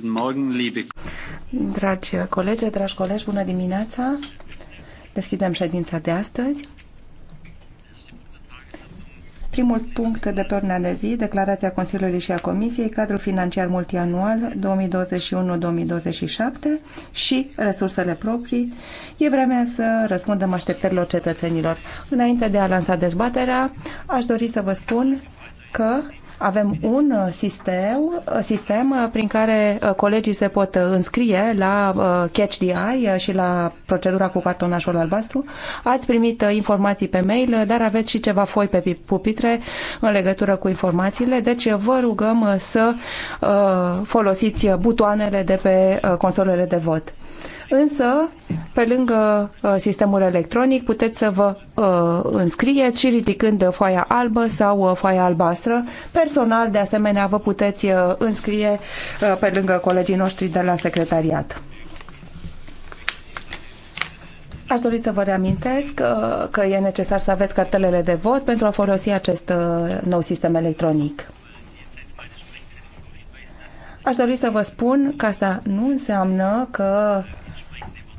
Guten Morgen, liebe... Dragi colegi, dragi colegi, bună dimineața! Deschidem ședința de astăzi. Primul punct de pe ordinea de zi, declarația Consiliului și a Comisiei, cadrul financiar multianual 2021-2027 și resursele proprii. E vremea să răspundem așteptărilor cetățenilor. Înainte de a lansa dezbaterea, aș dori să vă spun că avem un uh, uh, sistem, sistem uh, prin care colegii se pot înscrie la Catch the Eye și la procedura cu cartonașul albastru. Ați primit informații pe mail, dar aveți și ceva foi pe pupitre în legătură cu informațiile, deci vă rugăm să folosiți butoanele de pe consolele de vot. Însă, pe lângă uh, sistemul electronic, puteți să vă uh, înscrieți și ridicând foaia albă sau uh, foaia albastră. Personal, de asemenea, vă puteți înscrie pe lângă colegii noștri de la secretariat. Aș dori să vă reamintesc că e necesar să aveți cartelele de vot pentru a folosi acest nou sistem electronic. Aș dori să vă spun că asta nu înseamnă că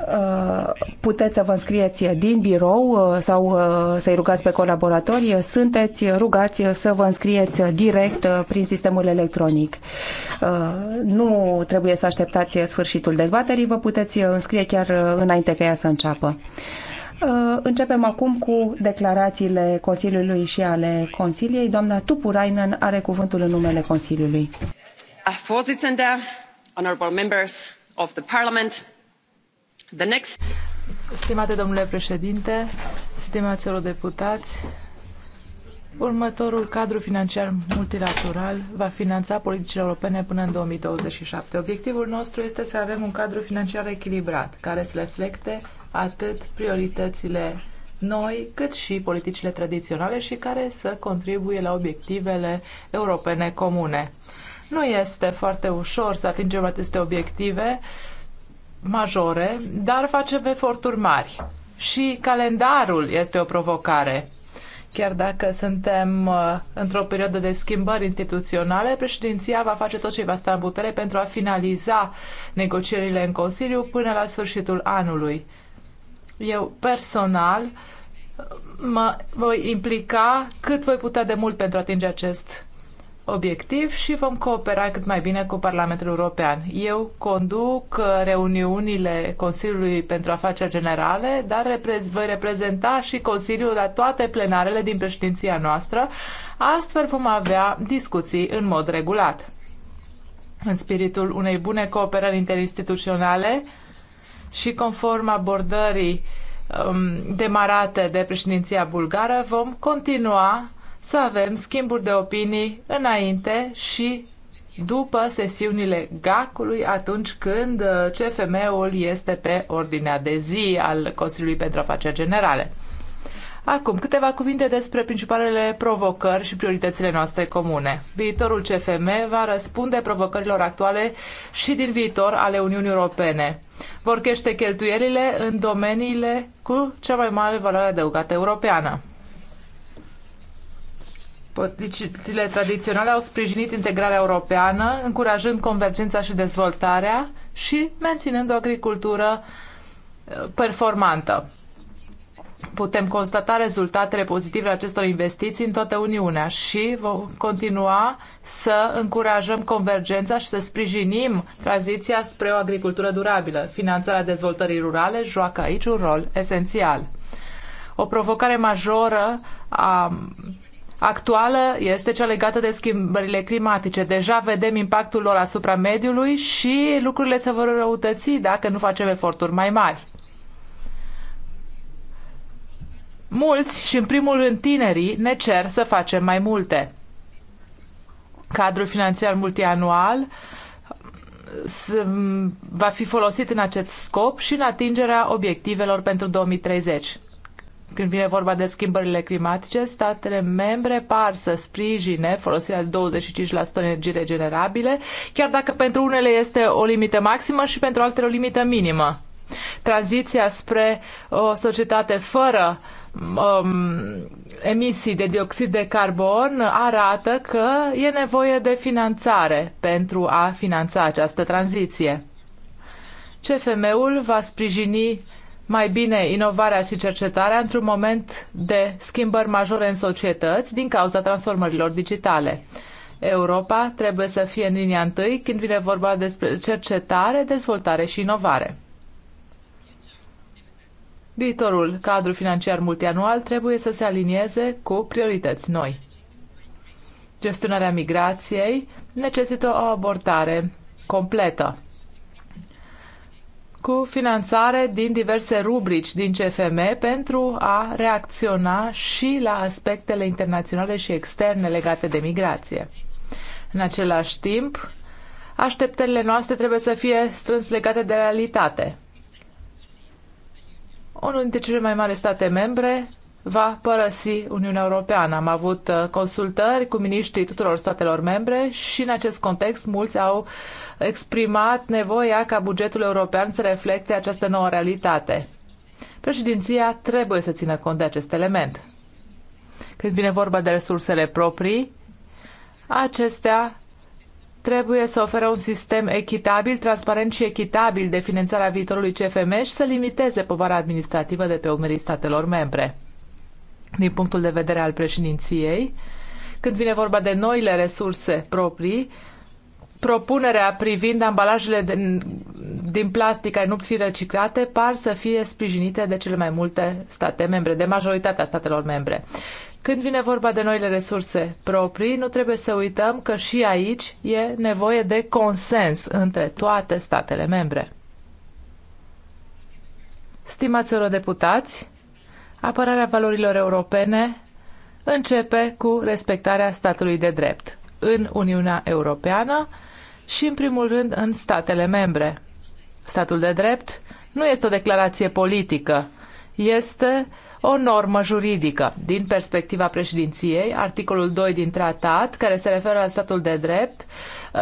Uh, puteți să vă înscrieți din birou uh, sau uh, să-i rugați pe colaboratori, sunteți rugați să vă înscrieți direct prin sistemul electronic. Nu trebuie să așteptați sfârșitul dezbaterii, vă puteți înscrie chiar înainte că ea să înceapă. Începem acum cu declarațiile Consiliului și ale Consiliei. Doamna Tupurainen are cuvântul în numele Consiliului. Vorsitzender, honorable members of the Parliament, Stimate domnule președinte, stimați eurodeputați, Următorul cadru financiar multilateral va finanța politicile europene până în 2027. Obiectivul nostru este să avem un cadru financiar echilibrat, care să reflecte atât prioritățile noi, cât și politicile tradiționale și care să contribuie la obiectivele europene comune. Nu este foarte ușor să atingem aceste obiective, majore, dar facem eforturi mari. Și calendarul este o provocare. Chiar dacă suntem uh, într-o perioadă de schimbări instituționale, președinția va face tot ce va sta în putere pentru a finaliza negocierile în Consiliu până la sfârșitul anului. Eu personal mă voi implica cât voi putea de mult pentru a atinge acest obiectiv și vom coopera cât mai bine cu Parlamentul European. Eu conduc uh, reuniunile Consiliului pentru Afaceri Generale, dar reprez- voi reprezenta și Consiliul la toate plenarele din președinția noastră. Astfel vom avea discuții în mod regulat. În spiritul unei bune cooperări interinstituționale și conform abordării um, demarate de președinția bulgară, vom continua să avem schimburi de opinii înainte și după sesiunile GAC-ului, atunci când uh, CFM-ul este pe ordinea de zi al Consiliului pentru Afaceri Generale. Acum, câteva cuvinte despre principalele provocări și prioritățile noastre comune. Viitorul CFM va răspunde provocărilor actuale și din viitor ale Uniunii Europene. Vor crește cheltuielile în domeniile cu cea mai mare valoare adăugată europeană. Politicile tradiționale au sprijinit integrarea europeană, încurajând convergența și dezvoltarea și menținând o agricultură uh, performantă. Putem constata rezultatele pozitive acestor investiții în toată Uniunea și vom continua să încurajăm convergența și să sprijinim tranziția spre o agricultură durabilă. Finanțarea dezvoltării rurale joacă aici un rol esențial. O provocare majoră a actuală este cea legată de schimbările climatice. Deja vedem impactul lor asupra mediului și lucrurile se vor răutăți dacă nu facem eforturi mai mari. Mulți și în primul rând tinerii ne cer să facem mai multe. Cadrul financiar multianual va fi folosit în acest scop și în atingerea obiectivelor pentru 2030 când vine vorba de schimbările climatice, statele membre par să sprijine folosirea de 25% energie regenerabile, chiar dacă pentru unele este o limită maximă și pentru altele o limită minimă. Tranziția spre o societate fără um, emisii de dioxid de carbon arată că e nevoie de finanțare pentru a finanța această tranziție. CFM-ul va sprijini mai bine inovarea și cercetarea într-un moment de schimbări majore în societăți din cauza transformărilor digitale. Europa trebuie să fie în linia întâi când vine vorba despre cercetare, dezvoltare și inovare. Viitorul cadru financiar multianual trebuie să se alinieze cu priorități noi. Gestionarea migrației necesită o abordare completă cu finanțare din diverse rubrici din CFM pentru a reacționa și la aspectele internaționale și externe legate de migrație. În același timp, așteptările noastre trebuie să fie strâns legate de realitate. Unul dintre cele mai mari state membre va părăsi Uniunea Europeană. Am avut uh, consultări cu miniștrii tuturor statelor membre și în acest context mulți au uh, exprimat nevoia ca bugetul european să reflecte această nouă realitate. Președinția trebuie să țină cont de acest element. Când vine vorba de resursele proprii, acestea trebuie să ofere un sistem echitabil, transparent și echitabil de finanțare a viitorului CFM și să limiteze povara administrativă de pe umerii statelor membre. Din punctul de vedere al președinției, când vine vorba de noile resurse proprii, propunerea privind ambalajele din, din plastic care nu pot fi reciclate par să fie sprijinite de cele mai multe state membre, de majoritatea statelor membre. Când vine vorba de noile resurse proprii, nu trebuie să uităm că și aici e nevoie de consens între toate statele membre. Stimați eurodeputați, apărarea valorilor europene începe cu respectarea statului de drept în Uniunea Europeană și, în primul rând, în statele membre. Statul de drept nu este o declarație politică, este o normă juridică. Din perspectiva președinției, articolul 2 din tratat, care se referă la statul de drept,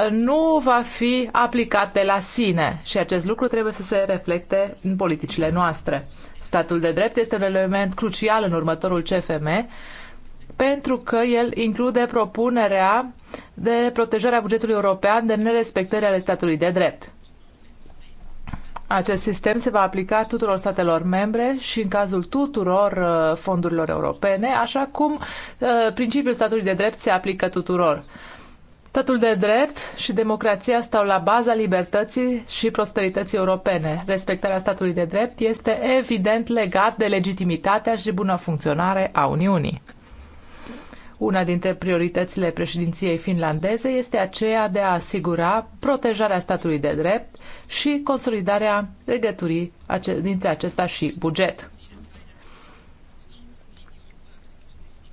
nu va fi aplicat de la sine și acest lucru trebuie să se reflecte în politicile noastre. Statul de drept este un element crucial în următorul CFM pentru că el include propunerea de protejarea bugetului european de nerespectarea ale statului de drept. Acest sistem se va aplica tuturor statelor membre și în cazul tuturor uh, fondurilor europene, așa cum uh, principiul statului de drept se aplică tuturor. Statul de drept și democrația stau la baza libertății și prosperității europene. Respectarea statului de drept este evident legat de legitimitatea și bună funcționare a Uniunii. Una dintre prioritățile președinției finlandeze este aceea de a asigura protejarea statului de drept și consolidarea legăturii dintre acesta și buget.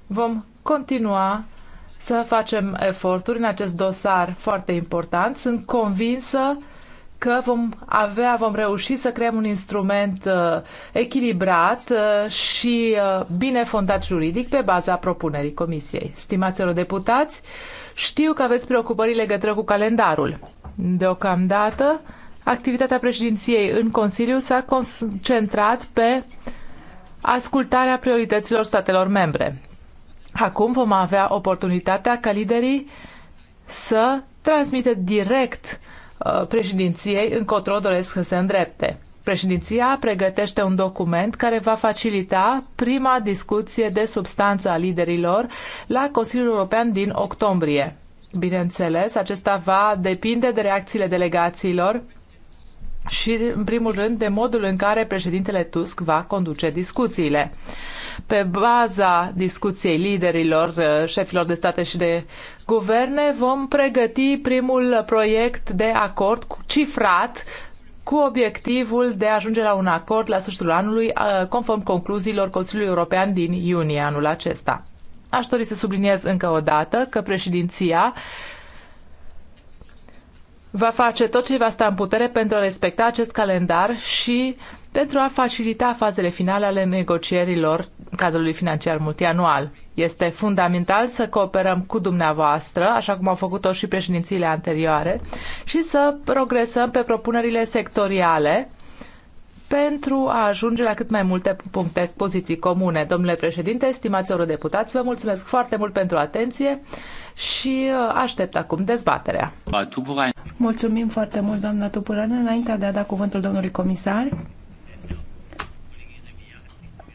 Vom continua să facem eforturi în acest dosar foarte important. Sunt convinsă că vom avea, vom reuși să creăm un instrument uh, echilibrat uh, și uh, bine fondat juridic pe baza propunerii Comisiei. Stimați eurodeputați, știu că aveți preocupări legătură cu calendarul. Deocamdată, activitatea președinției în Consiliu s-a concentrat pe ascultarea priorităților statelor membre. Acum vom avea oportunitatea ca liderii să transmită direct uh, Uh, președinției încotro doresc să se îndrepte. Președinția pregătește un document care va facilita prima discuție de substanță a liderilor la Consiliul European din octombrie. Bineînțeles, acesta va depinde de reacțiile delegațiilor și, în primul rând, de modul în care președintele Tusk va conduce discuțiile. Pe baza discuției liderilor, uh, șefilor de state și de guverne vom pregăti primul proiect de acord cu cifrat cu obiectivul de a ajunge la un acord la sfârșitul anului, uh, conform concluziilor Consiliului European din iunie anul acesta. Aș dori să subliniez încă o dată că președinția va face tot ce va sta în putere pentru a respecta acest calendar și pentru a facilita fazele finale ale negocierilor cadrului financiar multianual. Este fundamental să cooperăm cu dumneavoastră, așa cum au făcut-o și președințiile anterioare, și să progresăm pe propunerile sectoriale pentru a ajunge la cât mai multe puncte, poziții comune. Domnule președinte, stimați eurodeputați, vă mulțumesc foarte mult pentru atenție și uh, aștept acum dezbaterea. Mulțumim foarte mult, doamna Tupurană. Înainte de a da cuvântul domnului comisar,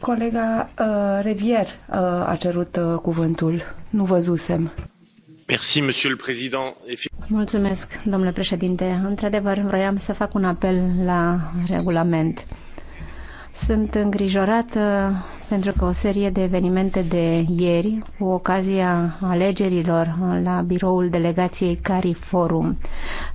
Colega uh, Revier uh, a cerut uh, cuvântul. Nu văzusem. Merci, monsieur le président. Mulțumesc, domnule președinte. Într-adevăr, vroiam să fac un apel la regulament. Sunt îngrijorată uh, pentru că o serie de evenimente de ieri, cu ocazia alegerilor la biroul delegației CARI Forum,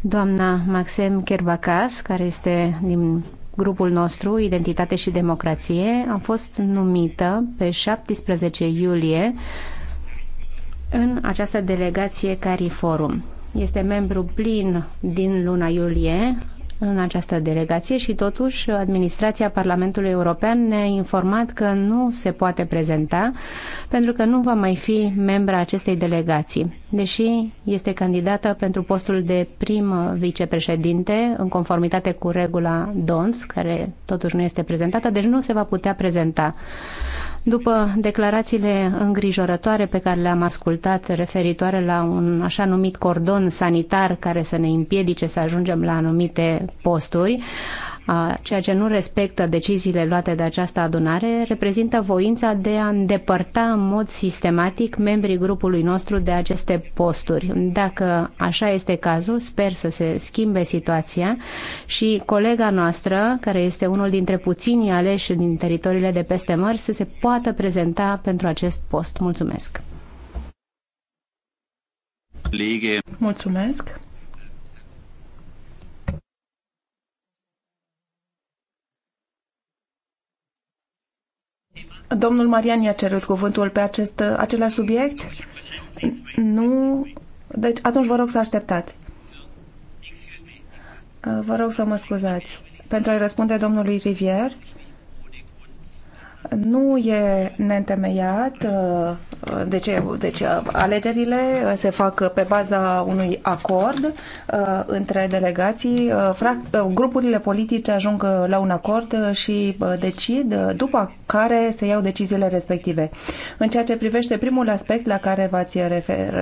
doamna Maxim Kerbacas, care este din grupul nostru, Identitate și Democrație, am fost numită pe 17 iulie în această delegație CariForum. Este membru plin din luna iulie în această delegație și totuși administrația Parlamentului European ne-a informat că nu se poate prezenta pentru că nu va mai fi membra acestei delegații, deși este candidată pentru postul de prim vicepreședinte în conformitate cu regula DONS, care totuși nu este prezentată, deci nu se va putea prezenta. După declarațiile îngrijorătoare pe care le-am ascultat referitoare la un așa numit cordon sanitar care să ne împiedice să ajungem la anumite posturi, ceea ce nu respectă deciziile luate de această adunare, reprezintă voința de a îndepărta în mod sistematic membrii grupului nostru de aceste posturi. Dacă așa este cazul, sper să se schimbe situația și colega noastră, care este unul dintre puținii aleși din teritoriile de peste mări, să se poată prezenta pentru acest post. Mulțumesc! Mulțumesc! Domnul Marian i-a cerut cuvântul pe acest, același subiect? Nu. Deci atunci vă rog să așteptați. Vă rog să mă scuzați. Pentru a-i răspunde domnului Rivier, nu e neîntemeiat, deci, deci alegerile se fac pe baza unui acord uh, între delegații, uh, uh, grupurile politice ajung la un acord și decid după care se iau deciziile respective. În ceea ce privește primul aspect la care v-ați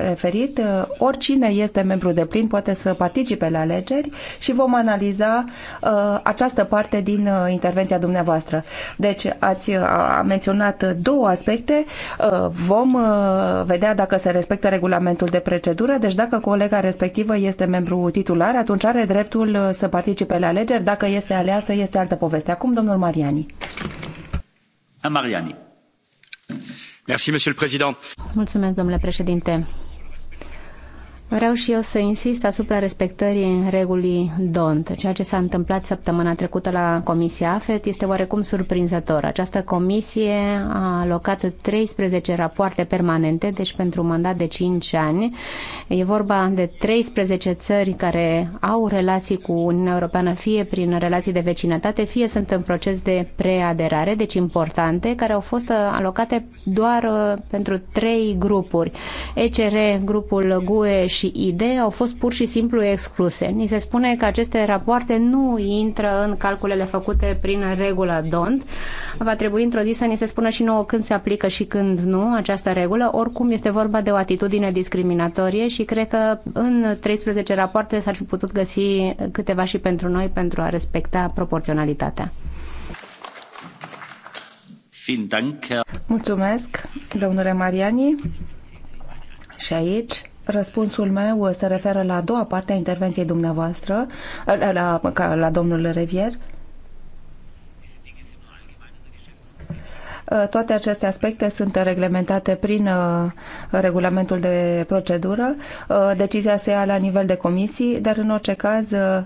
referit, uh, oricine este membru de plin poate să participe la alegeri și vom analiza uh, această parte din uh, intervenția dumneavoastră. Deci ați menționat două aspecte. Vom vedea dacă se respectă regulamentul de procedură, deci dacă colega respectivă este membru titular, atunci are dreptul să participe la alegeri. Dacă este aleasă, este altă poveste. Acum, domnul Mariani. Mariani. Merci, Mulțumesc, domnule președinte Vreau și eu să insist asupra respectării regulii DONT. Ceea ce s-a întâmplat săptămâna trecută la Comisia AFET este oarecum surprinzător. Această comisie a alocat 13 rapoarte permanente, deci pentru mandat de 5 ani. E vorba de 13 țări care au relații cu Uniunea Europeană, fie prin relații de vecinătate, fie sunt în proces de preaderare, deci importante, care au fost alocate doar uh, pentru trei grupuri. ECR, grupul GUE și și IDE au fost pur și simplu excluse. Ni se spune că aceste rapoarte nu intră în calculele făcute prin regulă DONT. Va trebui într-o zi să ni se spună și nouă când se aplică și când nu această regulă. Oricum este vorba de o atitudine discriminatorie și cred că în 13 rapoarte s-ar fi putut găsi câteva și pentru noi pentru a respecta proporționalitatea. Mulțumesc, domnule Mariani. Și aici Răspunsul meu se referă la a doua parte a intervenției dumneavoastră, la, la, la domnul Revier. Toate aceste aspecte sunt reglementate prin uh, regulamentul de procedură. Uh, decizia se ia la nivel de comisii, dar în orice caz uh,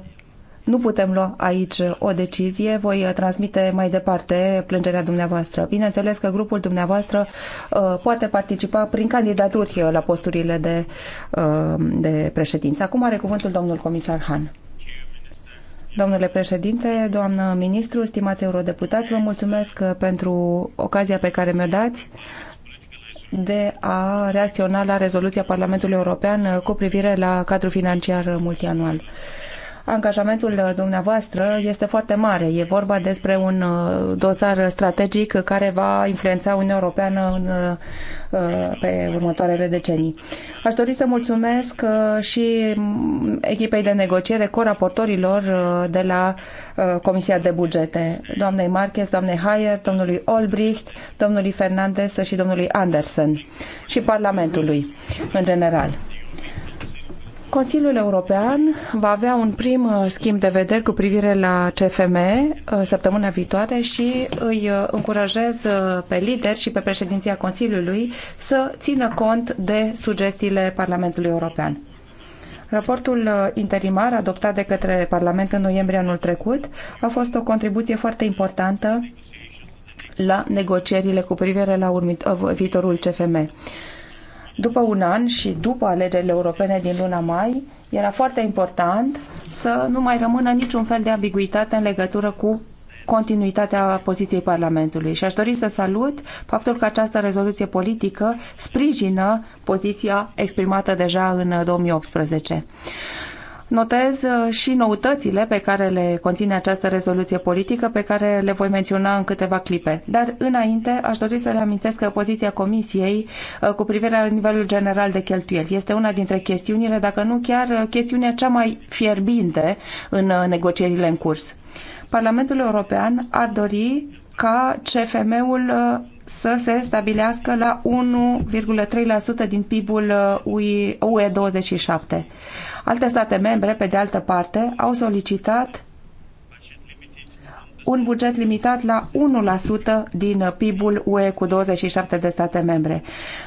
nu putem lua aici uh, o decizie, voi uh, transmite mai departe plângerea dumneavoastră. Bineînțeles că grupul dumneavoastră uh, poate participa prin candidaturi la posturile de, de președință. Acum are cuvântul domnul comisar Han. Domnule președinte, doamnă ministru, stimați eurodeputați, vă mulțumesc pentru ocazia pe care mi-o dați de a reacționa la rezoluția Parlamentului European cu privire la cadrul financiar multianual angajamentul uh, dumneavoastră este foarte mare. E vorba despre un uh, dosar strategic care va influența Uniunea Europeană în, uh, pe următoarele decenii. Aș dori să mulțumesc și mm, echipei de negociere, coraportorilor de la Comisia de Bugete, doamnei Marquez, doamnei Hayer, domnului Olbricht, domnului Fernandez și domnului Anderson și Parlamentului în general. Consiliul European va avea un prim uh, schimb de vederi cu privire la CFM uh, săptămâna viitoare și îi uh, încurajez pe lideri și pe președinția Consiliului să țină cont de sugestiile Parlamentului European. Raportul interimar adoptat de către Parlament în noiembrie anul trecut a fost o contribuție foarte importantă la negocierile cu privire la viitorul CFM. După un an și după alegerile europene din luna mai, era foarte important să nu mai rămână niciun fel de ambiguitate în legătură cu continuitatea poziției Parlamentului. Și aș dori să salut faptul că această rezoluție politică sprijină poziția exprimată deja în 2018. Notez uh, și noutățile pe care le conține această rezoluție politică, pe care le voi menționa în câteva clipe. Dar înainte aș dori să reamintesc că poziția Comisiei uh, cu privire la nivelul general de cheltuieli este una dintre chestiunile, dacă nu chiar uh, chestiunea cea mai fierbinte în negocierile în curs. Parlamentul European ar dori ca CFM-ul să se stabilească la 1,3% din PIB-ul UE27. Alte state membre, pe de altă parte, au solicitat un buget limitat la 1% din PIB-ul UE cu 27 de state membre.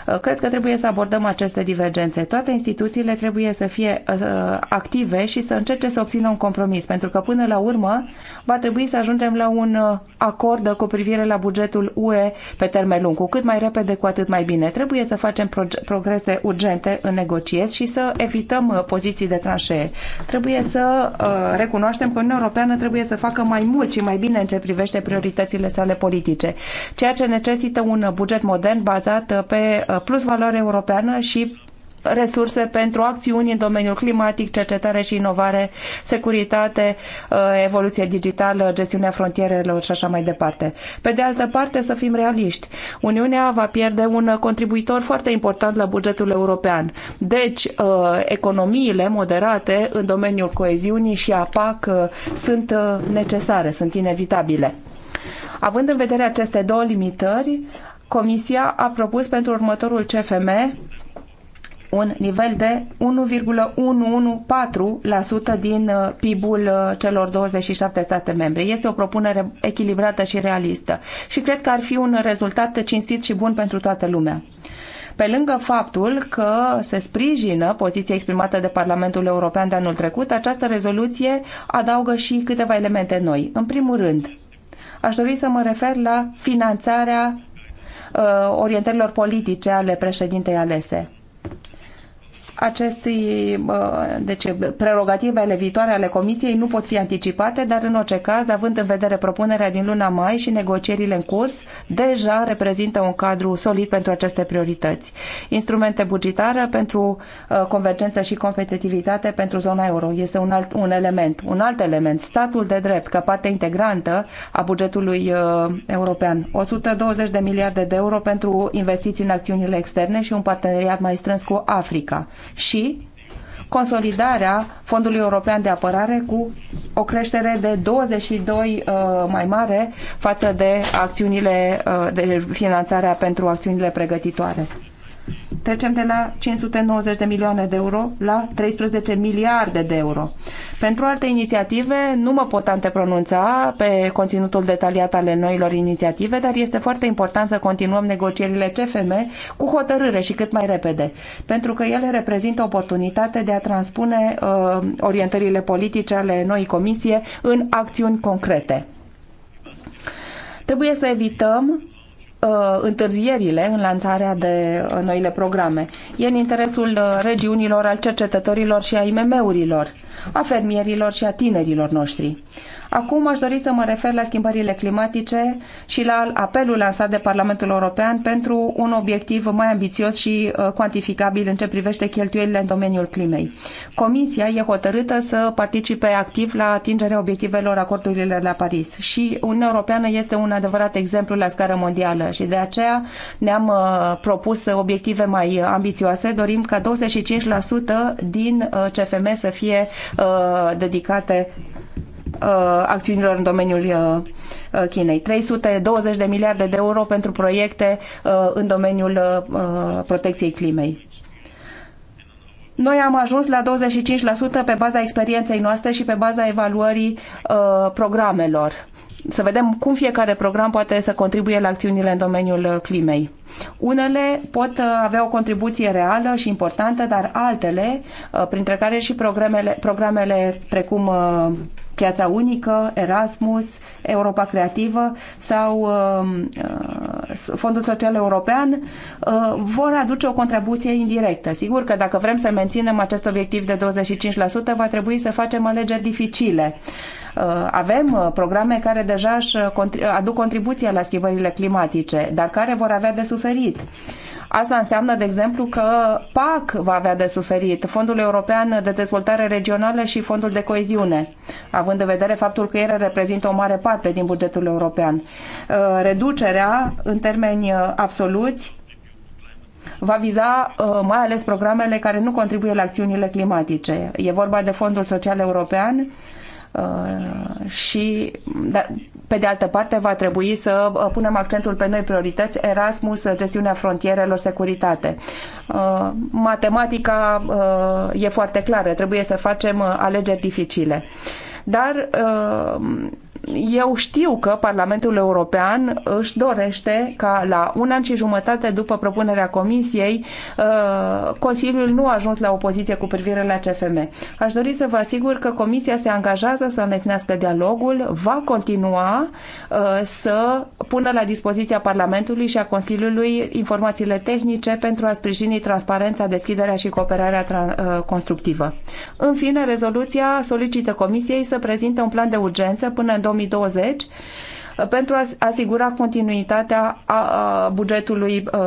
Uh, cred că trebuie să abordăm aceste divergențe. Toate instituțiile trebuie să fie uh, uh, active și să încerce să obțină un compromis, pentru că până la urmă va trebui să ajungem la un acord cu privire la bugetul UE pe termen lung. Cu cât mai repede, cu atât mai bine. Trebuie să facem progrese urgente în negocieri și să evităm poziții de tranșee. Trebuie să recunoaștem că Uniunea Europeană trebuie să facă mai mult și mai bine bine în ce privește prioritățile sale politice, ceea ce necesită un buget modern bazat pe uh, plus valoare europeană și resurse pentru acțiuni în domeniul climatic, cercetare și inovare, securitate, uh, evoluție digitală, gestiunea frontierelor și așa mai departe. Pe de altă parte, să fim realiști, Uniunea va pierde un contribuitor foarte important la bugetul european. Deci, uh, economiile moderate în domeniul coeziunii și a PAC uh, sunt necesare, sunt inevitabile. Având în vedere aceste două limitări, Comisia a propus pentru următorul CFM un nivel de 1,114% din uh, PIB-ul uh, celor 27 state membre. Este o propunere echilibrată și realistă și cred că ar fi un rezultat cinstit și bun pentru toată lumea pe lângă faptul că se sprijină poziția exprimată de Parlamentul European de anul trecut, această rezoluție adaugă și câteva elemente noi. În primul rând, aș dori să mă refer la finanțarea uh, orientărilor politice ale președintei alese acestui, deci prerogativele viitoare ale Comisiei nu pot fi anticipate, dar în orice caz, având în vedere propunerea din luna mai și negocierile în curs, deja reprezintă un cadru solid pentru aceste priorități. Instrumente bugetare pentru ă, convergență și competitivitate pentru zona euro este un alt un element. Un alt element, statul de drept, ca parte integrantă a bugetului ă, european. 120 de miliarde de euro pentru investiții în acțiunile externe și un parteneriat mai strâns cu Africa și consolidarea Fondului European de Apărare cu o creștere de 22 uh, mai mare față de acțiunile uh, de finanțarea pentru acțiunile pregătitoare. Trecem de la 590 de milioane de euro la 13 miliarde de euro. Pentru alte inițiative nu mă pot antepronunța pe conținutul detaliat ale noilor inițiative, dar este foarte important să continuăm negocierile CFM cu hotărâre și cât mai repede, pentru că ele reprezintă oportunitate de a transpune uh, orientările politice ale noii comisie în acțiuni concrete. Trebuie să evităm Uh, întârzierile în lansarea de uh, noile programe. E în interesul uh, regiunilor, al cercetătorilor și a IMM-urilor, a fermierilor și a tinerilor noștri. Acum aș dori să mă refer la schimbările climatice și la apelul lansat de Parlamentul European pentru un obiectiv mai ambițios și uh, cuantificabil în ce privește cheltuielile în domeniul climei. Comisia e hotărâtă să participe activ la atingerea obiectivelor acordurilor la Paris și Uniunea Europeană este un adevărat exemplu la scară mondială și de aceea ne-am uh, propus obiective mai ambițioase. Dorim ca 25% din uh, CFM să fie dedicate Uh, acțiunilor în domeniul uh, uh, Chinei. 320 de miliarde de euro pentru proiecte în domeniul protecției climei. Noi am ajuns la 25% pe baza experienței noastre și pe baza evaluării programelor să vedem cum fiecare program poate să contribuie la acțiunile în domeniul climei. Unele pot uh, avea o contribuție reală și importantă, dar altele, uh, printre care și programele, programele precum uh, Piața Unică, Erasmus, Europa Creativă sau Fondul Social European, vor aduce o contribuție indirectă. Sigur că dacă vrem să menținem acest obiectiv de 25%, va trebui să facem alegeri dificile Uh, avem uh, programe care deja își uh, aduc contribuția la schimbările climatice, dar care vor avea de suferit. Asta înseamnă, de exemplu, că PAC va avea de suferit, Fondul European de Dezvoltare Regională și Fondul de Coeziune, având în vedere faptul că ele reprezintă o mare parte din bugetul european. Reducerea, în termeni absoluți, va viza mai ales programele care nu contribuie la acțiunile climatice. E vorba de Fondul Social European, Uh, și, dar, pe de altă parte, va trebui să uh, punem accentul pe noi priorități, Erasmus, gestiunea frontierelor, securitate. Uh, matematica e foarte clară, trebuie să facem alegeri dificile. Dar eu știu că Parlamentul European își dorește ca la un an și jumătate după propunerea Comisiei, uh, Consiliul nu a ajuns la o poziție cu privire la CFM. Aș dori să vă asigur că Comisia se angajează să înlesnească dialogul, va continua uh, să pună la dispoziția Parlamentului și a Consiliului informațiile tehnice pentru a sprijini transparența, deschiderea și cooperarea uh, constructivă. În fine, rezoluția solicită Comisiei să prezinte un plan de urgență până în 2020 pentru a asigura continuitatea a, a bugetului a,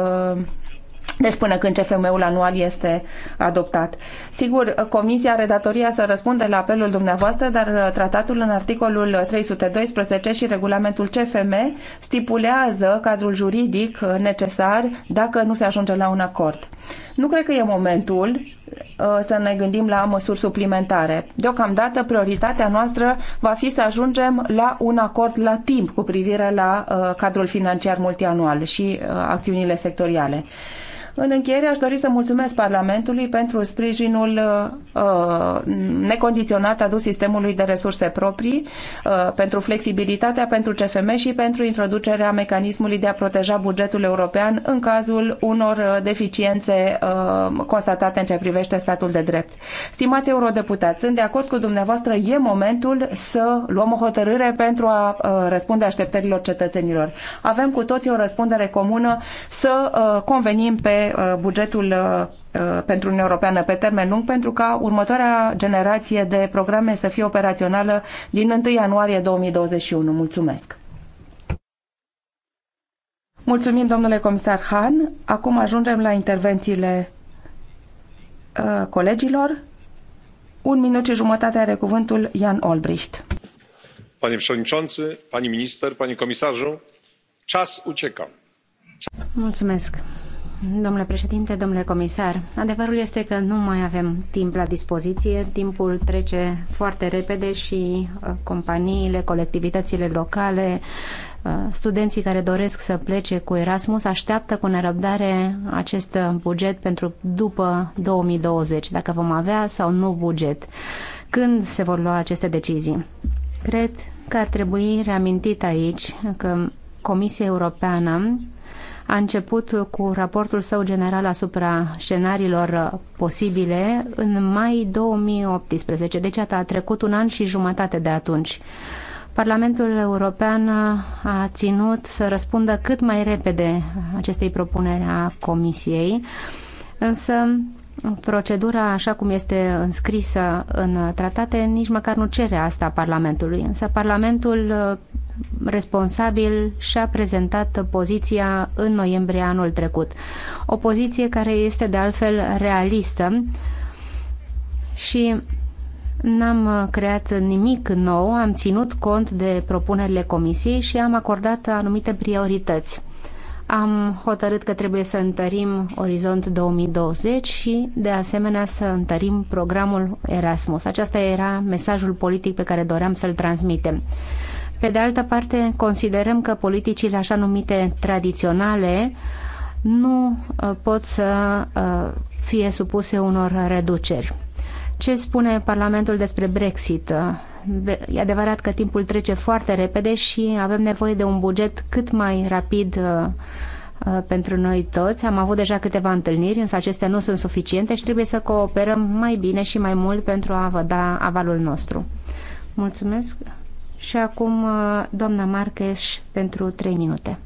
deci până când CFM-ul anual este adoptat. Sigur, Comisia are datoria să răspunde la apelul dumneavoastră, dar uh, tratatul în articolul 312 și regulamentul CFM stipulează cadrul juridic uh, necesar dacă nu se ajunge la un acord. Nu cred că e momentul uh, să ne gândim la măsuri suplimentare. Deocamdată, prioritatea noastră va fi să ajungem la un acord la timp cu privire la cadrul financiar multianual și acțiunile sectoriale. În încheiere aș dori să mulțumesc Parlamentului pentru sprijinul uh, necondiționat adus sistemului de resurse proprii, uh, pentru flexibilitatea pentru CFM și pentru introducerea mecanismului de a proteja bugetul european în cazul unor uh, deficiențe uh, constatate în ce privește statul de drept. Stimați eurodeputați, sunt de acord cu dumneavoastră, e momentul să luăm o hotărâre pentru a uh, răspunde așteptărilor cetățenilor. Avem cu toții o răspundere comună să uh, convenim pe Uh, bugetul uh, uh, pentru Uniunea Europeană pe termen lung pentru ca următoarea generație de programe să fie operațională din 1 ianuarie 2021. Mulțumesc! Mulțumim, domnule comisar Han. Acum ajungem la intervențiile colegilor. Un minut și jumătate are cuvântul Jan Olbricht. Panie președinte, pani minister, pani comisarzu, czas ucieka. Mulțumesc, Domnule președinte, domnule comisar, adevărul este că nu mai avem timp la dispoziție, timpul trece foarte repede și uh, companiile, colectivitățile locale, uh, studenții care doresc să plece cu Erasmus așteaptă cu nerăbdare acest uh, buget pentru după 2020, dacă vom avea sau nu buget. Când se vor lua aceste decizii? Cred că ar trebui reamintit aici că Comisia Europeană a început cu raportul său general asupra scenariilor uh, posibile în mai 2018, deci a trecut un an și jumătate de atunci. Parlamentul European uh, a ținut să răspundă cât mai repede acestei propuneri a Comisiei, însă Procedura, așa cum este înscrisă în tratate, nici măcar nu cere asta Parlamentului, însă Parlamentul uh, responsabil și-a prezentat poziția în noiembrie anul trecut. O poziție care este de altfel realistă și n-am uh, creat nimic nou, am ținut cont de propunerile comisiei și am acordat anumite priorități. Am hotărât că trebuie să întărim Orizont 2020 și, de asemenea, să întărim programul Erasmus. Aceasta era mesajul politic pe care doream să-l transmitem. Pe de altă parte, considerăm că politicile așa numite tradiționale nu uh, pot să uh, fie supuse unor reduceri. Ce spune Parlamentul despre Brexit? E adevărat că timpul trece foarte repede și avem nevoie de un buget cât mai rapid uh, uh, pentru noi toți. Am avut deja câteva întâlniri, însă acestea nu sunt suficiente și trebuie să cooperăm mai bine și mai mult pentru a vă da avalul nostru. Mulțumesc! Și acum, uh, doamna Marques, pentru trei minute.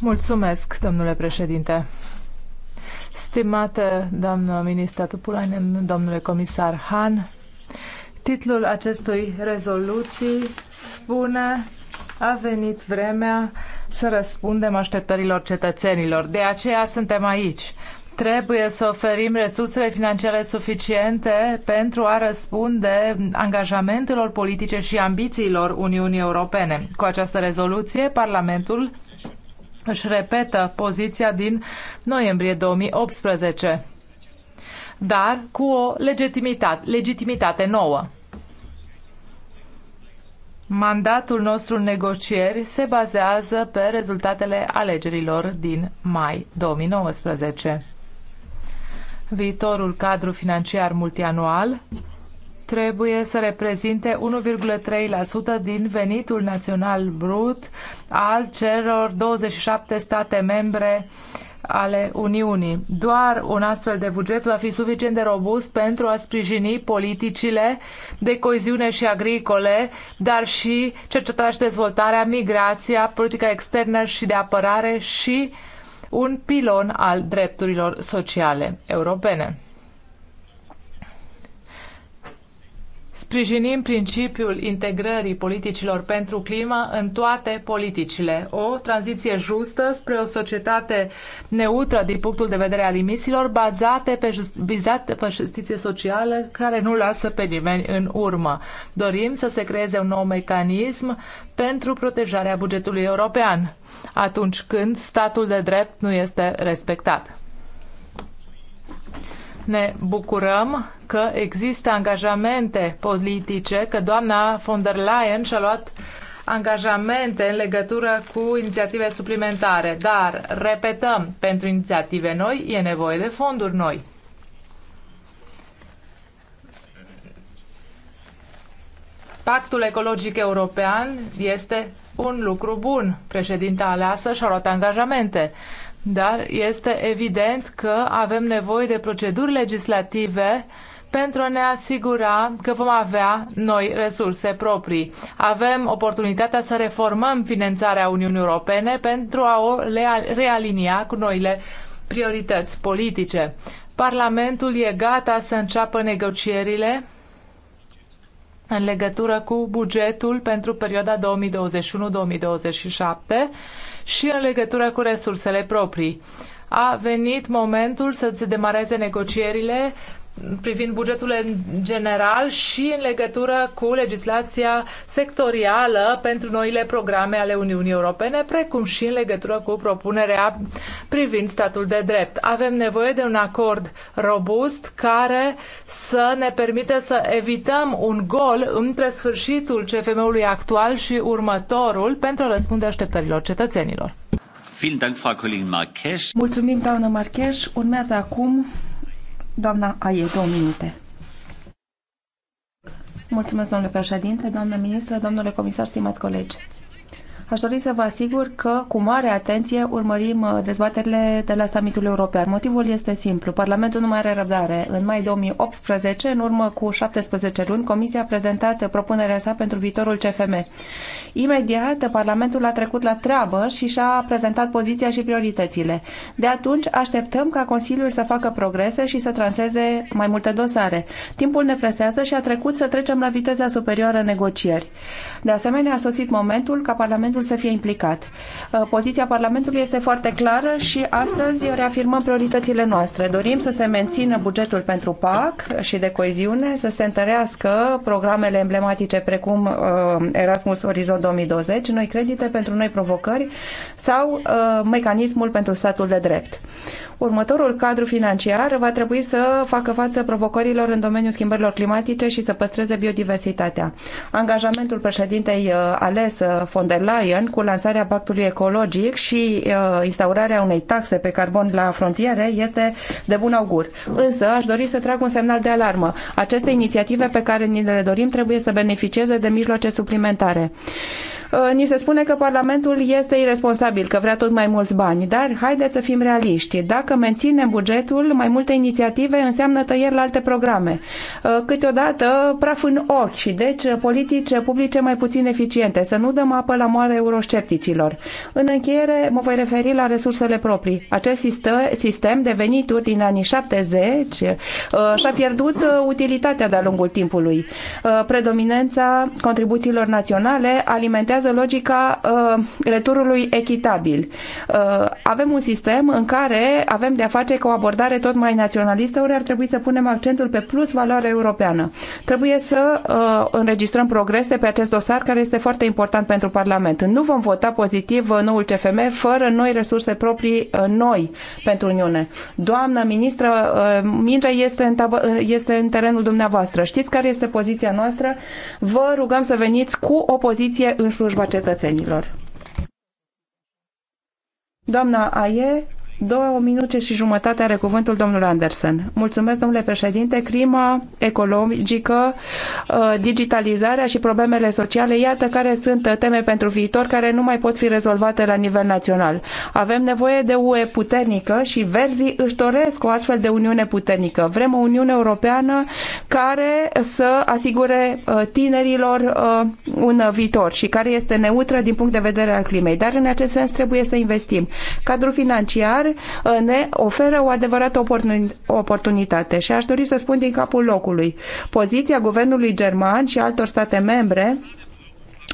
Mulțumesc, domnule președinte. Stimată doamnă ministra Tupulainen, domnule comisar Han, titlul acestui rezoluții spune a venit vremea să răspundem așteptărilor cetățenilor. De aceea suntem aici. Trebuie să oferim resursele financiare suficiente pentru a răspunde angajamentelor politice și ambițiilor Uniunii Europene. Cu această rezoluție, Parlamentul își repetă poziția din noiembrie 2018, dar cu o legitimitate, legitimitate nouă. Mandatul nostru în negocieri se bazează pe rezultatele alegerilor din mai 2019. Viitorul cadru financiar multianual trebuie să reprezinte 1,3% din venitul național brut al celor 27 state membre ale Uniunii. Doar un astfel de buget va fi suficient de robust pentru a sprijini politicile de coeziune și agricole, dar și cercetarea și dezvoltarea, migrația, politica externă și de apărare și un pilon al drepturilor sociale europene. Sprijinim principiul integrării politicilor pentru climă în toate politicile. O tranziție justă spre o societate neutră din punctul de vedere al emisiilor, bazate pe, just, bizate pe justiție socială, care nu lasă pe nimeni în urmă. Dorim să se creeze un nou mecanism pentru protejarea bugetului european, atunci când statul de drept nu este respectat. Ne bucurăm că există angajamente politice, că doamna von der Leyen și-a luat angajamente în legătură cu inițiative suplimentare. Dar, repetăm, pentru inițiative noi e nevoie de fonduri noi. Pactul ecologic european este un lucru bun. Președinta aleasă și-a luat angajamente. Dar este evident că avem nevoie de proceduri legislative uh, pentru a ne asigura că vom avea noi resurse proprii. Avem oportunitatea să reformăm finanțarea Uniunii Europene pentru a o realinia cu noile priorități politice. Parlamentul e gata să înceapă negocierile în legătură cu bugetul pentru perioada 2021-2027 și în legătură cu resursele proprii. A venit momentul să se demareze negocierile privind bugetul în general și în legătură cu legislația sectorială pentru noile programe ale Uniunii Europene, precum și în legătură cu propunerea privind statul de drept. Avem nevoie de un acord robust care să ne permită să evităm un gol între sfârșitul CFM-ului actual și următorul pentru a răspunde așteptărilor cetățenilor. Mulțumim, doamnă Marcheș. Urmează acum Doamna Aie, două minute. Mulțumesc, domnule președinte, doamnă ministră, domnule comisar, stimați colegi. Aș dori să vă asigur că cu mare atenție urmărim uh, dezbaterile de la summitul european. Motivul este simplu. Parlamentul nu mai are răbdare. În mai 2018, în urmă cu 17 luni, Comisia a prezentat propunerea sa pentru viitorul CFM. Imediat, Parlamentul a trecut la treabă și și-a prezentat poziția și prioritățile. De atunci, așteptăm ca Consiliul să facă progrese și să transeze mai multe dosare. Timpul ne presează și a trecut să trecem la viteza superioară negocieri. De asemenea, a sosit momentul ca Parlamentul Parlamentul să fie implicat. Uh, poziția Parlamentului este foarte clară și astăzi reafirmăm prioritățile noastre. Dorim să se mențină bugetul pentru PAC și de coeziune, să se întărească programele emblematice precum uh, Erasmus Horizon 2020, noi credite pentru noi provocări sau uh, mecanismul pentru statul de drept. Următorul cadru financiar va trebui să facă față provocărilor în domeniul schimbărilor climatice și să păstreze biodiversitatea. Angajamentul președintei uh, ales uh, von der Leyen cu lansarea pactului ecologic și uh, instaurarea unei taxe pe carbon la frontiere este de bun augur. Însă aș dori să trag un semnal de alarmă. Aceste inițiative pe care ni le dorim trebuie să beneficieze de mijloace suplimentare. Uh, ni se spune că Parlamentul este irresponsabil, că vrea tot mai mulți bani, dar haideți să fim realiști. Dacă menținem bugetul, mai multe inițiative înseamnă tăieri la alte programe. Uh, câteodată praf în ochi și deci politici publice mai puțin eficiente. Să nu dăm apă la moale euroscepticilor. În încheiere mă voi referi la resursele proprii. Acest sistem de venituri din anii 70 uh, și-a pierdut utilitatea de-a lungul timpului. Predominența contribuțiilor naționale alimentează validează logica uh, returului echitabil. Uh, avem un sistem în care avem de-a face cu o abordare tot mai naționalistă, ori ar trebui să punem accentul pe plus valoare europeană. Trebuie să uh, înregistrăm progrese pe acest dosar care este foarte important pentru Parlament. Nu vom vota pozitiv uh, noul CFM fără noi resurse proprii uh, noi pentru Uniune. Doamnă ministră, uh, mingea este în, tab- uh, este în terenul dumneavoastră. Știți care este poziția noastră? Vă rugăm să veniți cu o poziție în slujba cetățenilor. Doamna Aie Două minute și jumătate are cuvântul domnul Anderson. Mulțumesc, domnule președinte. Crima ecologică, uh, digitalizarea și problemele sociale, iată care sunt uh, teme pentru viitor care nu mai pot fi rezolvate la nivel național. Avem nevoie de UE puternică și verzii își doresc o astfel de Uniune puternică. Vrem o Uniune Europeană care să asigure uh, tinerilor un viitor și care este neutră din punct de vedere al climei. Dar în acest sens trebuie să investim. Cadrul financiar dar uh, ne oferă o adevărată oportunitate. Și aș dori să spun din capul locului. Poziția guvernului german și altor state membre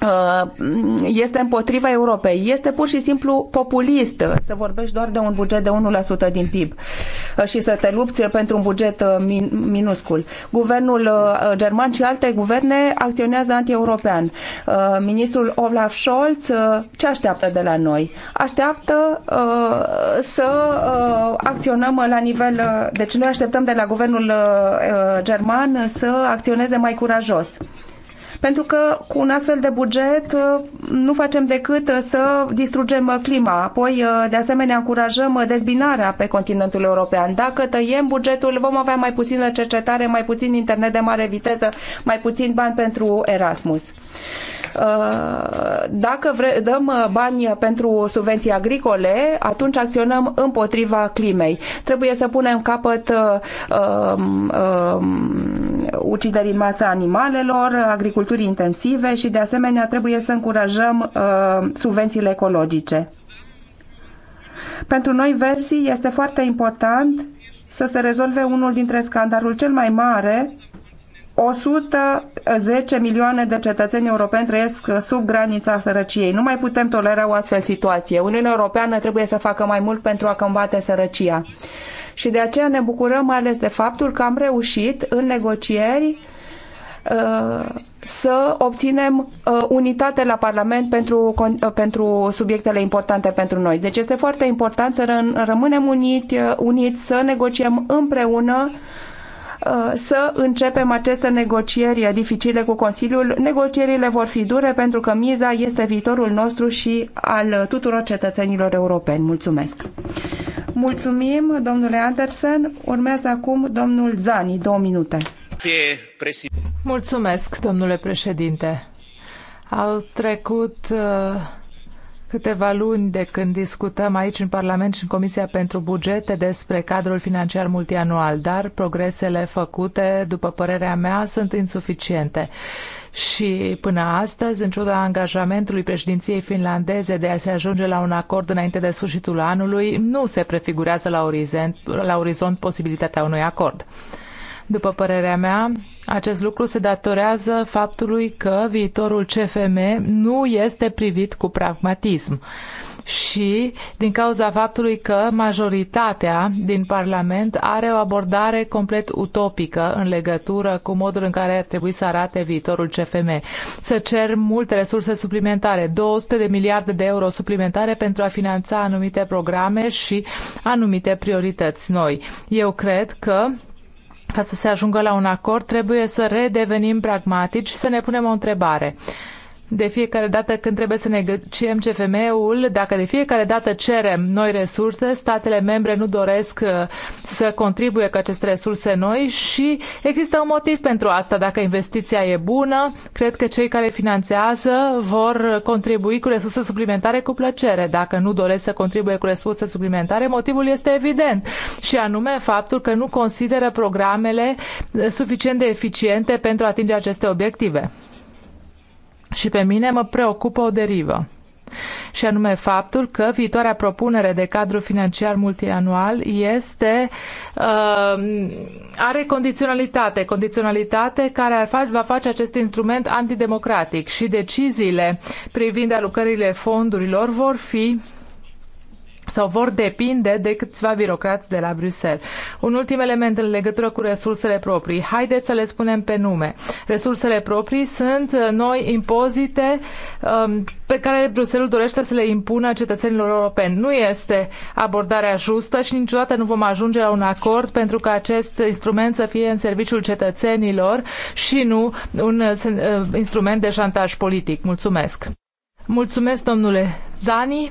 Uh, este împotriva Europei. Este pur și simplu populist să vorbești doar de un buget de 1% din PIB uh, și să te lupți pentru un buget uh, minuscul. Guvernul german și alte guverne acționează anti-european. Ministrul Olaf Scholz ce așteaptă de la noi? Așteaptă să acționăm la nivel... Deci noi așteptăm de la guvernul german să acționeze mai curajos. Pentru că cu un astfel de buget uh, nu facem decât uh, să distrugem uh, clima. Apoi, de asemenea, încurajăm dezbinarea pe continentul european. Dacă tăiem bugetul, vom avea mai puțină cercetare, mai puțin internet de mare viteză, mai puțin bani pentru Erasmus. Uh, dacă vre, dăm uh, bani pentru subvenții agricole, atunci acționăm împotriva climei. Trebuie să punem capăt uh, um, um, uciderii în masă animalelor, agriculturii intensive și de asemenea trebuie să încurajăm subvențiile ecologice. Pentru noi, Versi, este foarte important să se rezolve unul dintre scandalul cel mai mare 110 milioane de cetățeni europeni trăiesc uh, sub granița sărăciei. Nu mai putem tolera o astfel situație. Uniunea Europeană trebuie să facă mai mult pentru a combate sărăcia. Și de aceea ne bucurăm mai ales de faptul că am reușit în negocieri uh, să obținem uh, unitate la Parlament pentru, pentru subiectele importante pentru noi. Deci este foarte important să rămânem uniți, uniți să negociem împreună Uh, să începem aceste negocieri dificile cu Consiliul. Negocierile vor fi dure pentru că miza este viitorul nostru și al tuturor cetățenilor europeni. Mulțumesc! Mulțumim, domnule Andersen. Urmează acum domnul Zani, două minute. Mulțumesc, domnule președinte. Au trecut uh câteva luni de când discutăm aici în Parlament și în Comisia pentru Bugete despre cadrul financiar multianual, dar progresele făcute, după părerea mea, sunt insuficiente. Și până astăzi, în ciuda angajamentului președinției finlandeze de a se ajunge la un acord înainte de sfârșitul anului, nu se prefigurează la orizont, la orizont posibilitatea unui acord. După părerea mea, acest lucru se datorează faptului că viitorul CFM nu este privit cu pragmatism și din cauza faptului că majoritatea din Parlament are o abordare complet utopică în legătură cu modul în care ar trebui să arate viitorul CFM. Să cer multe resurse suplimentare, 200 de miliarde de euro suplimentare pentru a finanța anumite programe și anumite priorități noi. Eu cred că ca să se ajungă la un acord, trebuie să redevenim pragmatici și să ne punem o întrebare de fiecare dată când trebuie să negociem CFM-ul, dacă de fiecare dată cerem noi resurse, statele membre nu doresc uh, să contribuie cu aceste resurse noi și există un motiv pentru asta. Dacă investiția e bună, cred că cei care finanțează vor contribui cu resurse suplimentare cu plăcere. Dacă nu doresc să contribuie cu resurse suplimentare, motivul este evident și anume faptul că nu consideră programele uh, suficient de eficiente pentru a atinge aceste obiective și pe mine mă preocupă o derivă și anume faptul că viitoarea propunere de cadru financiar multianual este uh, are condiționalitate, condiționalitate care ar fa- va face acest instrument antidemocratic și deciziile privind alocările fondurilor vor fi sau vor depinde de câțiva birocrați de la Bruxelles. Un ultim element în legătură cu resursele proprii. Haideți să le spunem pe nume. Resursele proprii sunt uh, noi impozite um, pe care Bruxelles dorește să le impună cetățenilor europeni. Nu este abordarea justă și niciodată nu vom ajunge la un acord pentru că acest instrument să fie în serviciul cetățenilor și nu un uh, uh instrument de șantaj politic. Mulțumesc! Mulțumesc, domnule Zani!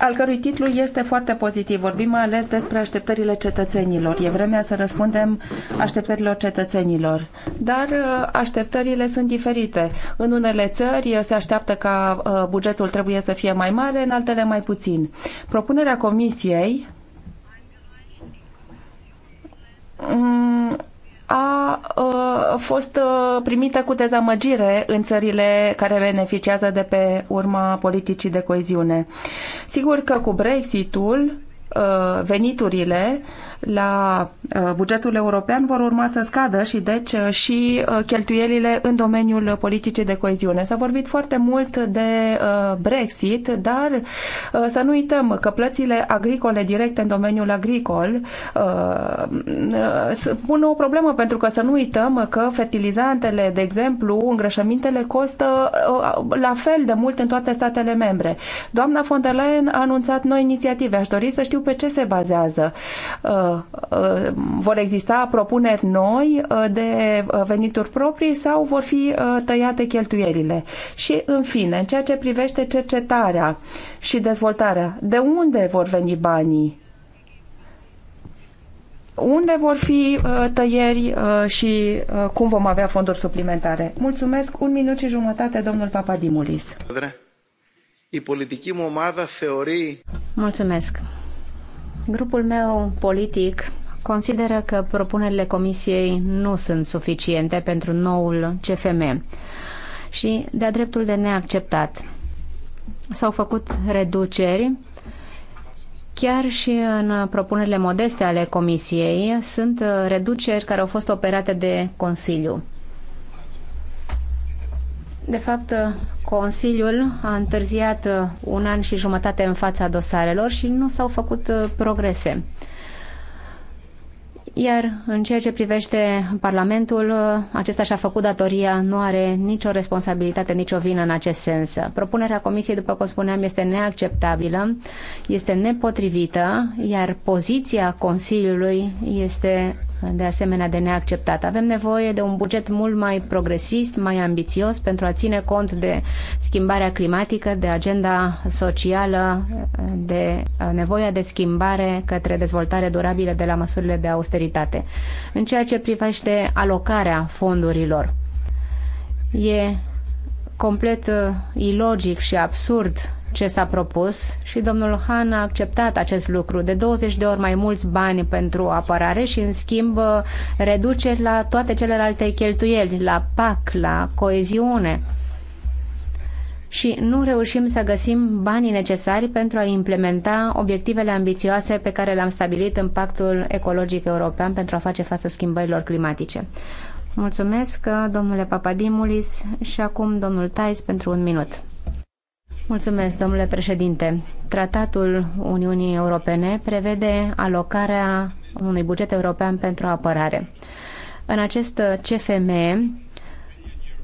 al cărui titlu este foarte pozitiv. Vorbim mai ales despre așteptările cetățenilor. E vremea să răspundem așteptărilor cetățenilor. Dar uh, așteptările sunt diferite. În unele țări uh, se așteaptă ca uh, bugetul trebuie să fie mai mare, în altele mai puțin. Propunerea Comisiei mm, a, a fost primită cu dezamăgire în țările care beneficiază de pe urma politicii de coeziune. Sigur că cu Brexitul veniturile la uh, bugetul european vor urma să scadă și deci uh, și uh, cheltuielile în domeniul politicii de coeziune. S-a vorbit foarte mult de Brexit, dar să nu uităm că plățile agricole directe în domeniul agricol pun o problemă pentru că să nu uităm că fertilizantele, de exemplu, îngrășămintele costă la fel de mult în toate statele membre. Doamna von der Leyen a anunțat noi inițiative. Aș dori să știu pe ce se bazează. Uh, vor exista propuneri noi uh, de uh, venituri proprii sau vor fi tăiate cheltuielile. Și, în fine, în ceea ce privește cercetarea și dezvoltarea, de unde vor veni banii? Unde vor fi tăieri și cum vom avea fonduri suplimentare? Mulțumesc. Un minut și jumătate, domnul Papadimulis. Η πολιτική μου ομάδα θεωρεί... Mulțumesc. Grupul meu politic consideră că propunerile Comisiei nu sunt suficiente pentru noul CFM și de-a dreptul de neacceptat. S-au făcut reduceri Chiar și în propunerile modeste ale Comisiei sunt reduceri care au fost operate de Consiliu. De fapt, Consiliul a întârziat uh, un an și jumătate în fața dosarelor și nu s-au făcut uh, progrese. Iar în ceea ce privește Parlamentul, uh, acesta și-a făcut datoria, nu are nicio responsabilitate, nicio vină în acest sens. Propunerea Comisiei, după cum spuneam, este neacceptabilă, este nepotrivită, iar poziția Consiliului este de asemenea de neacceptat. Avem nevoie de un buget mult mai progresist, mai ambițios pentru a ține cont de schimbarea climatică, de agenda socială, de nevoia de schimbare către dezvoltare durabilă de la măsurile de austeritate. În ceea ce privește alocarea fondurilor, e complet uh, ilogic și absurd ce s-a propus și domnul Han a acceptat acest lucru de 20 de ori mai mulți bani pentru apărare și în schimb reduceri la toate celelalte cheltuieli, la PAC, la coeziune și nu reușim să găsim banii necesari pentru a implementa obiectivele ambițioase pe care le-am stabilit în Pactul Ecologic European pentru a face față schimbărilor climatice. Mulțumesc, domnule Papadimulis, și acum domnul Tais pentru un minut. Mulțumesc, domnule președinte. Tratatul Uniunii Europene prevede alocarea unui buget european pentru apărare. În acest CFM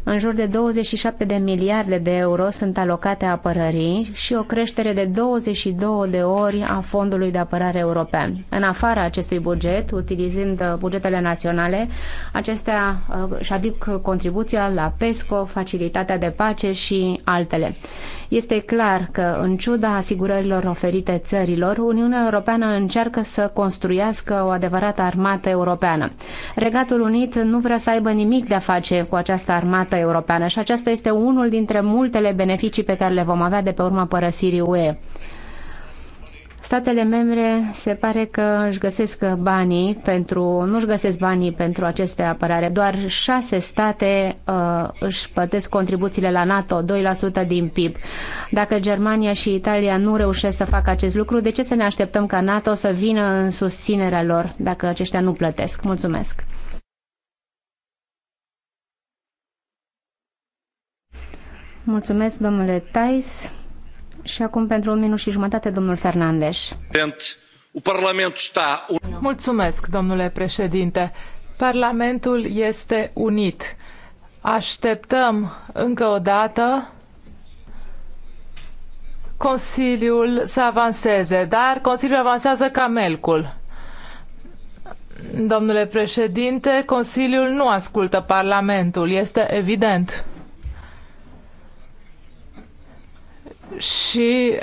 în jur de 27 de miliarde de euro sunt alocate apărării și o creștere de 22 de ori a Fondului de Apărare European. În afara acestui buget, utilizând uh, bugetele naționale, acestea uh, își aduc contribuția la PESCO, Facilitatea de Pace și altele. Este clar că, în ciuda asigurărilor oferite țărilor, Uniunea Europeană încearcă să construiască o adevărată armată europeană. Regatul Unit nu vrea să aibă nimic de a face cu această armată artă europeană și acesta este unul dintre multele beneficii pe care le vom avea de pe urma părăsirii UE. Statele membre se pare că își găsesc banii pentru, nu își găsesc banii pentru aceste apărare. Doar șase state uh, își plătesc contribuțiile la NATO, 2% din PIB. Dacă Germania și Italia nu reușesc să facă acest lucru, de ce să ne așteptăm ca NATO să vină în susținerea lor dacă aceștia nu plătesc? Mulțumesc! Mulțumesc, domnule Tais. Și acum pentru un minut și jumătate, domnul Fernandes. Mulțumesc, domnule președinte. Parlamentul este unit. Așteptăm încă o dată Consiliul să avanseze, dar Consiliul avansează ca melcul. Domnule președinte, Consiliul nu ascultă Parlamentul, este evident. și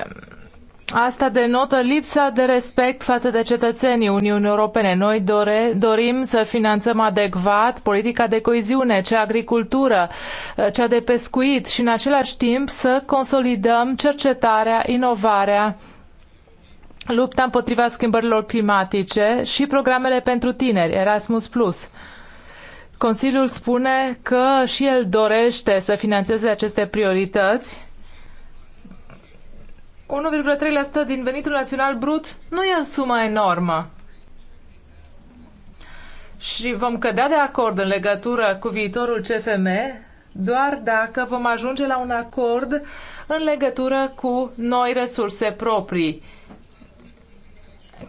Asta denotă lipsa de respect față de cetățenii Uniunii Europene. Noi dore, dorim să finanțăm adecvat politica de coeziune, cea agricultură, cea de pescuit și în același timp să consolidăm cercetarea, inovarea, lupta împotriva schimbărilor climatice și programele pentru tineri, Erasmus+. Consiliul spune că și el dorește să financeze aceste priorități 1,3% din venitul național brut nu e o sumă enormă. Și vom cădea de acord în legătură cu viitorul CFM doar dacă vom ajunge la un acord în legătură cu noi resurse proprii,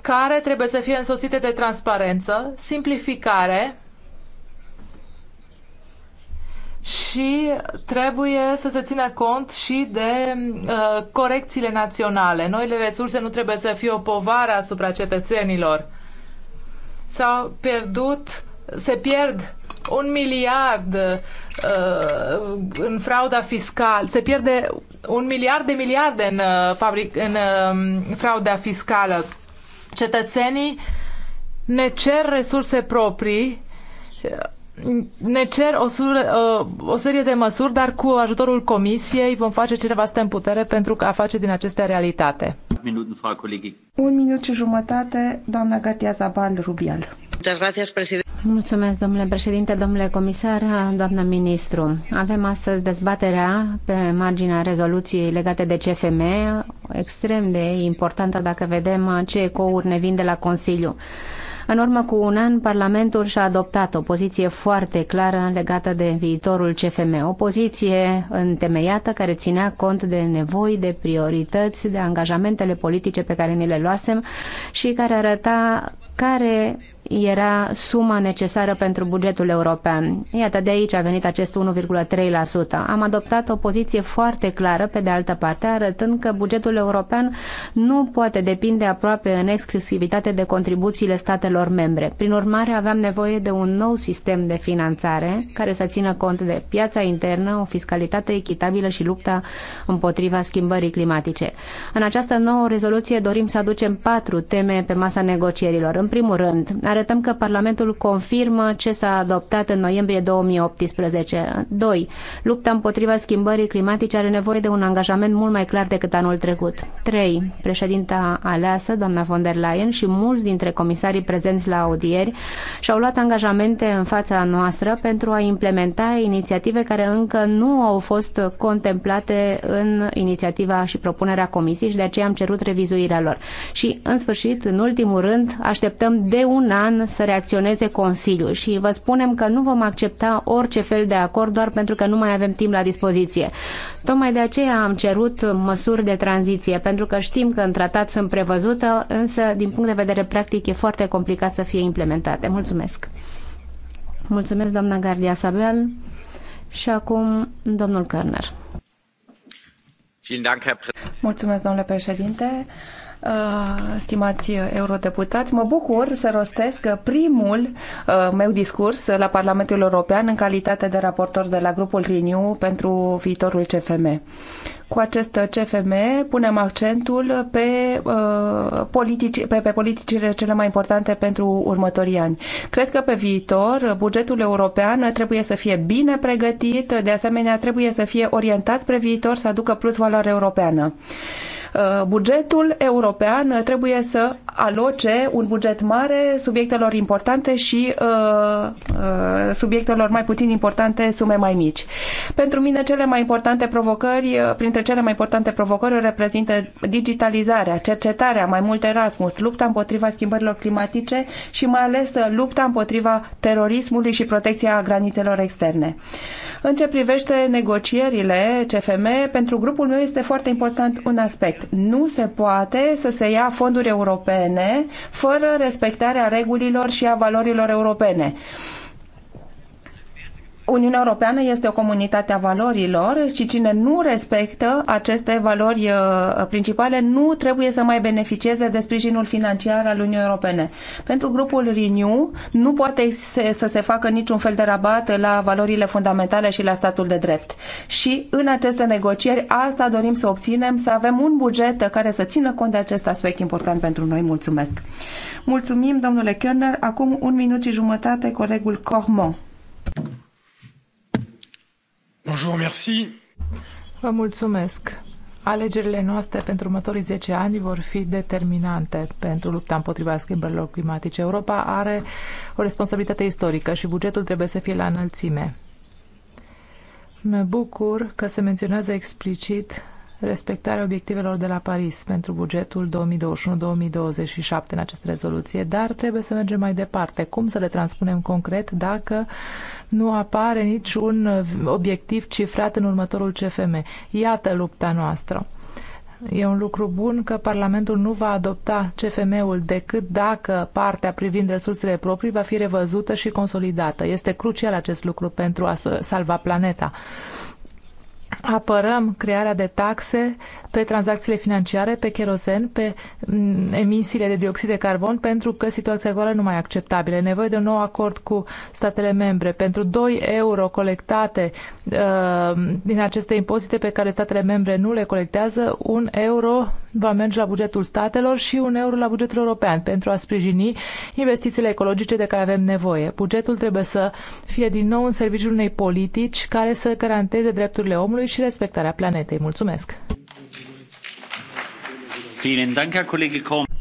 care trebuie să fie însoțite de transparență, simplificare și trebuie să se țină cont și de uh, corecțiile naționale. Noile resurse nu trebuie să fie o povară asupra cetățenilor. S-au pierdut, se pierd un miliard uh, în frauda fiscală, se pierde un miliard de miliarde în, uh, fabric, în uh, frauda fiscală. Cetățenii ne cer resurse proprii ne cer o, sur, uh, o serie de măsuri, dar cu ajutorul Comisiei vom face ce ne va în putere pentru a face din acestea realitate. Un minut și jumătate, doamna Gardia Zabal Rubial. Mulțumesc, domnule președinte, domnule comisar, doamnă ministru. Avem astăzi dezbaterea pe marginea rezoluției legate de CFM, extrem de importantă dacă vedem ce ecouri ne vin de la Consiliu. În urmă cu un an, Parlamentul și-a adoptat o poziție foarte clară legată de viitorul CFM, o poziție întemeiată care ținea cont de nevoi, de priorități, de angajamentele politice pe care ni le luasem și care arăta care era suma necesară pentru bugetul european. Iată, de aici a venit acest 1,3%. Am adoptat o poziție foarte clară, pe de altă parte, arătând că bugetul european nu poate depinde aproape în exclusivitate de contribuțiile statelor membre. Prin urmare, aveam nevoie de un nou sistem de finanțare care să țină cont de piața internă, o fiscalitate echitabilă și lupta împotriva schimbării climatice. În această nouă rezoluție dorim să aducem patru teme pe masa negocierilor. În primul rând, are arătăm că Parlamentul confirmă ce s-a adoptat în noiembrie 2018. 2. Lupta împotriva schimbării climatice are nevoie de un angajament mult mai clar decât anul trecut. 3. Președinta aleasă, doamna von der Leyen și mulți dintre comisarii prezenți la audieri și-au luat angajamente în fața noastră pentru a implementa inițiative care încă nu au fost contemplate în inițiativa și propunerea comisiei și de aceea am cerut revizuirea lor. Și, în sfârșit, în ultimul rând, așteptăm de un an an să reacționeze Consiliul și vă spunem că nu vom accepta orice fel de acord doar pentru că nu mai avem timp la dispoziție. Tocmai de aceea am cerut măsuri de tranziție, pentru că știm că în tratat sunt prevăzută, însă din punct de vedere practic e foarte complicat să fie implementate. Mulțumesc! Mulțumesc, doamna Gardia Sabel. Și acum, domnul Körner. Mulțumesc, domnule președinte. Uh, stimați eurodeputați, mă bucur să rostesc primul uh, meu discurs la Parlamentul European în calitate de raportor de la grupul Renew pentru viitorul CFM. Cu acest CFM punem accentul pe, uh, politici, pe, pe politicile cele mai importante pentru următorii ani. Cred că pe viitor bugetul european trebuie să fie bine pregătit, de asemenea trebuie să fie orientat spre viitor să aducă plus valoare europeană. Uh, bugetul european trebuie să aloce un buget mare subiectelor importante și uh, uh, subiectelor mai puțin importante sume mai mici. Pentru mine cele mai importante provocări, printre cele mai importante provocări reprezintă digitalizarea, cercetarea, mai mult Erasmus, lupta împotriva schimbărilor climatice și mai ales lupta împotriva terorismului și protecția granițelor externe. În ce privește negocierile CFM, pentru grupul meu este foarte important un aspect nu se poate să se ia fonduri europene fără respectarea regulilor și a valorilor europene. Uniunea Europeană este o comunitate a valorilor și cine nu respectă aceste valori uh, principale nu trebuie să mai beneficieze de sprijinul financiar al Uniunii Europene. Pentru grupul Renew nu poate să se facă niciun fel de rabat la valorile fundamentale și la statul de drept. Și în aceste negocieri asta dorim să obținem, să avem un buget care să țină cont de acest aspect important pentru noi. Mulțumesc! Mulțumim, domnule Körner. Acum un minut și jumătate, colegul Cormon. Bonjour, merci. Vă mulțumesc. Alegerile noastre pentru următorii 10 ani vor fi determinante pentru lupta împotriva schimbărilor climatice. Europa are o responsabilitate istorică și bugetul trebuie să fie la înălțime. Mă bucur că se menționează explicit respectarea obiectivelor de la Paris pentru bugetul 2021-2027 în această rezoluție, dar trebuie să mergem mai departe. Cum să le transpunem concret dacă nu apare niciun obiectiv cifrat în următorul CFM? Iată lupta noastră. E un lucru bun că Parlamentul nu va adopta CFM-ul decât dacă partea privind resursele proprii va fi revăzută și consolidată. Este crucial acest lucru pentru a salva planeta apărăm crearea de taxe pe tranzacțiile financiare, pe cherosen, pe mm, emisiile de dioxid de carbon, pentru că situația actuală nu mai e acceptabilă. E nevoie de un nou acord cu statele membre. Pentru 2 euro colectate uh, din aceste impozite pe care statele membre nu le colectează, un euro va merge la bugetul statelor și un euro la bugetul european pentru a sprijini investițiile ecologice de care avem nevoie. Bugetul trebuie să fie din nou în serviciul unei politici care să garanteze drepturile omului și respectarea planetei. Mulțumesc!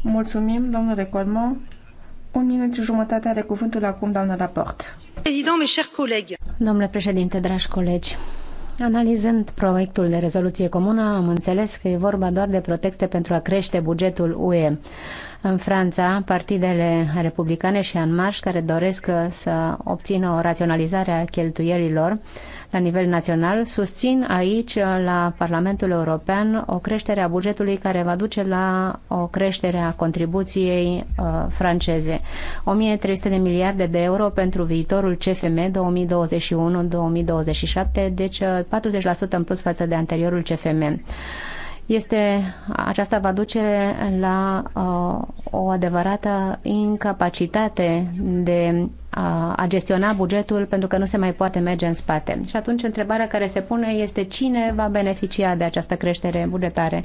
Mulțumim, domnule Colmo. Un minut și jumătate are cuvântul acum, doamnă raport. Domnule președinte, dragi colegi, Analizând proiectul de rezoluție comună, am înțeles că e vorba doar de protecție pentru a crește bugetul UE. În Franța, partidele republicane și în marș care doresc uh, să obțină o raționalizare a cheltuielilor la nivel național susțin aici uh, la Parlamentul European o creștere a bugetului care va duce la o creștere a contribuției uh, franceze. 1300 de miliarde de euro pentru viitorul CFM 2021-2027, deci 40% uh, în plus față de anteriorul CFM este, aceasta va duce la uh, o adevărată incapacitate de a, a gestiona bugetul pentru că nu se mai poate merge în spate. Și atunci întrebarea care se pune este cine va beneficia de această creștere bugetare?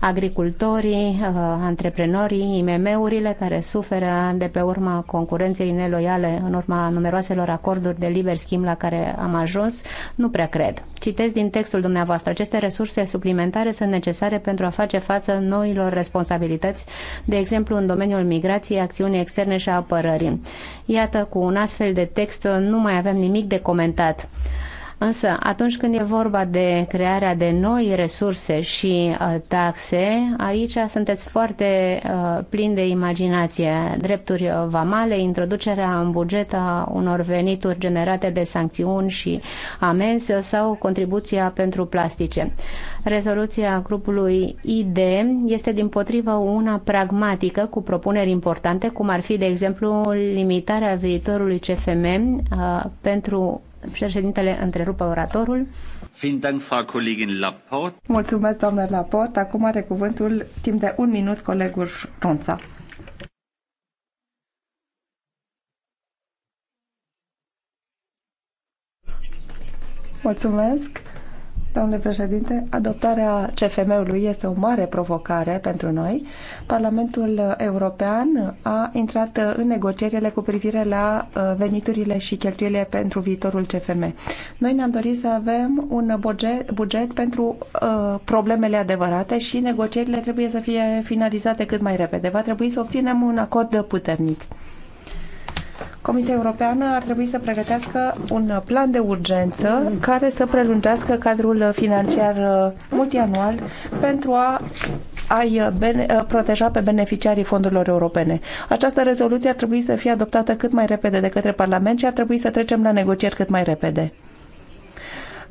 Agricultorii, antreprenorii, IMM-urile care suferă de pe urma concurenței neloiale în urma numeroaselor acorduri de liber schimb la care am ajuns? Nu prea cred. Citesc din textul dumneavoastră. Aceste resurse suplimentare sunt necesare pentru a face față noilor responsabilități, de exemplu în domeniul migrației, acțiunii externe și a apărării. Iată cu un astfel de text nu mai avem nimic de comentat. Însă, atunci când e vorba de crearea de noi resurse și uh, taxe, aici sunteți foarte uh, plini de imaginație. Drepturi uh, vamale, introducerea în buget a unor venituri generate de sancțiuni și amenzi sau contribuția pentru plastice. Rezoluția grupului ID este din potrivă una pragmatică cu propuneri importante, cum ar fi, de exemplu, limitarea viitorului CFM uh, pentru Președintele întrerupe oratorul. Mulțumesc, doamnă Laport. Acum are cuvântul timp de un minut colegul Ronța. Mulțumesc. Domnule președinte, adoptarea CFM-ului este o mare provocare pentru noi. Parlamentul European a intrat în negocierile cu privire la uh, veniturile și cheltuielile pentru viitorul CFM. Noi ne-am dorit să avem un buget, buget pentru uh, problemele adevărate și negocierile trebuie să fie finalizate cât mai repede. Va trebui să obținem un acord puternic. Comisia Europeană ar trebui să pregătească un plan de urgență care să prelungească cadrul financiar uh, multianual pentru a ai uh, uh, proteja pe beneficiarii fondurilor europene. Această rezoluție ar trebui să fie adoptată cât mai repede de către Parlament și ar trebui să trecem la negocieri cât mai repede.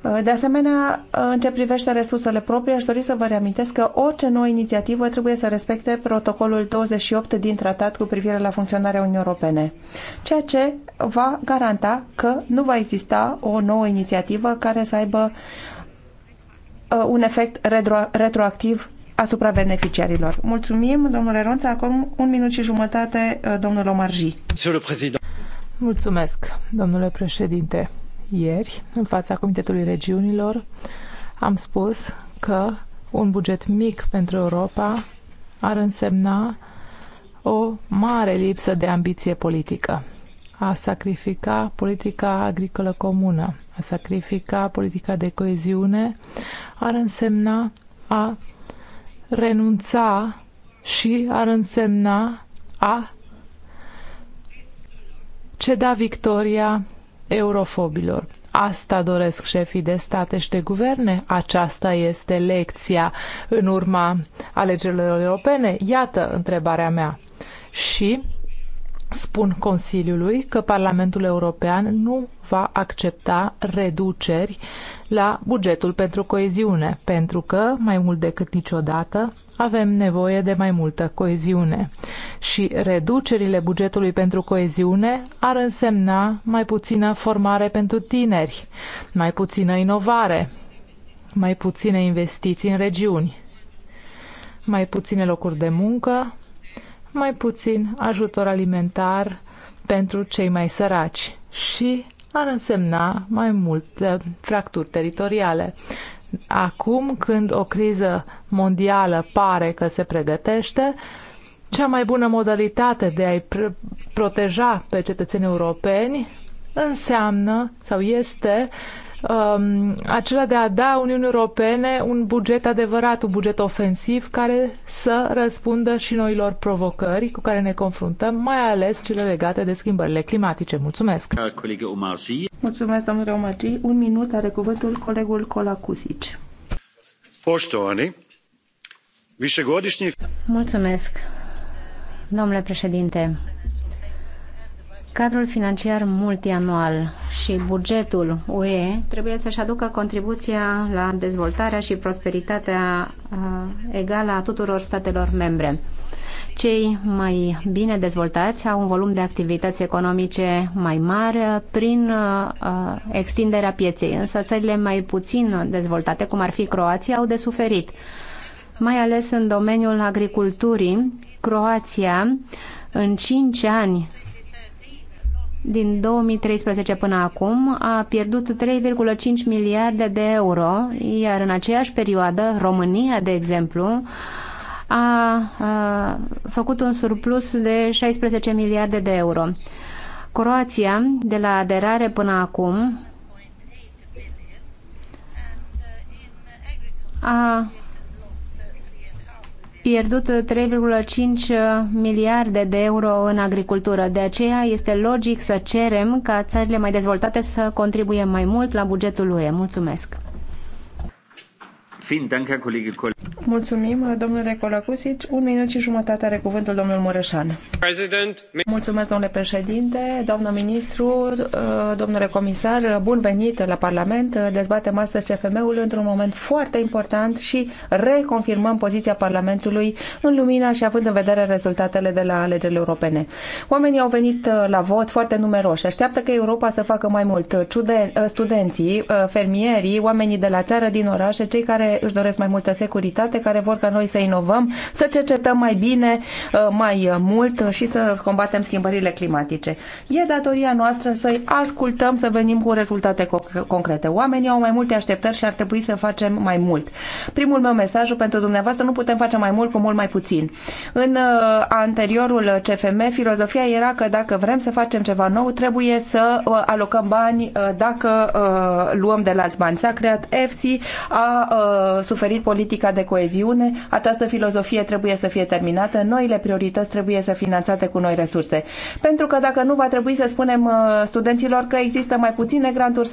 Uh, de asemenea, uh, în ce privește resursele proprii, aș dori să vă reamintesc că orice nouă inițiativă trebuie să respecte protocolul 28 din tratat cu privire la funcționarea Uniunii Europene, ceea ce va garanta că nu va exista o nouă inițiativă care să aibă uh, un efect retro- retroactiv asupra beneficiarilor. Mulțumim, domnule Ronța. Acum un minut și jumătate, domnul Omarji. Mulțumesc, domnule președinte ieri, în fața Comitetului Regiunilor, am spus că un buget mic pentru Europa ar însemna o mare lipsă de ambiție politică. A sacrifica politica agricolă comună, a sacrifica politica de coeziune, ar însemna a renunța și ar însemna a ceda victoria eurofobilor. Asta doresc șefii de state și de guverne. Aceasta este lecția în urma alegerilor europene. Iată întrebarea mea. Și spun Consiliului că Parlamentul European nu va accepta reduceri la bugetul pentru coeziune, pentru că, mai mult decât niciodată, avem nevoie de mai multă coeziune. Și reducerile bugetului pentru coeziune ar însemna mai puțină formare pentru tineri, mai puțină inovare, mai puține investiții în regiuni, mai puține locuri de muncă, mai puțin ajutor alimentar pentru cei mai săraci și ar însemna mai multe fracturi teritoriale. Acum, când o criză mondială pare că se pregătește, cea mai bună modalitate de a-i proteja pe cetățenii europeni înseamnă sau este um, acela de a da Uniunii Europene un buget adevărat, un buget ofensiv care să răspundă și noilor provocări cu care ne confruntăm, mai ales cele legate de schimbările climatice. Mulțumesc! Mulțumesc, domnule Omagi. Un minut are cuvântul colegul Cola Poștoani, vișegodișnii... Mulțumesc, domnule președinte. Cadrul financiar multianual și bugetul UE trebuie să-și aducă contribuția la dezvoltarea și prosperitatea uh, egală a tuturor statelor membre. Cei mai bine dezvoltați au un volum de activități economice mai mare prin uh, uh, extinderea pieței, însă țările mai puțin dezvoltate, cum ar fi Croația, au de suferit. Mai ales în domeniul agriculturii, Croația în 5 ani din 2013 până acum a pierdut 3,5 miliarde de euro, iar în aceeași perioadă România, de exemplu, a, a făcut un surplus de 16 miliarde de euro. Croația, de la aderare până acum, a pierdut 3,5 uh, miliarde de euro în agricultură. De aceea este logic să cerem ca țările mai dezvoltate să contribuie mai mult la bugetul UE. Mulțumesc! Mulțumim, domnule Colacusic. Un minut și jumătate are cuvântul domnul Mureșan. President... Mulțumesc, domnule președinte, domnul ministru, uh, domnule comisar, uh, bun venit la Parlament. Uh, dezbatem astăzi CFM-ul într-un moment foarte important și reconfirmăm poziția Parlamentului în lumina și având în vedere rezultatele de la alegerile europene. Oamenii au venit la vot foarte numeroși. Așteaptă că Europa să facă mai mult. Ciude, studenții, fermierii, oamenii de la țară, din orașe, cei care își doresc mai multă securitate, care vor ca noi să inovăm, să cercetăm mai bine, uh, mai uh, mult și să combatem schimbările climatice. E datoria noastră să-i ascultăm, să venim cu rezultate concrete. Oamenii au mai multe așteptări și ar trebui să facem mai mult. Primul meu mesaj pentru dumneavoastră, nu putem face mai mult cu mult mai puțin. În uh, anteriorul CFM, filozofia era că dacă vrem să facem ceva nou, trebuie să alocăm bani dacă luăm de la alți bani. S-a creat EFSI, a suferit politica de coeziune, această filozofie trebuie să fie terminată, noile priorități trebuie să finanțate cu noi resurse. Pentru că dacă nu va trebui să spunem uh, studenților că există mai puține granturi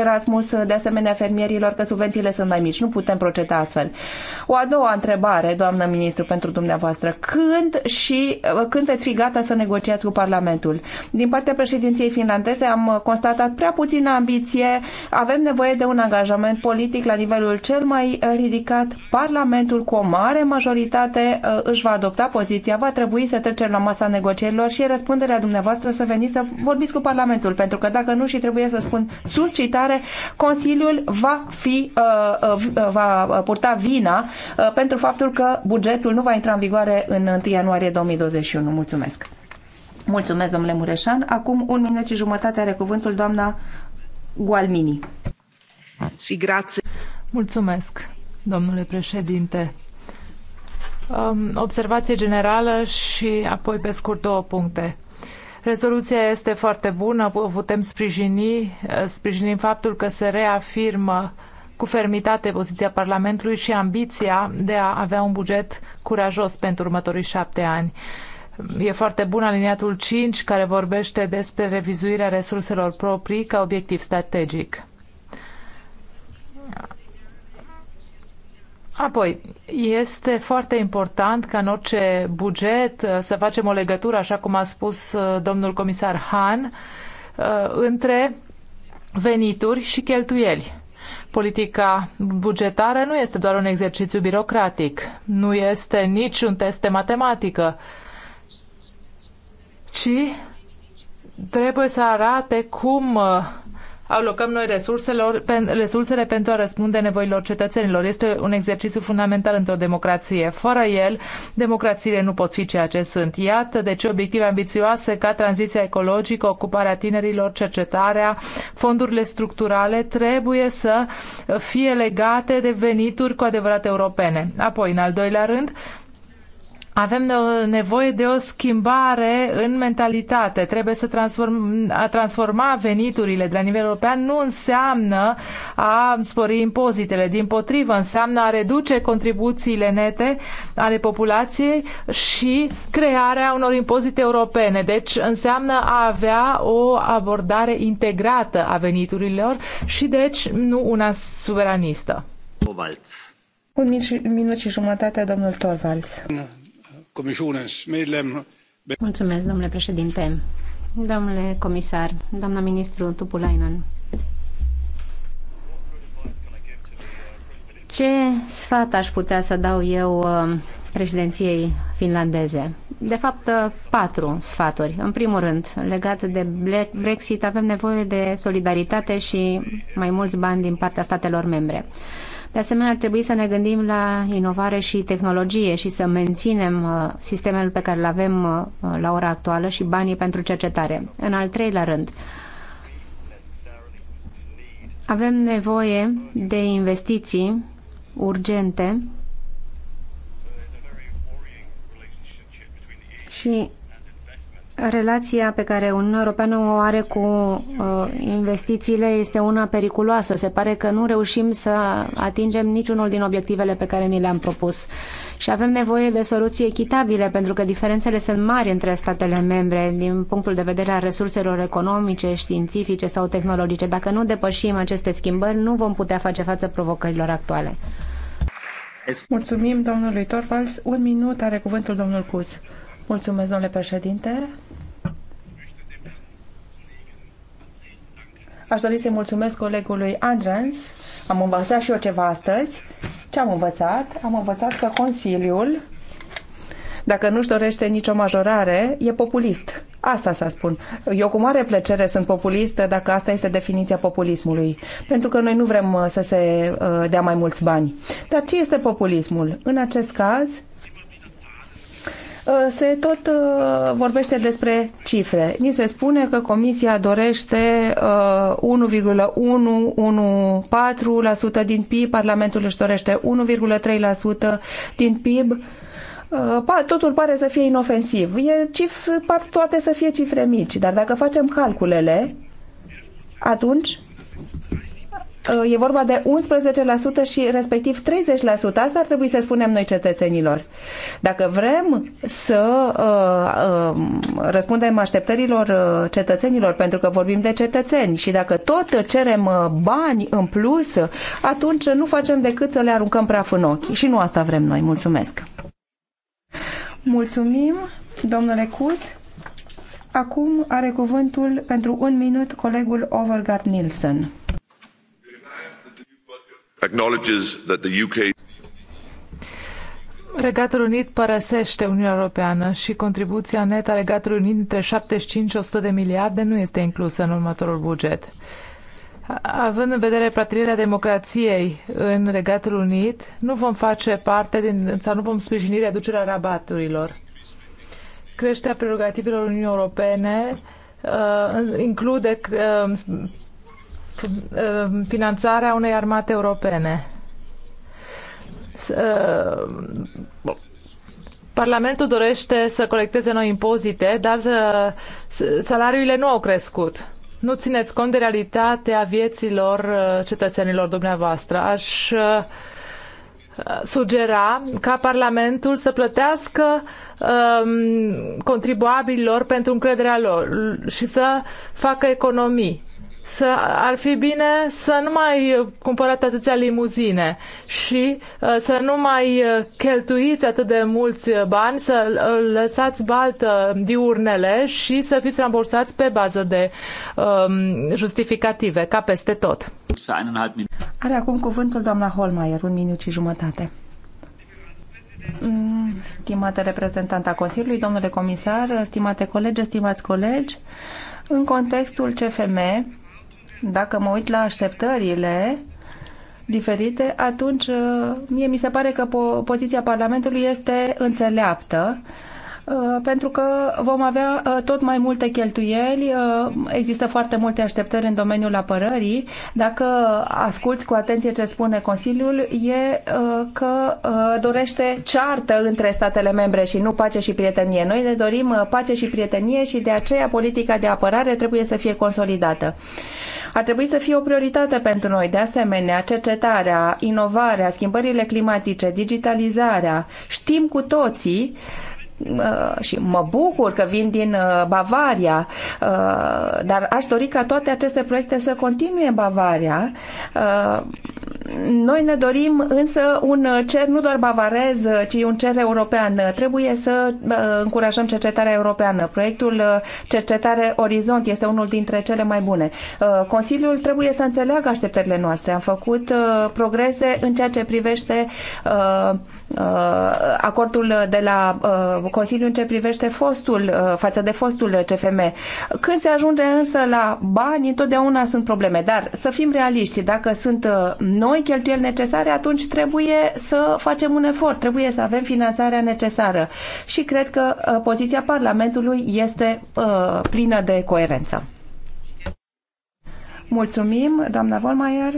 Erasmus, de asemenea fermierilor că subvențiile sunt mai mici. Nu putem proceda astfel. O a doua întrebare, doamnă ministru, pentru dumneavoastră. Când și uh, când veți fi gata să negociați cu Parlamentul? Din partea președinției finlandeze am uh, constatat prea puțină ambiție, avem nevoie de un angajament politic la nivelul cel mai mai ridicat, Parlamentul cu o mare majoritate uh, își va adopta poziția, va trebui să trecem la masa negocierilor și răspunderea dumneavoastră să veniți să vorbiți cu Parlamentul, pentru că dacă nu și trebuie să spun sus și tare, Consiliul va, fi, uh, uh, va purta vina pentru faptul că bugetul nu va intra în vigoare în 1 ianuarie 2021. Mulțumesc! Mulțumesc, domnule Mureșan. Acum un minut și jumătate are cuvântul doamna Gualmini. Și grație. Mulțumesc, domnule președinte. Um, observație generală și apoi pe scurt două puncte. Rezoluția este foarte bună, putem sprijini, uh, sprijinim faptul că se reafirmă cu fermitate poziția Parlamentului și ambiția de a avea un buget curajos pentru următorii șapte ani. E foarte bun aliniatul 5 care vorbește despre revizuirea resurselor proprii ca obiectiv strategic Apoi, este foarte important ca în orice buget uh, să facem o legătură, așa cum a spus uh, domnul comisar Han, uh, între venituri și cheltuieli. Politica bugetară nu este doar un exercițiu birocratic, nu este nici un test de matematică, ci trebuie să arate cum alocăm noi resurselor, pen, resursele pentru a răspunde nevoilor cetățenilor. Este un exercițiu fundamental într-o democrație. Fără el, democrațiile nu pot fi ceea ce sunt. Iată de ce obiective ambițioase ca tranziția ecologică, ocuparea tinerilor, cercetarea, fondurile structurale trebuie să fie legate de venituri cu adevărat europene. Apoi, în al doilea rând, avem nevoie de o schimbare în mentalitate. Trebuie să transform, a transforma veniturile de la nivel european nu înseamnă a spori impozitele. Din potrivă, înseamnă a reduce contribuțiile nete ale populației și crearea unor impozite europene. Deci înseamnă a avea o abordare integrată a veniturilor și deci nu una suveranistă. Un minut și, jumătate, domnul Torvalds. Mulțumesc, domnule președinte. Domnule comisar, doamnă ministru Tupulainen, ce sfat aș putea să dau eu uh, președinției finlandeze? De fapt, uh, patru sfaturi. În primul rând, legat de Brexit, avem nevoie de solidaritate și mai mulți bani din partea statelor membre. De asemenea, ar trebui să ne gândim la inovare și tehnologie și să menținem uh, sistemul pe care îl avem uh, la ora actuală și banii pentru cercetare. În al treilea rând, avem nevoie de investiții urgente și Relația pe care Uniunea Europeană o are cu uh, investițiile este una periculoasă. Se pare că nu reușim să atingem niciunul din obiectivele pe care ni le-am propus. Și avem nevoie de soluții echitabile, pentru că diferențele sunt mari între statele membre din punctul de vedere al resurselor economice, științifice sau tehnologice. Dacă nu depășim aceste schimbări, nu vom putea face față provocărilor actuale. Mulțumim domnului Torvalds. Un minut are cuvântul domnul Cus. Mulțumesc, domnule președinte. Aș dori să-i mulțumesc colegului Andrens. Am învățat și eu ceva astăzi. Ce am învățat? Am învățat că Consiliul, dacă nu-și dorește nicio majorare, e populist. Asta să spun. Eu cu mare plăcere sunt populistă dacă asta este definiția populismului. Pentru că noi nu vrem uh, să se uh, dea mai mulți bani. Dar ce este populismul? În acest caz, Uh, se tot uh, vorbește despre cifre. Ni se spune că Comisia dorește 1,114% uh, din PIB, Parlamentul își dorește 1,3% din PIB. Totul pare să fie inofensiv. E cif, par toate să fie cifre mici, dar dacă facem calculele, atunci Uh, e vorba de 11% și respectiv 30%. Asta ar trebui să spunem noi cetățenilor. Dacă vrem să uh, uh, răspundem așteptărilor uh, cetățenilor, pentru că vorbim de cetățeni și dacă tot cerem uh, bani în plus, atunci nu facem decât să le aruncăm praf în ochi. Și nu asta vrem noi. Mulțumesc! Mulțumim, domnule Cus. Acum are cuvântul pentru un minut colegul Overgard Nielsen acknowledges that the UK Regatul Unit părăsește Uniunea Europeană și contribuția netă a Regatului Unit între 75 și 100 de miliarde nu este inclusă în următorul buget. Având în vedere patrierea democrației în Regatul Unit, nu vom face parte din, sau nu vom sprijini reducerea rabaturilor. Creșterea prerogativelor Uniunii Europene uh, include uh, Uh, finanțarea unei armate europene. Uh, Parlamentul dorește să colecteze noi impozite, dar salariile nu au crescut. Nu țineți cont de realitatea vieților uh, cetățenilor dumneavoastră. Aș sugera ca Parlamentul să plătească um, contribuabililor pentru încrederea lor și să facă economii să ar fi bine să nu mai cumpărați atâția limuzine și uh, să nu mai uh, cheltuiți atât de mulți bani, să uh, lăsați baltă diurnele și să fiți rambursați pe bază de um, justificative, ca peste tot. Are acum cuvântul doamna Holmeier, un minut și jumătate. Mm, stimată reprezentanta Consiliului, domnule comisar, stimate colegi, stimați colegi, în contextul CFM, dacă mă uit la așteptările diferite, atunci mie mi se pare că po- poziția Parlamentului este înțeleaptă Uh, pentru că vom avea uh, tot mai multe cheltuieli, uh, există foarte multe așteptări în domeniul apărării. Dacă asculți cu atenție ce spune Consiliul, e că dorește ceartă între statele membre și nu pace și prietenie. Noi ne dorim pace și prietenie și de aceea politica de apărare trebuie să fie consolidată. Ar trebui să fie o prioritate pentru noi. De asemenea, cercetarea, inovarea, schimbările climatice, digitalizarea. Știm cu toții Uh, și mă bucur că vin din uh, Bavaria, uh, dar aș dori ca toate aceste proiecte să continue în Bavaria noi ne dorim însă un cer nu doar bavarez, ci un cer european. Trebuie să încurajăm cercetarea europeană. Proiectul uh, Cercetare Orizont este unul dintre cele mai bune. Uh, Consiliul trebuie să înțeleagă așteptările noastre. Am făcut uh, progrese în ceea ce privește acordul de la Consiliu în ce privește fostul, față de fostul CFM. Când se ajunge însă la bani, întotdeauna sunt probleme. Dar să fim realiști, dacă sunt noi cheltuieli necesare, atunci trebuie să facem un efort, trebuie să avem finanțarea necesară. Și cred că uh, poziția Parlamentului este uh, plină de coerență. Mulțumim, doamna Volmaier.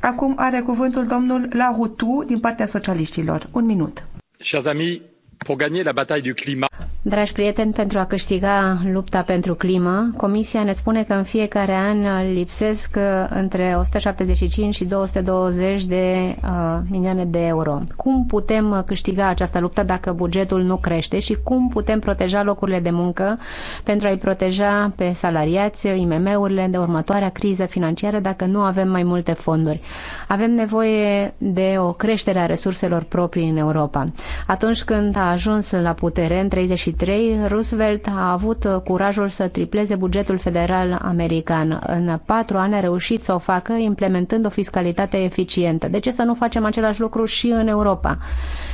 Acum are cuvântul domnul Lahutu din partea socialiștilor. Un minut. Chers amis, pour gagner la bataille du climat. Dragi prieteni, pentru a câștiga lupta pentru climă, Comisia ne spune că în fiecare an lipsesc între 175 și 220 de uh, milioane de euro. Cum putem câștiga această luptă dacă bugetul nu crește și cum putem proteja locurile de muncă pentru a-i proteja pe salariați, IMM-urile de următoarea criză financiară dacă nu avem mai multe fonduri? Avem nevoie de o creștere a resurselor proprii în Europa. Atunci când a ajuns la putere, în 33 1973, Roosevelt a avut curajul să tripleze bugetul federal american. În patru ani a reușit să o facă implementând o fiscalitate eficientă. De ce să nu facem același lucru și în Europa?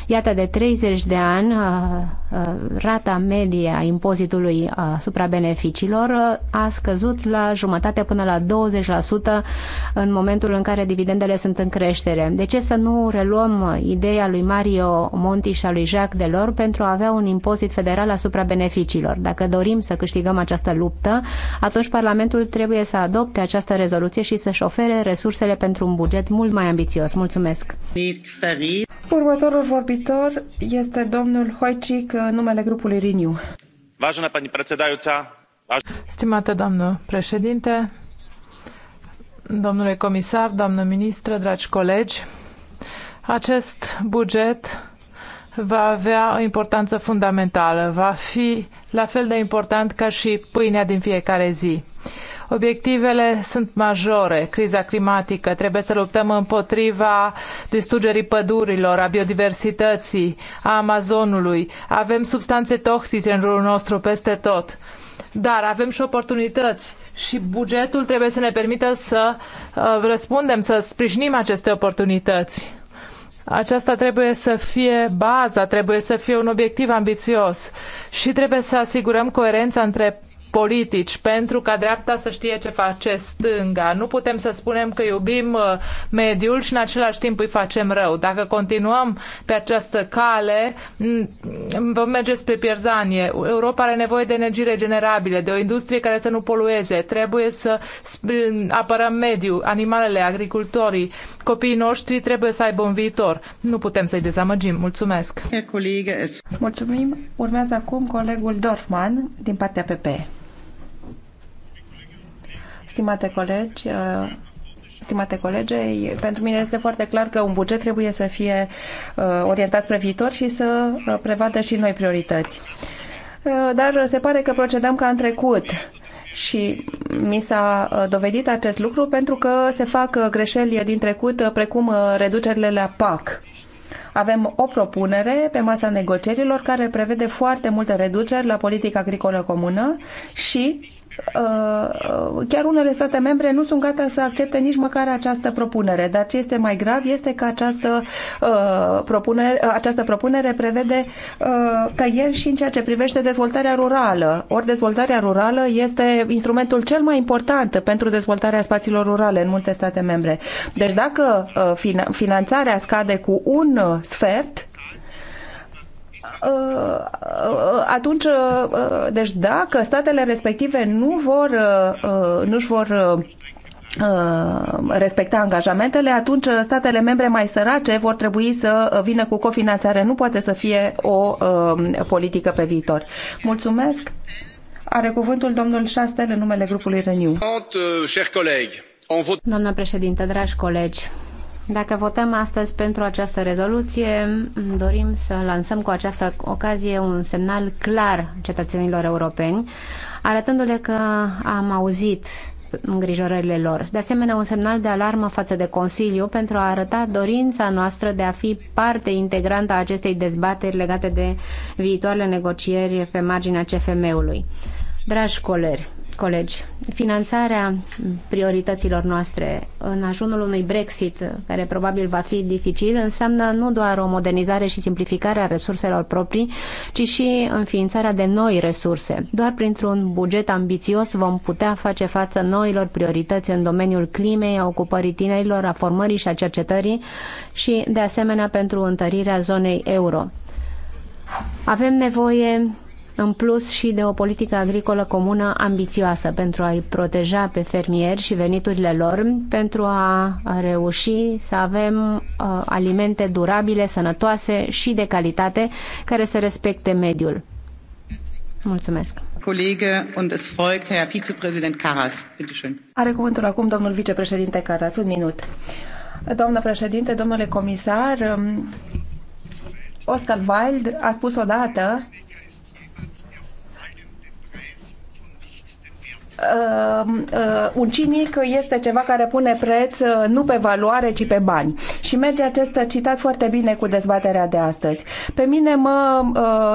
Iată, de 30 de ani, rata medie a impozitului asupra beneficiilor a scăzut la jumătate până la 20% în momentul în care dividendele sunt în creștere. De ce să nu reluăm ideea lui Mario Monti și a lui Jacques Delors pentru a avea un impozit federal asupra beneficiilor. Dacă dorim să câștigăm această luptă, atunci Parlamentul trebuie să adopte această rezoluție și să-și ofere resursele pentru un buget mult mai ambițios. Mulțumesc! Următorul vorbitor este domnul Hoicic, numele grupului Renew. Vážená pani predsedajúca, Stimată doamnă președinte, domnule comisar, doamnă ministră, dragi colegi, acest buget va avea o importanță fundamentală, va fi la fel de important ca și pâinea din fiecare zi. Obiectivele sunt majore. Criza climatică, trebuie să luptăm împotriva distrugerii pădurilor, a biodiversității, a Amazonului. Avem substanțe toxice în jurul nostru peste tot. Dar avem și oportunități și bugetul trebuie să ne permită să uh, răspundem, să sprijinim aceste oportunități aceasta trebuie să fie baza, trebuie să fie un obiectiv ambițios și trebuie să asigurăm coerența între politici pentru ca dreapta să știe ce face stânga. Nu putem să spunem că iubim uh, mediul și în același timp îi facem rău. Dacă continuăm pe această cale, vom merge spre pierzanie. Europa are nevoie de energii regenerabile, de o industrie care să nu polueze. Trebuie să apărăm mediul, animalele, agricultorii. Copiii noștri trebuie să aibă un viitor. Nu putem să-i dezamăgim. Mulțumesc! Mulțumim! Urmează acum colegul Dorfman din partea PPE. Stimate colegi, uh, Stimate colege, pentru mine este foarte clar că un buget trebuie să fie uh, orientat spre viitor și să uh, prevadă și noi priorități. Dar se pare că procedăm ca în trecut și mi s-a dovedit acest lucru pentru că se fac greșeli din trecut, precum reducerile la PAC. Avem o propunere pe masa negocierilor care prevede foarte multe reduceri la politica agricolă comună și Uh, uh, chiar unele state membre nu sunt gata să accepte nici măcar această propunere. Dar ce este mai grav este că această uh, propunere, această propunere prevede tăieri și în ceea ce privește dezvoltarea rurală. Ori dezvoltarea rurală este instrumentul cel mai important pentru dezvoltarea spațiilor rurale în multe state membre. Deci dacă finanțarea scade cu un sfert, Uh, uh, atunci, uh, deci dacă statele respective nu vor, nu își vor respecta angajamentele, atunci statele membre mai sărace vor trebui să vină cu cofinanțare. Nu poate să fie o um, politică pe viitor. Mulțumesc. Are cuvântul domnul Șastel în numele grupului Renew. Doamna președinte, dragi colegi, dacă votăm astăzi pentru această rezoluție, dorim să lansăm cu această ocazie un semnal clar cetățenilor europeni, arătându-le că am auzit îngrijorările lor. De asemenea, un semnal de alarmă față de Consiliu pentru a arăta dorința noastră de a fi parte integrantă a acestei dezbateri legate de viitoarele negocieri pe marginea CFM-ului. Dragi colegi, colegi, finanțarea priorităților noastre în ajunul unui Brexit, care probabil va fi dificil, înseamnă nu doar o modernizare și simplificare a resurselor proprii, ci și înființarea de noi resurse. Doar printr-un buget ambițios vom putea face față noilor priorități în domeniul climei, a ocupării tinerilor, a formării și a cercetării și, de asemenea, pentru întărirea zonei euro. Avem nevoie în plus și de o politică agricolă comună ambițioasă pentru a-i proteja pe fermieri și veniturile lor, pentru a reuși să avem uh, alimente durabile, sănătoase și de calitate care să respecte mediul. Mulțumesc. Colege und es folgt Herr Vizepräsident Karas. Bitte schön. Are cuvântul acum domnul vicepreședinte Caras, un minut. Doamnă președinte, domnule comisar, um, Oscar Wilde a spus odată Uh, uh, un cinic este ceva care pune preț uh, nu pe valoare, ci pe bani. Și merge acest citat foarte bine cu dezbaterea de astăzi. Pe mine mă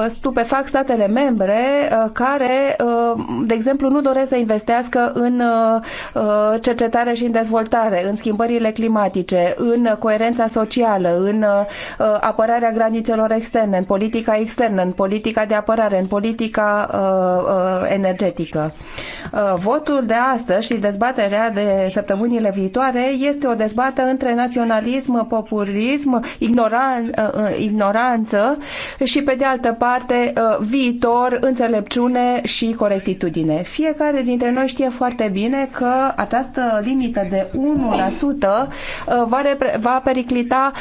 stupefac statele membre care, de exemplu, nu doresc să investească în cercetare și în dezvoltare, în schimbările climatice, în coerența socială, în apărarea granițelor externe, în politica externă, în politica de apărare, în politica energetică. Votul de astăzi și dezbaterea de săptămânile viitoare este o dezbată între naționalism, populism, ignoran, uh, ignoranță și, pe de altă parte, uh, viitor, înțelepciune și corectitudine. Fiecare dintre noi știe foarte bine că această limită de 1% uh, va, va periclita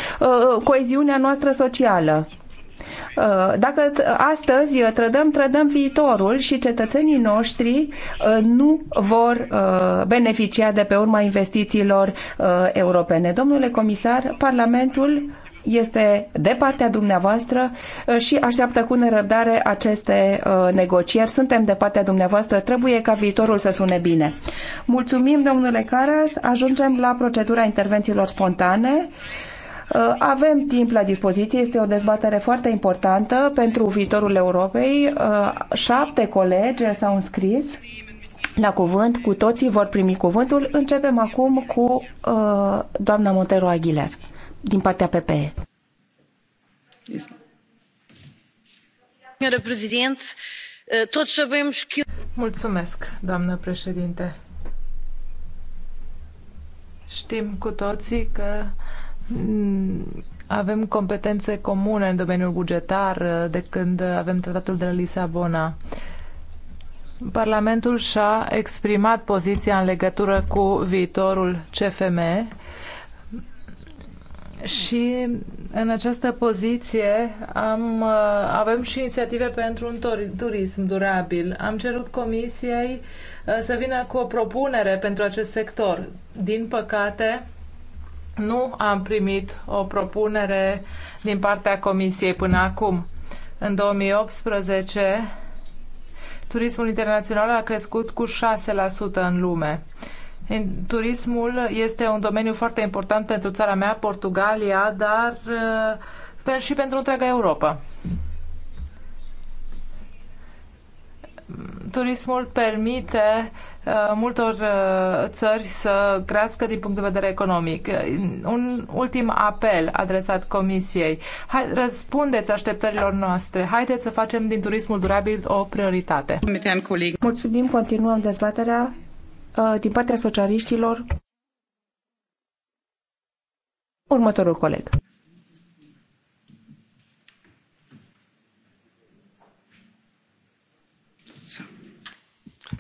coeziunea noastră socială. Uh, dacă astăzi uh, trădăm, trădăm viitorul și cetățenii noștri uh, nu vor beneficia de pe urma investițiilor europene. Domnule comisar, Parlamentul este de partea dumneavoastră și așteaptă cu nerăbdare aceste negocieri. Suntem de partea dumneavoastră, trebuie ca viitorul să sune bine. Mulțumim, domnule Caras. Ajungem la procedura intervențiilor spontane. Uh, avem timp la dispoziție, este o dezbatere foarte importantă pentru viitorul Europei. Uh, șapte colegi s-au înscris la cuvânt, cu toții vor primi cuvântul. Începem acum cu uh, doamna Montero Aguilar, din partea PPE. Mulțumesc, doamnă președinte. Știm cu toții că Mm, avem competențe comune în domeniul bugetar uh, de când avem tratatul de la Lisabona. Parlamentul și-a exprimat poziția în legătură cu viitorul CFM și în această poziție am, uh, avem și inițiative pentru un turism durabil. Am cerut comisiei uh, să vină cu o propunere pentru acest sector. Din păcate, nu am primit o propunere din partea Comisiei până acum. În 2018, turismul internațional a crescut cu 6% în lume. Turismul este un domeniu foarte important pentru țara mea, Portugalia, dar uh, și pentru întreaga Europa. turismul permite uh, multor uh, țări să crească din punct de vedere economic. Un ultim apel adresat Comisiei. Hai, răspundeți așteptărilor noastre. Haideți să facem din turismul durabil o prioritate. Mulțumim, continuăm dezbaterea uh, din partea socialiștilor. Următorul coleg.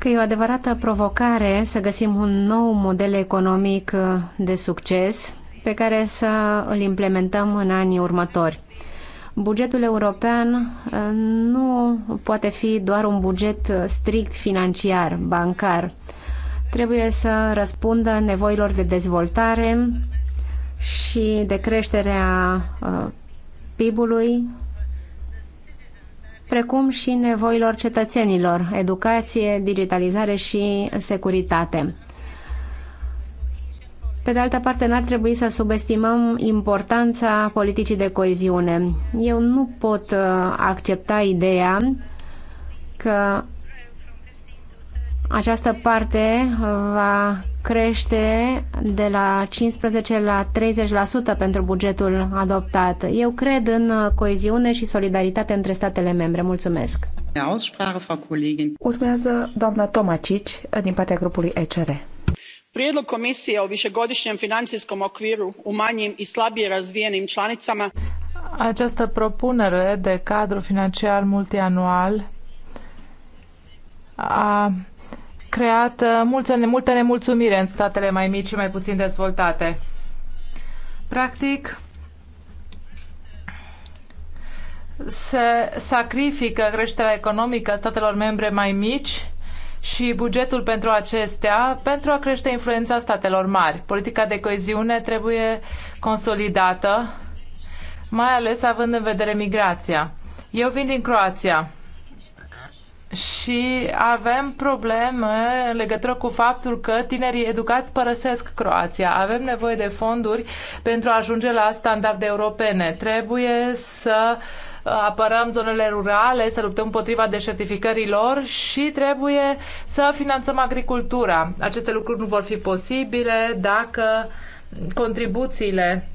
că e o adevărată provocare să găsim un nou model economic uh, de succes pe care să îl implementăm în anii următori. Bugetul european uh, nu poate fi doar un buget uh, strict financiar, bancar. Trebuie să răspundă nevoilor de dezvoltare și de creșterea PIB-ului, precum și nevoilor cetățenilor, educație, digitalizare și securitate. Pe de altă parte, n-ar trebui să subestimăm importanța politicii de coeziune. Eu nu pot uh, accepta ideea că această parte uh, va crește de la 15 la 30% pentru bugetul adoptat. Eu cred în coeziune și solidaritate între statele membre. Mulțumesc! Urmează doamna Tomacici din partea grupului ECR. Prijedlog komisije o višegodišnjem financijskom okviru u manjim i slabije razvijenim članicama această propunere de cadru financiar multianual a creat uh, multe, multe nemulțumire în statele mai mici și mai puțin dezvoltate. Practic, se sacrifică creșterea economică a statelor membre mai mici și bugetul pentru acestea pentru a crește influența statelor mari. Politica de coeziune trebuie consolidată, mai ales având în vedere migrația. Eu vin din Croația și avem probleme în legătură cu faptul că tinerii educați părăsesc Croația. Avem nevoie de fonduri pentru a ajunge la standarde europene. Trebuie să apărăm zonele rurale, să luptăm împotriva deșertificării lor și trebuie să finanțăm agricultura. Aceste lucruri nu vor fi posibile dacă contribuțiile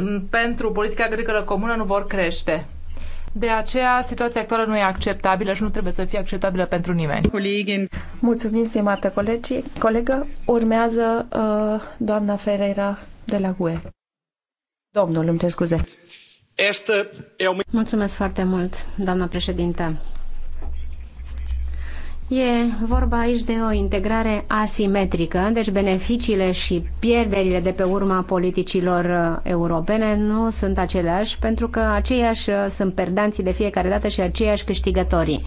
mm, pentru politica agricolă comună nu vor crește. De aceea, situația actuală nu e acceptabilă și nu trebuie să fie acceptabilă pentru nimeni. Mulțumim, stimată colegii. colegă. Urmează uh, doamna Ferreira de la GUE. Domnul, îmi cer scuze. Este... Mulțumesc foarte mult, doamna președintă. E vorba aici de o integrare asimetrică, deci beneficiile și pierderile de pe urma politicilor uh, europene nu sunt aceleași, pentru că aceiași uh, sunt perdanții de fiecare dată și aceiași câștigătorii.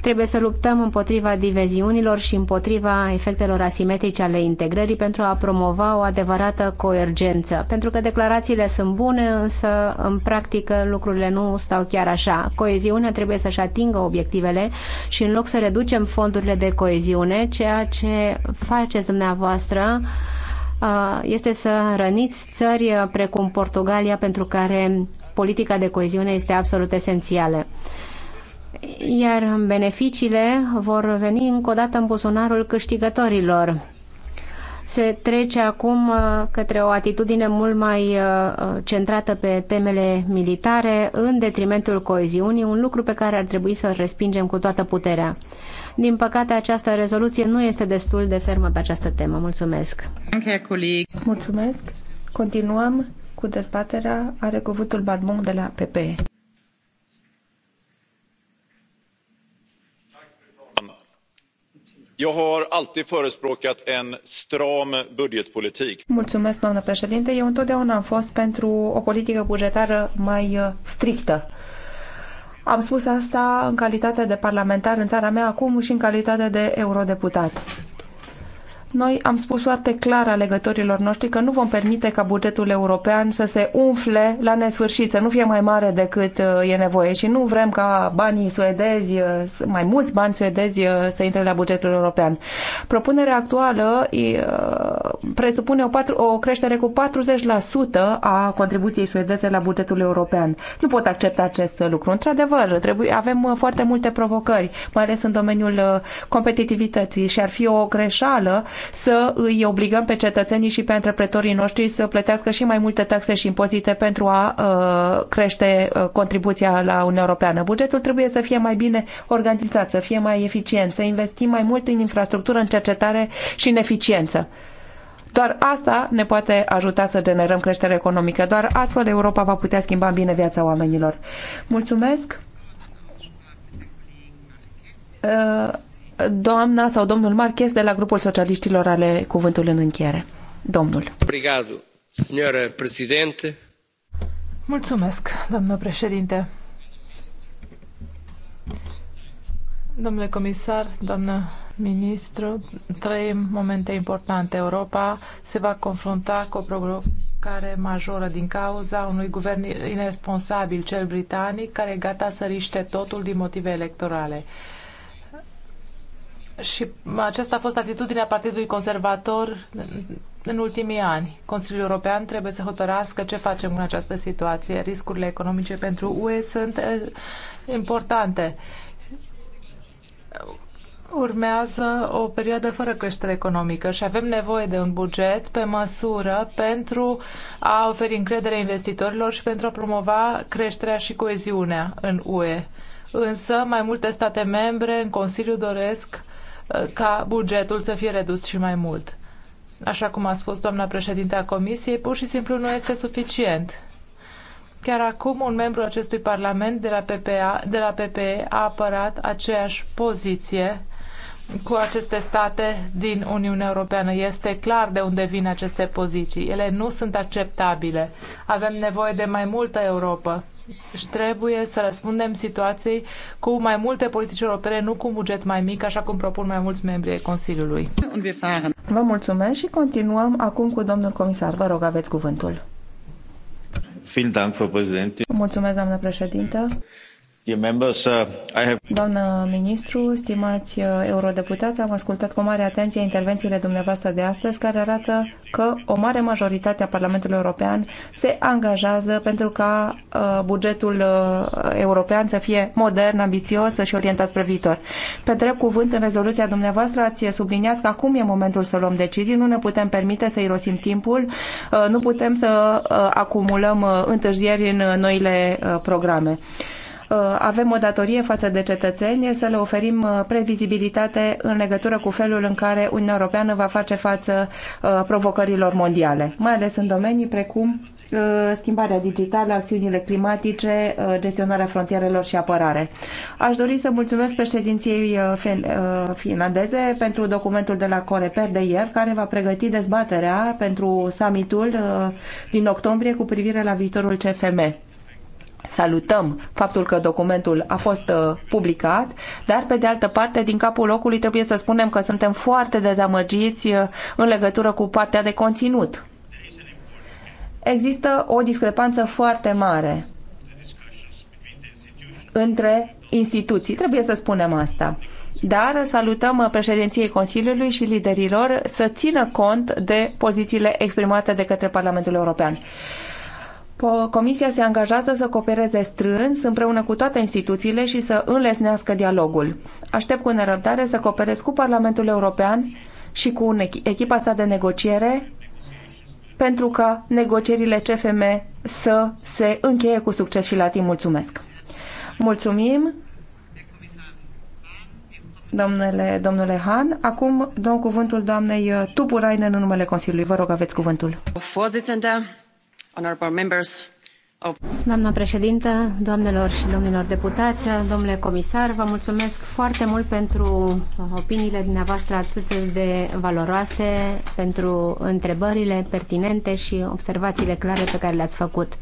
Trebuie să luptăm împotriva diveziunilor și împotriva efectelor asimetrice ale integrării pentru a promova o adevărată coergență. Pentru că declarațiile sunt bune, însă în practică lucrurile nu stau chiar așa. Coeziunea trebuie să-și atingă obiectivele și în loc să reducem fondurile de coeziune, ceea ce faceți dumneavoastră uh, este să răniți țări precum Portugalia, pentru care politica de coeziune este absolut esențială iar beneficiile vor veni încă o dată în buzunarul câștigătorilor. Se trece acum uh, către o atitudine mult mai uh, centrată pe temele militare, în detrimentul coeziunii, un lucru pe care ar trebui să-l respingem cu toată puterea. Din păcate, această rezoluție nu este destul de fermă pe această temă. Mulțumesc! Mulțumesc! Continuăm cu dezbaterea. Are cuvântul Balbon de la PP. doamnă președinte. eu întotdeauna am fost pentru o politică bugetară mai uh, strictă. Am spus asta în calitate de parlamentar în țara mea acum și în calitate de eurodeputat. Noi am spus foarte clar alegătorilor noștri că nu vom permite ca bugetul european să se umfle la nesfârșit, să nu fie mai mare decât uh, e nevoie și nu vrem ca banii suedezi, uh, mai mulți bani suedezi uh, să intre la bugetul european. Propunerea actuală presupune o, patru, o creștere cu 40% a contribuției suedeze la bugetul european. Nu pot accepta acest lucru. Într-adevăr, trebuie, avem foarte multe provocări, mai ales în domeniul competitivității și ar fi o greșeală să îi obligăm pe cetățenii și pe antreprenorii noștri să plătească și mai multe taxe și impozite pentru a uh, crește uh, contribuția la Uniunea Europeană. Bugetul trebuie să fie mai bine organizat, să fie mai eficient, să investim mai mult în infrastructură, în cercetare și în eficiență. Doar asta ne poate ajuta să generăm creștere economică. Doar astfel Europa va putea schimba în bine viața oamenilor. Mulțumesc! Uh, doamna sau domnul Marchez de la grupul socialiștilor ale cuvântul în încheiere. Domnul. Obrigado, signora presidente. Mulțumesc, doamnă președinte. Domnule comisar, doamnă ministru, Trei momente importante. Europa se va confrunta cu o provocare majoră din cauza unui guvern irresponsabil, cel britanic, care e gata să riște totul din motive electorale. Și aceasta a fost atitudinea Partidului Conservator în ultimii ani. Consiliul European trebuie să hotărască ce facem în această situație. Riscurile economice pentru UE sunt eh, importante. Urmează o perioadă fără creștere economică și avem nevoie de un buget pe măsură pentru a oferi încredere investitorilor și pentru a promova creșterea și coeziunea în UE. Însă, mai multe state membre în Consiliu doresc ca bugetul să fie redus și mai mult. Așa cum a spus doamna președinte a Comisiei, pur și simplu nu este suficient. Chiar acum, un membru acestui Parlament de la, PPA, de la PPE a apărat aceeași poziție cu aceste state din Uniunea Europeană. Este clar de unde vin aceste poziții. Ele nu sunt acceptabile. Avem nevoie de mai multă Europa și trebuie să răspundem situației cu mai multe politici europene, nu cu un buget mai mic, așa cum propun mai mulți membri ai Consiliului. Vă mulțumesc și continuăm acum cu domnul comisar. Vă rog, aveți cuvântul. Mulțumesc, doamnă președintă. Uh, Doamnă ministru, stimați uh, eurodeputați, am ascultat cu mare atenție intervențiile dumneavoastră de astăzi, care arată că o mare majoritate a Parlamentului European se angajează pentru ca uh, bugetul european să fie modern, ambițios și orientat spre viitor. Pe drept cuvânt, în rezoluția dumneavoastră ați subliniat că acum e momentul să luăm decizii, nu ne putem permite să irosim timpul, nu putem să acumulăm întârzieri în noile programe. Uh, avem o datorie față de cetățeni să le oferim uh, previzibilitate în legătură cu felul în care Uniunea Europeană va face față uh, provocărilor mondiale, mai ales în domenii precum schimbarea digitală, acțiunile climatice, gestionarea frontierelor și apărare. Aș dori să mulțumesc președinției finlandeze pentru documentul de la Coreper de ieri, care va pregăti dezbaterea pentru summitul din octombrie cu privire la viitorul CFM salutăm faptul că documentul a fost uh, publicat, dar pe de altă parte, din capul locului trebuie să spunem că suntem foarte dezamăgiți uh, în legătură cu partea de conținut. Există o discrepanță foarte mare între instituții, trebuie să spunem asta dar salutăm președinției Consiliului și liderilor să țină cont de pozițiile exprimate de către Parlamentul European. Comisia se angajează să coopereze strâns împreună cu toate instituțiile și să înlesnească dialogul. Aștept cu nerăbdare să cooperez cu Parlamentul European și cu echipa sa de negociere pentru ca negocierile CFM să se încheie cu succes și la timp. Mulțumesc! Mulțumim, domnule, domnule Han. Acum dăm cuvântul doamnei Tupurainen în numele Consiliului. Vă rog, aveți cuvântul. Doamnă președintă, doamnelor și domnilor deputați, domnule comisar, vă mulțumesc foarte mult pentru opiniile dumneavoastră atât de valoroase, pentru întrebările pertinente și observațiile clare pe care le-ați făcut.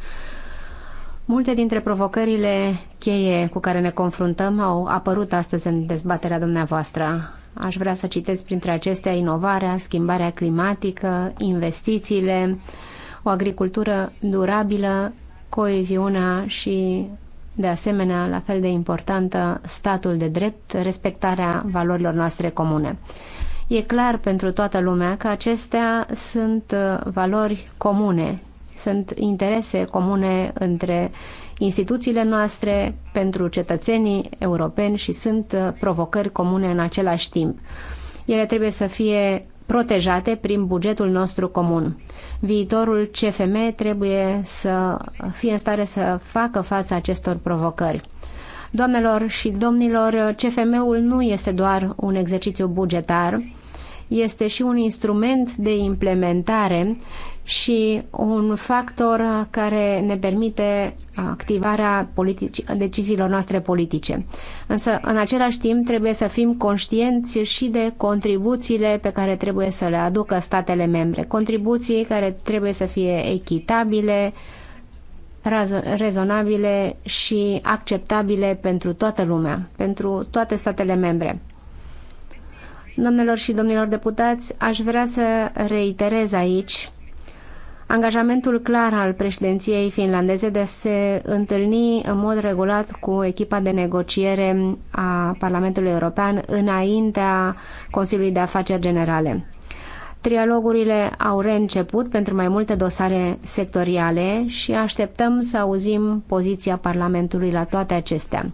Multe dintre provocările cheie cu care ne confruntăm au apărut astăzi în dezbaterea dumneavoastră. Aș vrea să citesc printre acestea inovarea, schimbarea climatică, investițiile, o agricultură durabilă, coeziunea și, de asemenea, la fel de importantă, statul de drept, respectarea valorilor noastre comune. E clar pentru toată lumea că acestea sunt uh, valori comune, sunt interese comune între instituțiile noastre pentru cetățenii europeni și sunt uh, provocări comune în același timp. Ele trebuie să fie protejate prin bugetul nostru comun. Viitorul CFM trebuie să fie în stare să facă față acestor provocări. Doamnelor și domnilor, CFM-ul nu este doar un exercițiu bugetar, este și un instrument de implementare și un factor care ne permite activarea politici, deciziilor noastre politice. Însă, în același timp, trebuie să fim conștienți și de contribuțiile pe care trebuie să le aducă statele membre, contribuții care trebuie să fie echitabile, rezonabile și acceptabile pentru toată lumea, pentru toate statele membre. Domnilor și domnilor deputați, aș vrea să reiterez aici angajamentul clar al președinției finlandeze de a se întâlni în mod regulat cu echipa de negociere a Parlamentului European înaintea Consiliului de Afaceri Generale. Trialogurile au reînceput pentru mai multe dosare sectoriale și așteptăm să auzim poziția Parlamentului la toate acestea.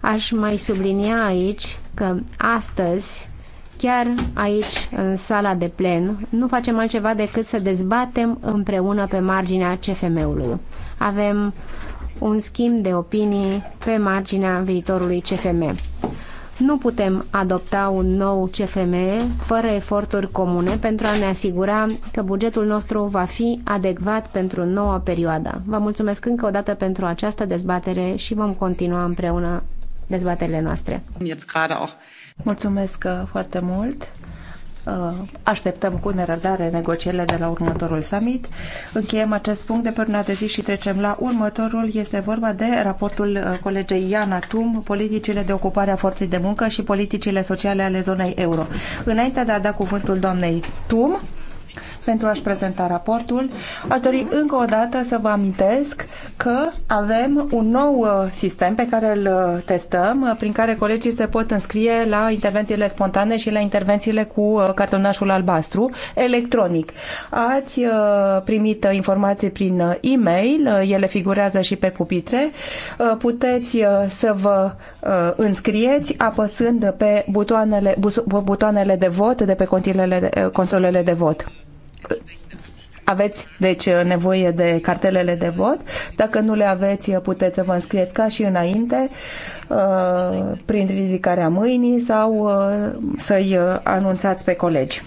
Aș mai sublinia aici că astăzi chiar aici, în sala de plen, nu facem altceva decât să dezbatem împreună pe marginea CFM-ului. Avem un schimb de opinii pe marginea viitorului CFM. Nu putem adopta un nou CFM fără eforturi comune pentru a ne asigura că bugetul nostru va fi adecvat pentru noua perioadă. Vă mulțumesc încă o dată pentru această dezbatere și vom continua împreună dezbaterile noastre. Mulțumesc uh, foarte mult. Uh, așteptăm cu nerăbdare negocierile de la următorul summit. Încheiem acest punct de până de zi și trecem la următorul. Este vorba de raportul uh, colegei Iana Tum, politicile de ocupare a forței de muncă și politicile sociale ale zonei euro. Înainte de a da cuvântul doamnei Tum, pentru a-și prezenta raportul. Aș dori încă o dată să vă amintesc că avem un nou uh, sistem pe care îl uh, testăm, uh, prin care colegii se pot înscrie la intervențiile spontane și la intervențiile cu cartonașul albastru electronic. Ați primit informații prin e-mail, ele figurează și pe pupitre. Puteți să vă înscrieți apăsând pe butoanele, butoanele de vot de pe consolele de, consolele de vot aveți, deci, uh, nevoie de cartelele de vot. Dacă nu le aveți, uh, puteți să vă înscrieți ca și înainte, uh, prin ridicarea mâinii sau să-i anunțați pe colegi.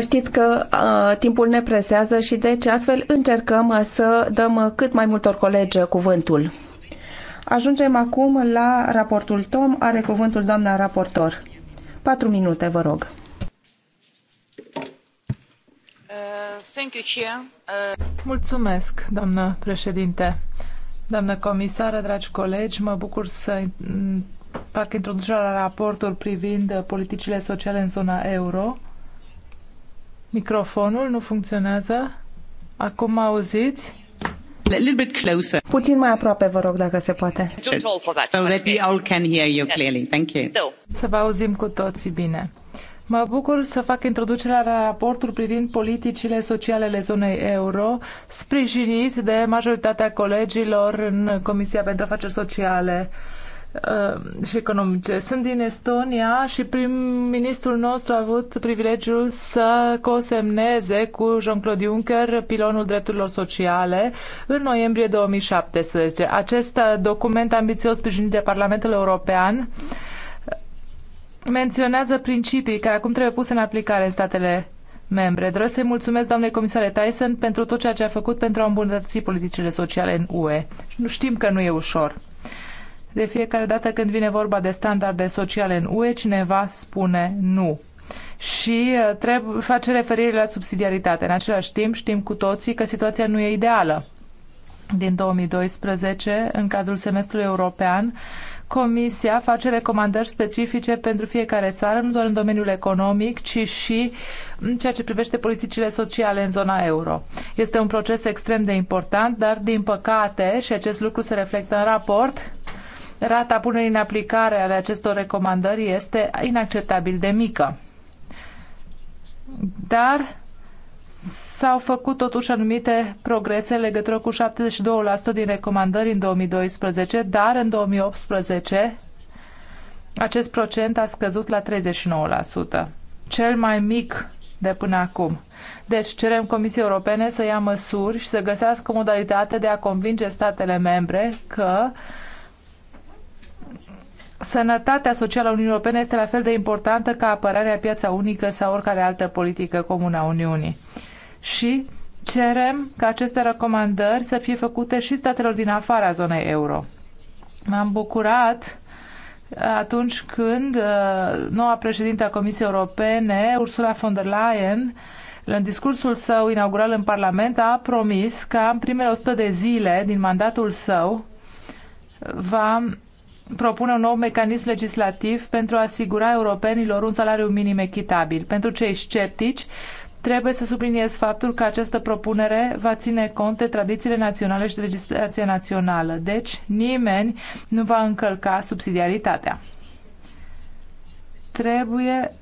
Știți că uh, timpul ne presează și deci astfel încercăm să dăm cât mai multor colegi cuvântul. Ajungem acum la raportul Tom. Are cuvântul doamna raportor. Patru minute, vă rog. Mulțumesc, doamnă președinte. Doamnă comisară, dragi colegi, mă bucur să fac introducerea la raportul privind politicile sociale în zona euro. Microfonul nu funcționează. Acum mă auziți? Puțin mai aproape, vă rog, dacă se poate. Să vă auzim cu toții bine. Mă bucur să fac introducerea la raportul privind politicile sociale ale zonei euro, sprijinit de majoritatea colegilor în Comisia pentru Afaceri Sociale Uh, și economice. Sunt din Estonia și prim-ministrul nostru a avut privilegiul să cosemneze cu Jean-Claude Juncker pilonul drepturilor sociale în noiembrie 2017. Acest uh, document ambițios sprijinit de Parlamentul European menționează principii care acum trebuie puse în aplicare în statele membre. Doresc să-i mulțumesc doamnei comisare Tyson pentru tot ceea ce a făcut pentru a îmbunătăți politicile sociale în UE. Nu știm că nu e ușor. De fiecare dată când vine vorba de standarde sociale în UE, cineva spune nu și uh, trebuie, face referire la subsidiaritate. În același timp, știm cu toții că situația nu e ideală. Din 2012, în cadrul semestrului european, Comisia face recomandări specifice pentru fiecare țară, nu doar în domeniul economic, ci și în ceea ce privește politicile sociale în zona euro. Este un proces extrem de important, dar, din păcate, și acest lucru se reflectă în raport, Rata punerii în aplicare ale acestor recomandări este inacceptabil de mică. Dar s-au făcut totuși anumite progrese în legătură cu 72% din recomandări în 2012, dar în 2018 acest procent a scăzut la 39%, cel mai mic de până acum. Deci cerem Comisiei Europene să ia măsuri și să găsească modalitate de a convinge statele membre că uh, Sănătatea socială a Uniunii Europene este la fel de importantă ca apărarea piața unică sau oricare altă politică comună a Uniunii. Și cerem ca aceste recomandări să fie făcute și statelor din afara zonei euro. M-am bucurat atunci când uh, noua președintă a Comisiei Europene, Ursula von der Leyen, în discursul său inaugural în Parlament, a promis că în primele 100 de zile din mandatul său va propune un nou mecanism legislativ pentru a asigura europenilor un salariu minim echitabil. Pentru cei sceptici, Trebuie să subliniez faptul că această propunere va ține cont de tradițiile naționale și de legislația națională. Deci, nimeni nu va încălca subsidiaritatea. Trebuie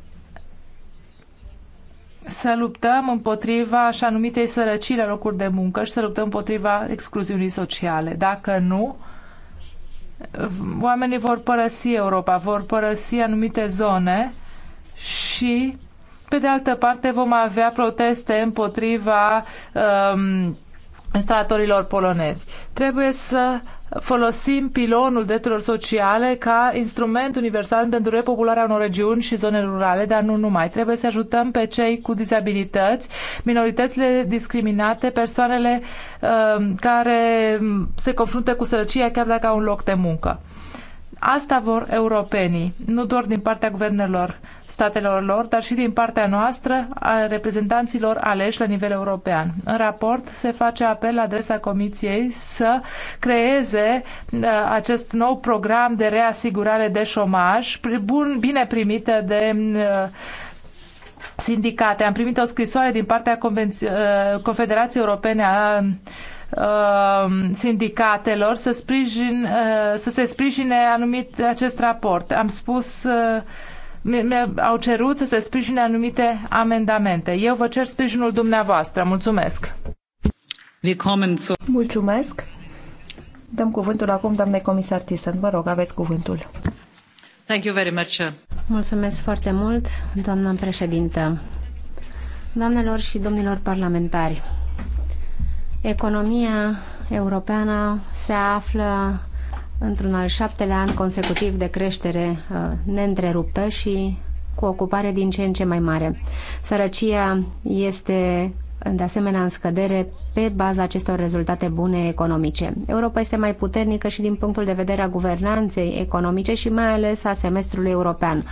să luptăm împotriva așa numitei sărăcii la locuri de muncă și să luptăm împotriva excluziunii sociale. Dacă nu, oamenii vor părăsi Europa, vor părăsi anumite zone și, pe de altă parte, vom avea proteste împotriva um, stratorilor polonezi. Trebuie să folosim pilonul drepturilor sociale ca instrument universal pentru repopularea unor regiuni și zone rurale, dar nu numai. Trebuie să ajutăm pe cei cu dizabilități, minoritățile discriminate, persoanele uh, care se confruntă cu sărăcia chiar dacă au un loc de muncă. Asta vor europenii, nu doar din partea guvernelor statelor lor, dar și din partea noastră a reprezentanților aleși la nivel european. În raport se face apel la adresa Comisiei să creeze uh, acest nou program de reasigurare de șomaj, bun, bine primită de uh, sindicate. Am primit o scrisoare din partea uh, Confederației Europene a Uh, sindicatelor să, sprijin, uh, să se sprijine anumit acest raport. Am spus uh, au cerut să se sprijine anumite amendamente. Eu vă cer sprijinul dumneavoastră. Mulțumesc! Mulțumesc! Dăm cuvântul acum, doamne comisar Thyssen. Vă rog, aveți cuvântul. Thank you very much. Mulțumesc foarte mult, doamna președintă. Doamnelor și domnilor parlamentari, Economia europeană se află într-un al șaptelea an consecutiv de creștere uh, neîntreruptă și cu ocupare din ce în ce mai mare. Sărăcia este de asemenea în scădere pe baza acestor rezultate bune economice. Europa este mai puternică și din punctul de vedere a guvernanței economice și mai ales a semestrului european.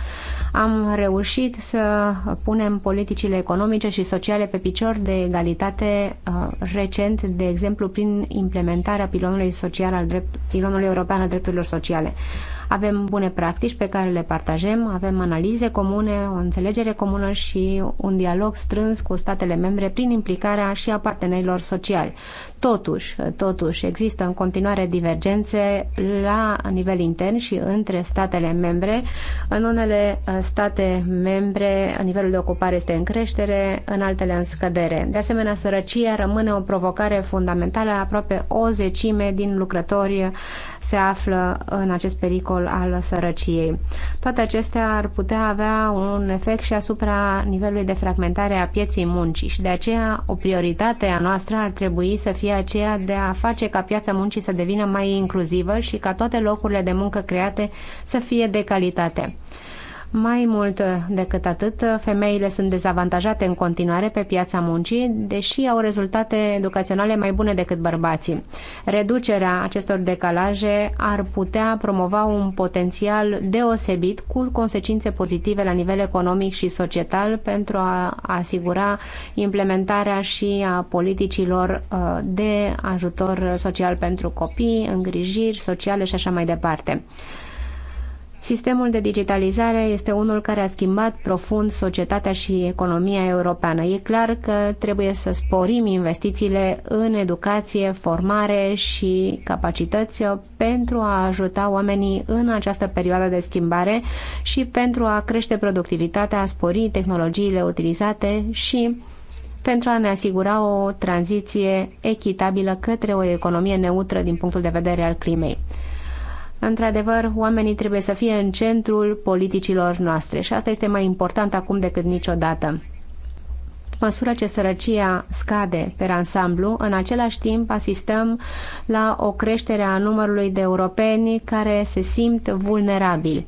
Am reușit să punem politicile economice și sociale pe picior de egalitate uh, recent, de exemplu prin implementarea pilonului, social al drept, pilonului european al drepturilor sociale. Avem bune practici pe care le partajăm, avem analize comune, o înțelegere comună și un dialog strâns cu statele membre prin implicarea și a partenerilor sociali. Totuși, totuși, există în continuare divergențe la nivel intern și între statele membre. În unele uh, state membre, nivelul de ocupare este în creștere, în altele în scădere. De asemenea, sărăcia rămâne o provocare fundamentală. Aproape o zecime din lucrători se află în acest pericol al sărăciei. Toate acestea ar putea avea un efect și asupra nivelului de fragmentare a pieței muncii și de aceea o prioritate a noastră ar trebui să fie aceea de a face ca piața muncii să devină mai inclusivă și ca toate locurile de muncă create să fie de calitate. Mai mult decât atât, femeile sunt dezavantajate în continuare pe piața muncii, deși au rezultate educaționale mai bune decât bărbații. Reducerea acestor decalaje ar putea promova un potențial deosebit cu consecințe pozitive la nivel economic și societal pentru a asigura implementarea și a politicilor uh, de ajutor social pentru copii, îngrijiri sociale și așa mai departe. Sistemul de digitalizare este unul care a schimbat profund societatea și economia europeană. E clar că trebuie să sporim investițiile în educație, formare și capacități pentru a ajuta oamenii în această perioadă de schimbare și pentru a crește productivitatea, a spori tehnologiile utilizate și pentru a ne asigura o tranziție echitabilă către o economie neutră din punctul de vedere al climei. Într-adevăr, oamenii trebuie să fie în centrul politicilor noastre și asta este mai important acum decât niciodată măsură ce sărăcia scade pe ansamblu, în același timp asistăm la o creștere a numărului de europeni care se simt vulnerabili.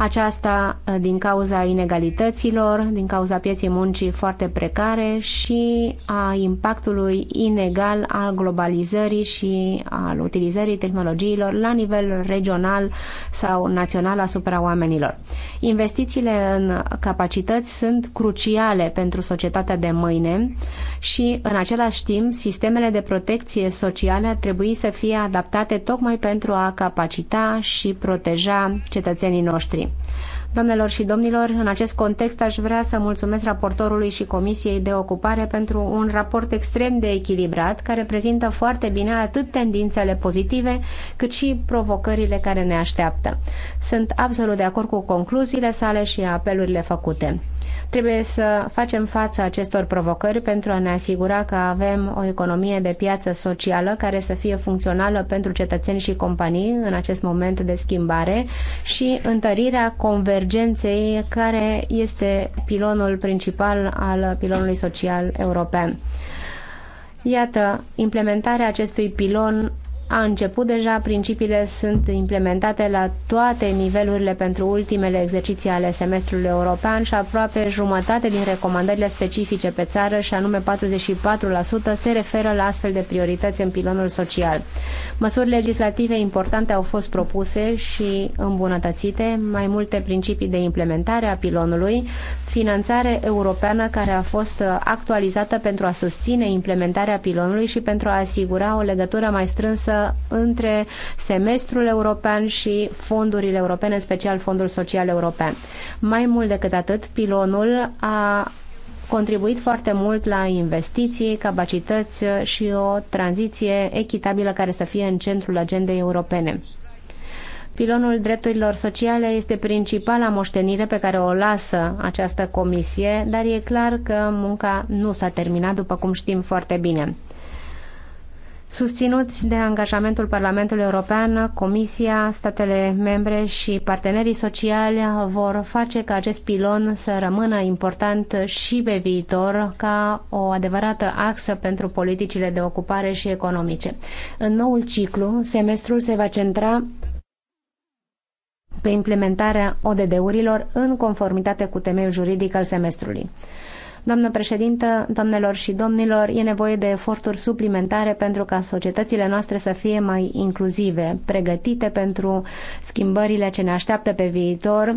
Aceasta uh, din cauza inegalităților, din cauza pieței muncii foarte precare și a impactului inegal al globalizării și al utilizării tehnologiilor la nivel regional sau național asupra oamenilor. Investițiile în capacități sunt cruciale pentru societatea de mâine și, în același timp, sistemele de protecție socială ar trebui să fie adaptate tocmai pentru a capacita și proteja cetățenii noștri. Doamnelor și domnilor, în acest context aș vrea să mulțumesc raportorului și Comisiei de Ocupare pentru un raport extrem de echilibrat, care prezintă foarte bine atât tendințele pozitive, cât și provocările care ne așteaptă. Sunt absolut de acord cu concluziile sale și apelurile făcute. Trebuie să facem față acestor provocări pentru a ne asigura că avem o economie de piață socială care să fie funcțională pentru cetățeni și companii în acest moment de schimbare și întărirea convergenței care este pilonul principal al pilonului social european. Iată, implementarea acestui pilon a început deja, principiile sunt implementate la toate nivelurile pentru ultimele exerciții ale semestrului european și aproape jumătate din recomandările specifice pe țară, și anume 44%, se referă la astfel de priorități în pilonul social. Măsuri legislative importante au fost propuse și îmbunătățite, mai multe principii de implementare a pilonului, finanțare europeană care a fost actualizată pentru a susține implementarea pilonului și pentru a asigura o legătură mai strânsă între semestrul european și fondurile europene, în special Fondul Social European. Mai mult decât atât, pilonul a contribuit foarte mult la investiții, capacități și o tranziție echitabilă care să fie în centrul agendei europene. Pilonul drepturilor sociale este principala moștenire pe care o lasă această comisie, dar e clar că munca nu s-a terminat, după cum știm foarte bine susținuți de angajamentul Parlamentului European, Comisia, statele membre și partenerii sociali vor face ca acest pilon să rămână important și pe viitor ca o adevărată axă pentru politicile de ocupare și economice. În noul ciclu, semestrul se va centra pe implementarea ODD-urilor în conformitate cu temeiul juridic al semestrului. Doamnă președintă, doamnelor și domnilor, e nevoie de eforturi suplimentare pentru ca societățile noastre să fie mai inclusive, pregătite pentru schimbările ce ne așteaptă pe viitor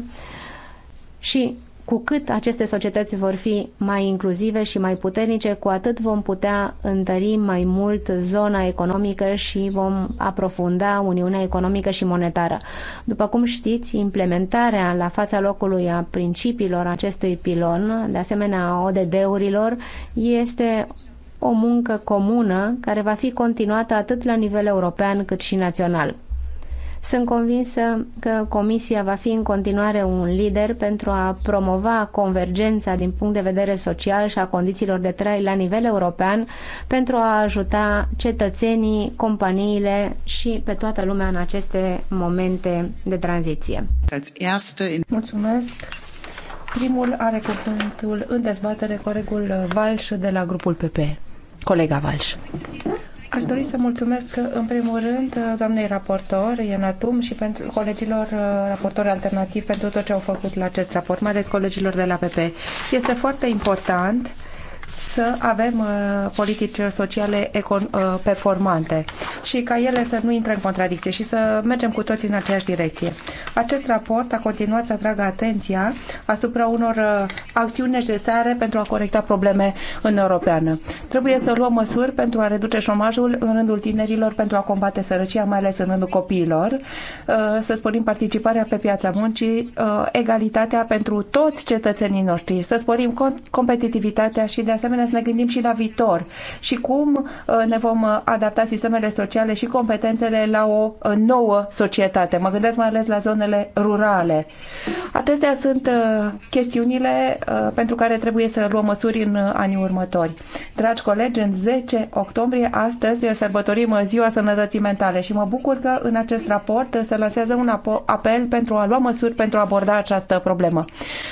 și cu cât aceste societăți vor fi mai inclusive și mai puternice, cu atât vom putea întări mai mult zona economică și vom aprofunda Uniunea Economică și Monetară. După cum știți, implementarea la fața locului a principiilor acestui pilon, de asemenea a ODD-urilor, este o muncă comună care va fi continuată atât la nivel european cât și național. Sunt convinsă că Comisia va fi în continuare un lider pentru a promova convergența din punct de vedere social și a condițiilor de trai la nivel european pentru a ajuta cetățenii, companiile și pe toată lumea în aceste momente de tranziție. Mulțumesc! Primul are cuvântul în dezbatere colegul Valș de la grupul PP. Colega Valș. Aș dori să mulțumesc în primul rând doamnei raportor, Iana Tum, și pentru colegilor uh, raportori alternativi pentru tot ce au făcut la acest raport, mai ales colegilor de la PP. Este foarte important uh, să avem uh, politici sociale uh, performante și ca ele să nu intre în contradicție și să mergem cu toții în aceeași direcție. Acest raport a continuat să atragă atenția asupra unor uh, acțiuni necesare pentru a corecta probleme în Europeană. Trebuie să luăm măsuri pentru a reduce șomajul în rândul tinerilor, pentru a combate sărăcia, mai ales în rândul copiilor, să sporim participarea pe piața muncii, egalitatea pentru toți cetățenii noștri, să sporim competitivitatea și, de asemenea, Europene să ne gândim și la viitor și cum uh, ne vom uh, adapta sistemele sociale și competențele la o uh, nouă societate. Mă gândesc mai ales la zonele rurale. Acestea sunt chestiunile pentru care trebuie să luăm măsuri în anii următori. Dragi colegi, în 10 octombrie, astăzi, sărbătorim Ziua Sănătății Mentale și mă bucur că în acest raport se lansează un apel pentru a lua măsuri pentru a aborda această problemă.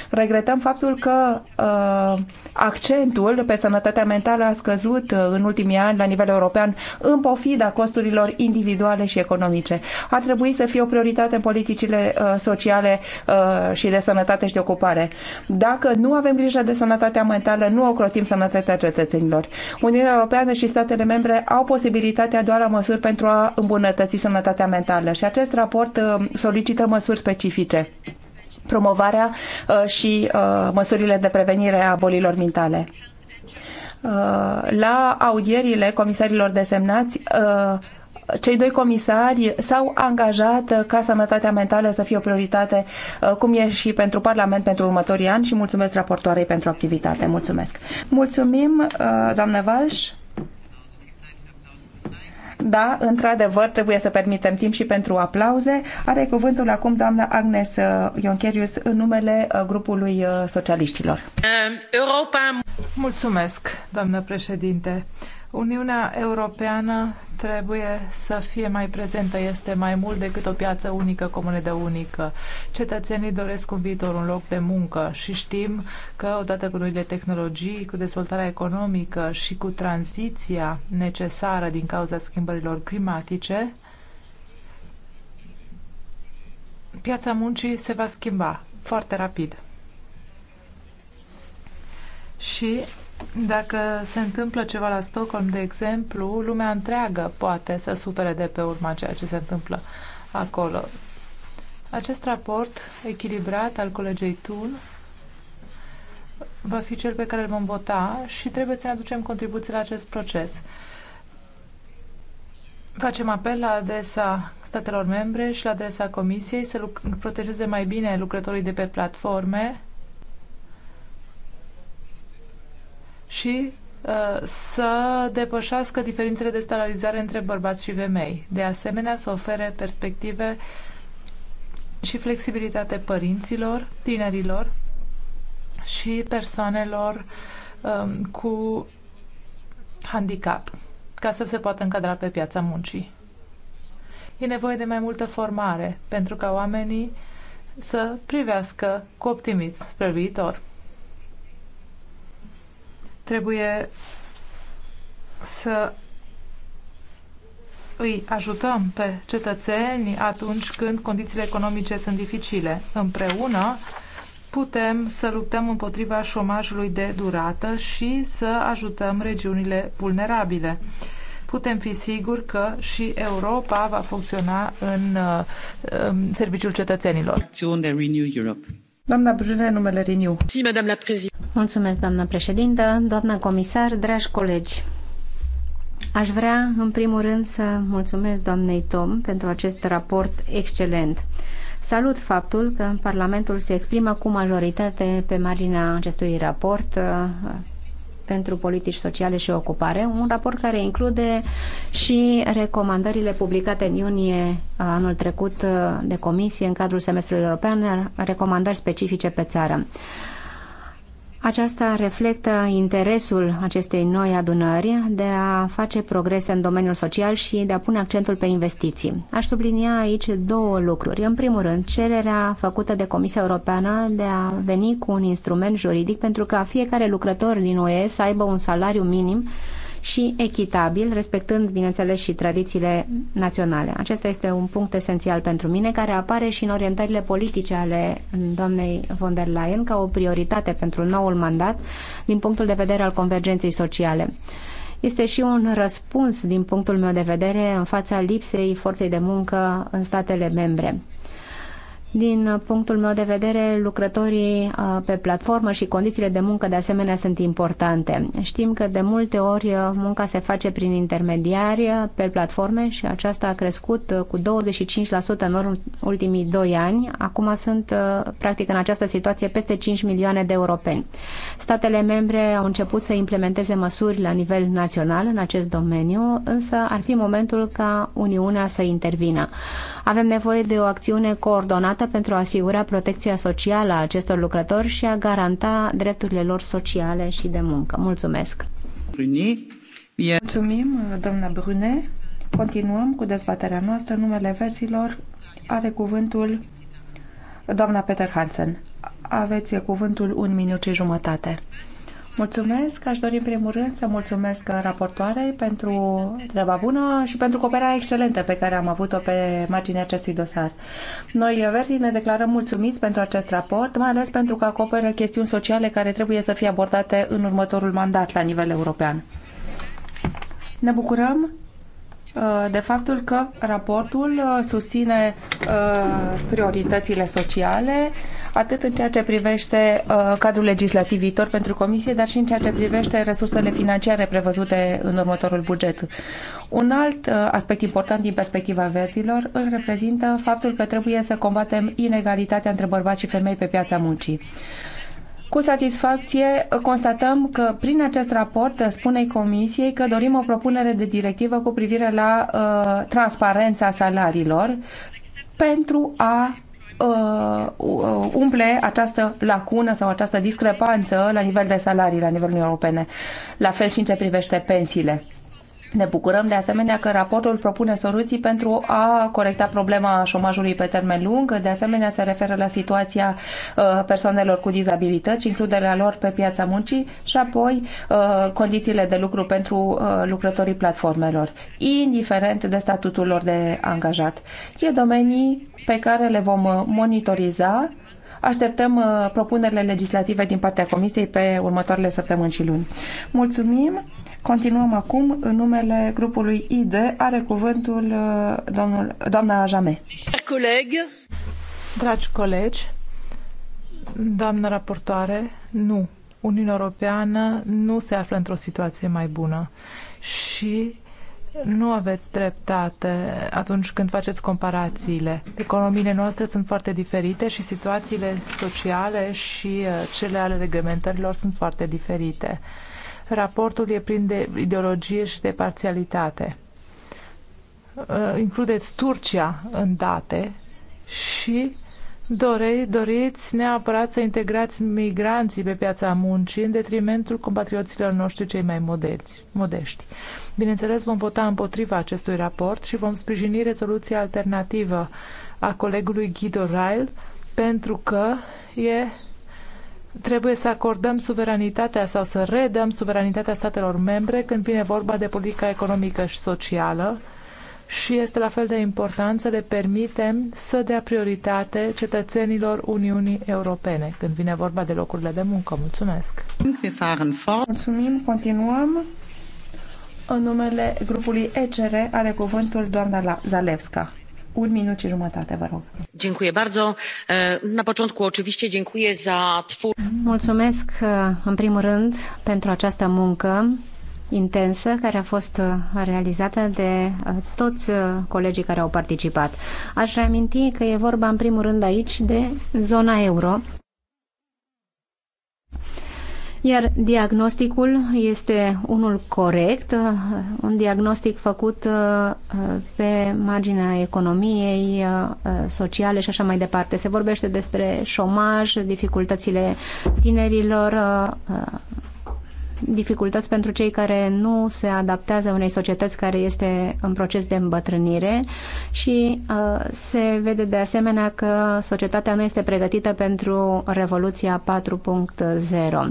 Regretăm faptul că uh, accentul pe sănătatea mentală a scăzut uh, în ultimii ani la nivel european în pofida costurilor individuale și economice. Ar trebui să fie o prioritate în politicile uh, sociale uh, și de sănătate și de ocupare. Dacă nu avem grijă de sănătatea mentală, nu ocrotim sănătatea cetățenilor. Uniunea Europeană și statele membre au posibilitatea doar la măsuri pentru a îmbunătăți sănătatea mentală și acest raport solicită măsuri specifice promovarea și măsurile de prevenire a bolilor mentale. Uh, la audierile comisarilor desemnați, uh, cei doi comisari s-au angajat ca sănătatea mentală să fie o prioritate, uh, cum e și pentru Parlament pentru următorii ani și mulțumesc raportoarei pentru activitate. Mulțumesc. Mulțumim, doamnă Valș. Da, într-adevăr, trebuie să permitem timp și pentru aplauze. Are cuvântul acum doamna Agnes Ioncherius în numele grupului socialiștilor. Um, Europa... Mulțumesc, doamnă președinte. Uniunea Europeană trebuie să fie mai prezentă, este mai mult decât o piață unică, de unică. Cetățenii doresc un viitor, un loc de muncă și știm că odată cu noile tehnologii, cu dezvoltarea economică și cu tranziția necesară din cauza schimbărilor climatice, piața muncii se va schimba foarte rapid. Și dacă se întâmplă ceva la Stockholm, de exemplu, lumea întreagă poate să supere de pe urma ceea ce se întâmplă acolo. Acest raport echilibrat al colegei Tun va fi cel pe care îl vom vota și trebuie să ne aducem contribuții la acest proces. Facem apel la adresa statelor membre și la adresa Comisiei să protejeze mai bine lucrătorii de pe platforme și uh, să depășească diferențele de salarizare între bărbați și femei. De asemenea, să ofere perspective și flexibilitate părinților, tinerilor și persoanelor um, cu handicap, ca să se poată încadra pe piața muncii. E nevoie de mai multă formare pentru ca oamenii să privească cu optimism spre viitor. Trebuie să îi ajutăm pe cetățeni atunci când condițiile economice sunt dificile. Împreună putem să luptăm împotriva șomajului de durată și să ajutăm regiunile vulnerabile. Putem fi siguri că și Europa va funcționa în, uh, în serviciul cetățenilor. Doamna Brune, numele Renew. Mulțumesc, doamna președintă, doamna comisar, dragi colegi. Aș vrea, în primul rând, să mulțumesc doamnei Tom pentru acest raport excelent. Salut faptul că Parlamentul se exprimă cu majoritate pe marginea acestui raport pentru politici sociale și ocupare, un raport care include și recomandările publicate în iunie uh, anul trecut uh, de comisie în cadrul semestrului european, recomandări specifice pe țară. Aceasta reflectă interesul acestei noi adunări de a face progrese în domeniul social și de a pune accentul pe investiții. Aș sublinia aici două lucruri. În primul rând, cererea făcută de Comisia Europeană de a veni cu un instrument juridic pentru ca fiecare lucrător din UE să aibă un salariu minim și echitabil, respectând, bineînțeles, și tradițiile naționale. Acesta este un punct esențial pentru mine, care apare și în orientările politice ale doamnei von der Leyen ca o prioritate pentru noul mandat din punctul de vedere al convergenței sociale este și un răspuns din punctul meu de vedere în fața lipsei forței de muncă în statele membre. Din punctul meu de vedere, lucrătorii uh, pe platformă și condițiile de muncă de asemenea sunt importante. Știm că de multe ori uh, munca se face prin intermediari uh, pe platforme și aceasta a crescut cu 25% în ultimii 2 ani. Acum sunt practic în această situație peste 5 milioane de europeni. Statele membre au început să implementeze măsuri la nivel național în acest domeniu, însă ar fi momentul ca Uniunea să intervină. Avem nevoie de o acțiune coordonată adecvată pentru a asigura protecția socială a acestor lucrători și a garanta drepturile lor sociale și de muncă. Mulțumesc! Mulțumim, doamna Brune. Continuăm cu dezbaterea noastră. Numele versilor are cuvântul doamna Peter Hansen. Aveți cuvântul un minut și jumătate. Mulțumesc. Aș dori în primul rând să mulțumesc raportoarei pentru treaba bună și pentru cooperarea excelentă pe care am avut-o pe marginea acestui dosar. Noi, Verzi, ne declarăm mulțumiți pentru acest raport, mai ales pentru că acoperă chestiuni sociale care trebuie să fie abordate în următorul mandat la nivel european. Ne bucurăm Uh, de faptul că raportul uh, susține uh, prioritățile sociale, atât în ceea ce privește cadrul legislativ viitor pentru Comisie, dar și în ceea ce privește resursele financiare prevăzute în următorul buget. Un alt aspect important din perspectiva verzilor îl reprezintă faptul că trebuie să combatem inegalitatea între bărbați și femei pe piața muncii. Cu satisfacție uh, constatăm că prin acest raport uh, spunei Comisiei că dorim o propunere de directivă cu privire la uh, transparența salariilor pentru a uh, umple această lacună sau această discrepanță la nivel de salarii la nivelul Uniunii Europene, la fel și în ce privește pensiile. Ne bucurăm de asemenea că raportul propune soluții pentru a corecta problema șomajului pe termen lung. De asemenea, se referă la situația uh, persoanelor cu dizabilități, includerea lor pe piața muncii și apoi uh, condițiile de lucru pentru uh, lucrătorii platformelor, indiferent de statutul lor de angajat. E domenii pe care le vom monitoriza Așteptăm uh, propunerile legislative din partea Comisiei pe următoarele săptămâni și luni. Mulțumim! Continuăm acum în numele grupului ID. Are cuvântul uh, domnul, doamna Jame. Coleg. Dragi colegi, doamnă raportoare, nu. Uniunea Europeană nu se află într-o situație mai bună și nu aveți dreptate atunci când faceți comparațiile. Economiile noastre sunt foarte diferite și situațiile sociale și uh, cele ale reglementărilor sunt foarte diferite. Raportul e plin de ideologie și de parțialitate. Uh, includeți Turcia în date și Dore, doriți neapărat să integrați migranții pe piața muncii în detrimentul compatrioților noștri cei mai modeți, modești. Bineînțeles, vom vota împotriva acestui raport și vom sprijini rezoluția alternativă a colegului Guido Rail pentru că e trebuie să acordăm suveranitatea sau să redăm suveranitatea statelor membre când vine vorba de politica economică și socială și este la fel de important să le permitem să dea prioritate cetățenilor Uniunii Europene când vine vorba de locurile de muncă. Mulțumesc! Mulțumim, continuăm. În numele grupului ECR are cuvântul doamna Zalewska. Un minut și jumătate, vă rog. Dziękuję bardzo. Na początku oczywiście dziękuję za twór. Mulțumesc în primul rând pentru această muncă intensă care a fost realizată de toți colegii care au participat. Aș reaminti că e vorba în primul rând aici de zona euro iar diagnosticul este unul corect, un diagnostic făcut uh, pe marginea economiei uh, sociale și așa mai departe. Se vorbește despre șomaj, dificultățile tinerilor, uh, dificultăți pentru cei care nu se adaptează unei societăți care este în proces de îmbătrânire și uh, se vede de asemenea că societatea nu este pregătită pentru Revoluția 4.0.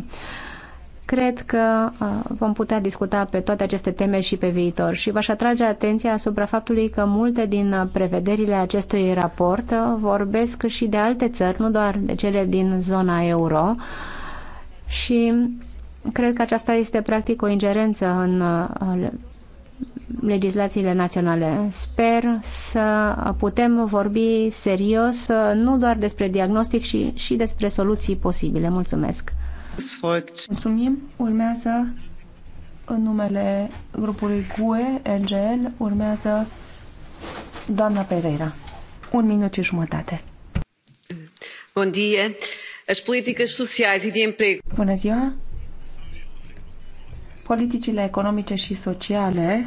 Cred că uh, vom putea discuta pe toate aceste teme și pe viitor și v-aș atrage atenția asupra faptului că multe din uh, prevederile acestui raport uh, vorbesc și de alte țări, nu doar de cele din zona euro și cred că aceasta este practic o ingerență în legislațiile naționale. Sper să putem vorbi serios nu doar despre diagnostic, și, și despre soluții posibile. Mulțumesc! Mulțumim. Urmează în numele grupului GUE, NGL, urmează doamna Pereira. Un minut și jumătate. Bun dia. As políticas sociais e de emprego. Bună ziua. Politicile economice și sociale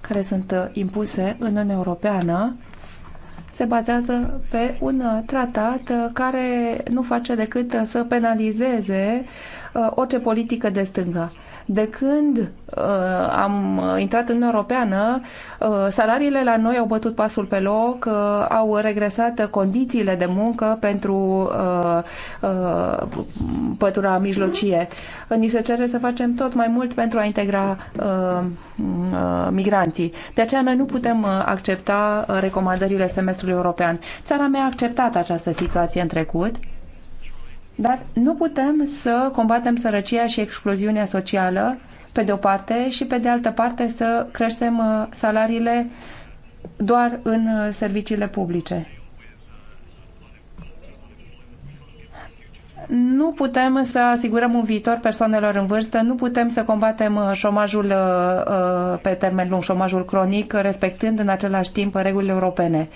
care sunt impuse în Uniunea Europeană se bazează pe un uh, tratat uh, care nu face decât uh, să penalizeze orice politică de stânga. De când uh, am intrat în Europeană, uh, salariile la noi au bătut pasul pe loc, uh, au regresat condițiile de muncă pentru uh, uh, pătura mijlocie. Ni se cere să facem tot mai mult pentru a integra uh, uh, migranții. De aceea noi nu putem uh, accepta uh, recomandările semestrului european. Țara mea a acceptat această situație în trecut dar nu putem să combatem sărăcia și excluziunea socială, pe de o parte, și pe de altă parte să creștem uh, salariile doar în uh, serviciile publice. nu putem să asigurăm un viitor persoanelor în vârstă, nu putem să combatem uh, șomajul pe termen lung, șomajul cronic, respectând în același timp regulile europene.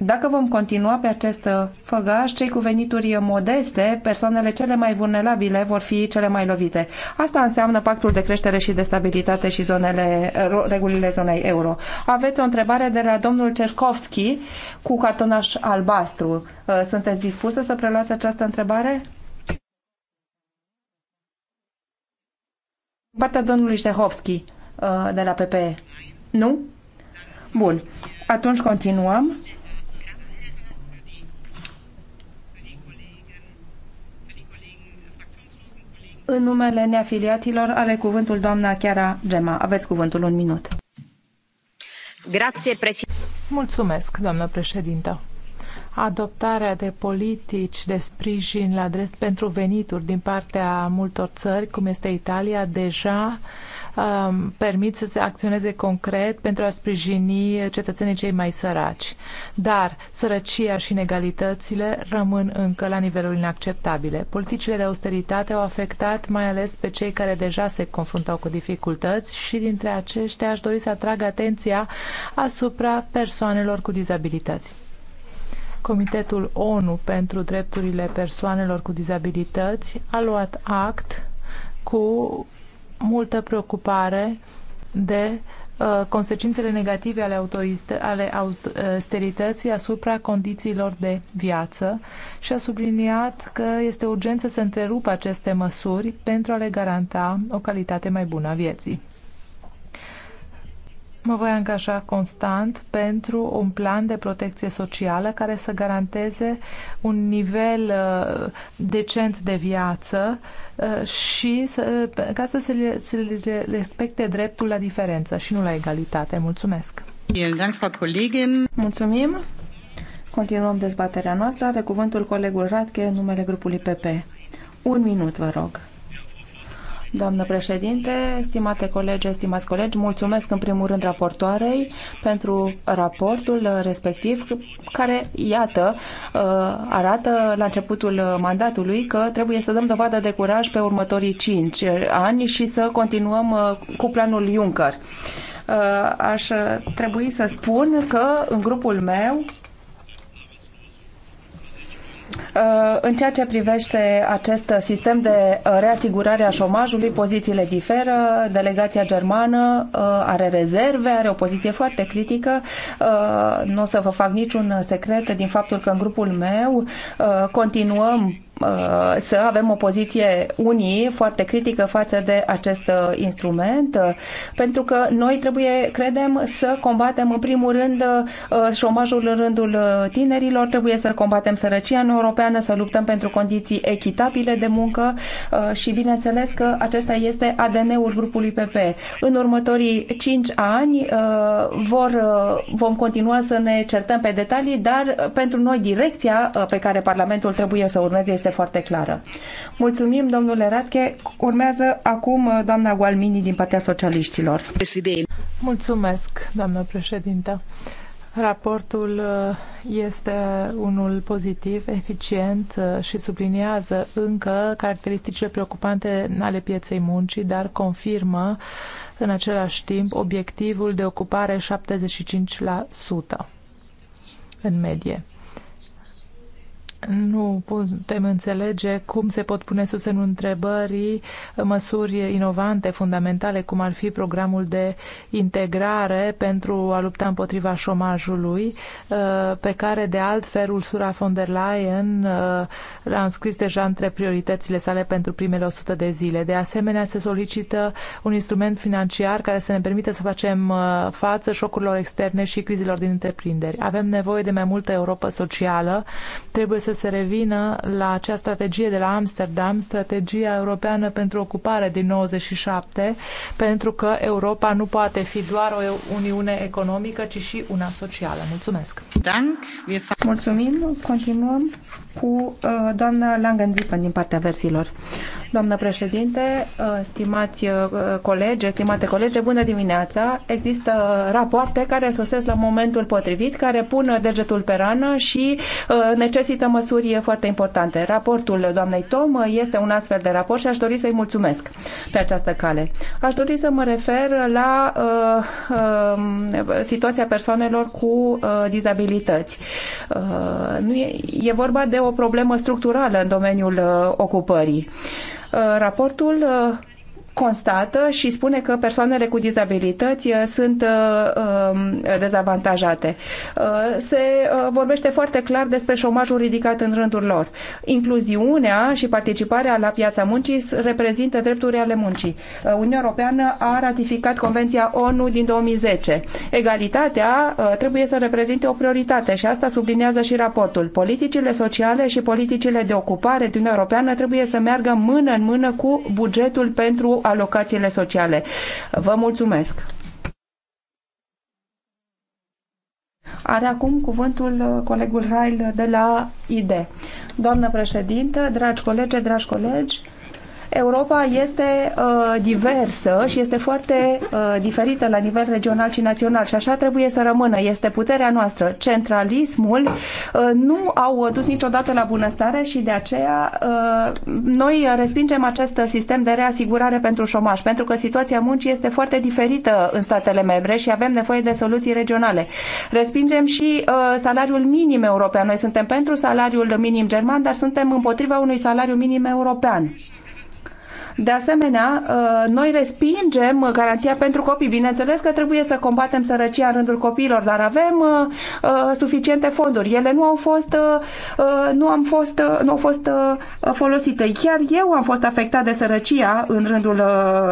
Dacă vom continua pe acest uh, făgaș, cei cu venituri modeste, persoanele cele mai vulnerabile vor fi cele mai lovite. Asta înseamnă pactul de creștere și de stabilitate și zonele, uh, regulile zonei euro. Aveți o întrebare de la domnul Cercovski cu cartonaș albastru. Uh, sunteți dispusă să preluați această întrebare? Partea domnului Cercovski de la PPE. Nu? Bun. Atunci continuăm. în numele neafiliaților are cuvântul doamna Chiara Gema. Aveți cuvântul un minut. Grație, președinte. Mulțumesc, doamnă președintă adoptarea de politici de sprijin la drept pentru venituri din partea multor țări, cum este Italia, deja Um, permit să se acționeze concret pentru a sprijini cetățenii cei mai săraci. Dar sărăcia și inegalitățile rămân încă la niveluri inacceptabile. Politicile de austeritate au afectat mai ales pe cei care deja se confruntau cu dificultăți și dintre aceștia aș dori să atrag atenția asupra persoanelor cu dizabilități. Comitetul ONU pentru drepturile persoanelor cu dizabilități a luat act cu multă preocupare de uh, consecințele negative ale, ale austerității uh, asupra condițiilor de viață și a subliniat că este urgent să se întrerupă aceste măsuri pentru a le garanta o calitate mai bună a vieții mă voi angaja constant pentru un plan de protecție socială care să garanteze un nivel uh, decent de viață uh, și să, ca să se, se respecte dreptul la diferență și nu la egalitate. Mulțumesc! Mulțumim! Continuăm dezbaterea noastră. Are cuvântul colegul Radke numele grupului PP. Un minut, vă rog. Doamnă președinte, stimate colegi, stimați colegi, mulțumesc în primul rând raportoarei pentru raportul respectiv, care, iată, uh, arată la începutul mandatului că trebuie să dăm dovadă de curaj pe următorii cinci ani și să continuăm uh, cu planul Juncker. Uh, aș trebui să spun că în grupul meu Uh, în ceea ce privește acest sistem de uh, reasigurare a șomajului, pozițiile diferă. Delegația germană uh, are rezerve, are o poziție foarte critică. Nu o să vă fac niciun secret din faptul că în grupul meu continuăm Uh, să avem o poziție unii foarte critică față de acest uh, instrument, uh, pentru că noi trebuie, credem, să combatem în primul rând șomajul în rândul tinerilor, trebuie să combatem sărăcia în europeană, să luptăm pentru condiții echitabile de muncă și bineînțeles că acesta este ADN-ul grupului PP. În următorii 5 ani vor, vom continua să ne certăm pe detalii, dar pentru noi direcția pe care Parlamentul trebuie să urmeze este este foarte clară. Mulțumim, domnule Radke. Urmează acum uh, doamna Gualmini din partea socialiștilor. Președinte. Mulțumesc, doamnă președintă. Raportul uh, este unul pozitiv, eficient uh, și subliniază încă caracteristicile preocupante ale pieței muncii, dar confirmă în același timp obiectivul de ocupare 75% în medie. Nu putem înțelege cum se pot pune sus în întrebări măsuri inovante, fundamentale, cum ar fi programul de integrare pentru a lupta împotriva șomajului, uh, pe care de altfel Ursula von der Leyen l-a uh, înscris deja între prioritățile sale pentru primele 100 de zile. De asemenea, se solicită un instrument financiar care să ne permită să facem uh, față șocurilor externe și crizelor din întreprinderi. Avem nevoie de mai multă Europa socială, trebuie să să revină la acea strategie de la Amsterdam, strategia europeană pentru ocupare din 97, pentru că Europa nu poate fi doar o uniune economică, ci și una socială. Mulțumesc! Mulțumim! Continuăm cu uh, doamna Langenzipen din partea versilor. Doamnă președinte, uh, stimați uh, colegi, stimate colege, bună dimineața! Există rapoarte care sosesc la momentul potrivit, care pun degetul pe rană și necesită măsuri măsuri foarte importante. Raportul doamnei Tom este un astfel de raport și aș dori să-i mulțumesc pe această cale. Aș dori să mă refer la uh, uh, situația persoanelor cu uh, dizabilități. Uh, nu e, e vorba de o problemă structurală în domeniul uh, ocupării. Uh, raportul uh, constată și spune că persoanele cu dizabilități uh, sunt uh, um, dezavantajate. Uh, se vorbește foarte clar despre șomajul ridicat în rândul lor. Incluziunea și participarea la piața muncii reprezintă drepturi ale muncii. Uniunea Europeană a ratificat Convenția ONU din 2010. Egalitatea trebuie să reprezinte o prioritate și asta sublinează și raportul. Politicile sociale și politicile de ocupare din Uniunea Europeană trebuie să meargă mână în mână cu bugetul pentru alocațiile sociale. Vă mulțumesc! Are acum cuvântul uh, colegul Rail de la ID. Doamnă președintă, dragi colegi, dragi colegi, Europa este uh, diversă și este foarte uh, diferită la nivel regional și național și așa trebuie să rămână. Este puterea noastră. Centralismul uh, nu au dus niciodată la bunăstare și de aceea uh, noi respingem acest sistem de reasigurare pentru șomaș, pentru că situația muncii este foarte diferită în statele membre și avem nevoie de soluții regionale. Respingem și uh, salariul minim european. Noi suntem pentru salariul minim german, dar suntem împotriva unui salariu minim european. De asemenea, uh, noi respingem garanția pentru copii. Bineînțeles că trebuie să combatem sărăcia în rândul copiilor, dar avem uh, uh, suficiente fonduri. Ele nu au fost, nu am fost, nu au fost folosite. Chiar eu am fost afectat de sărăcia în rândul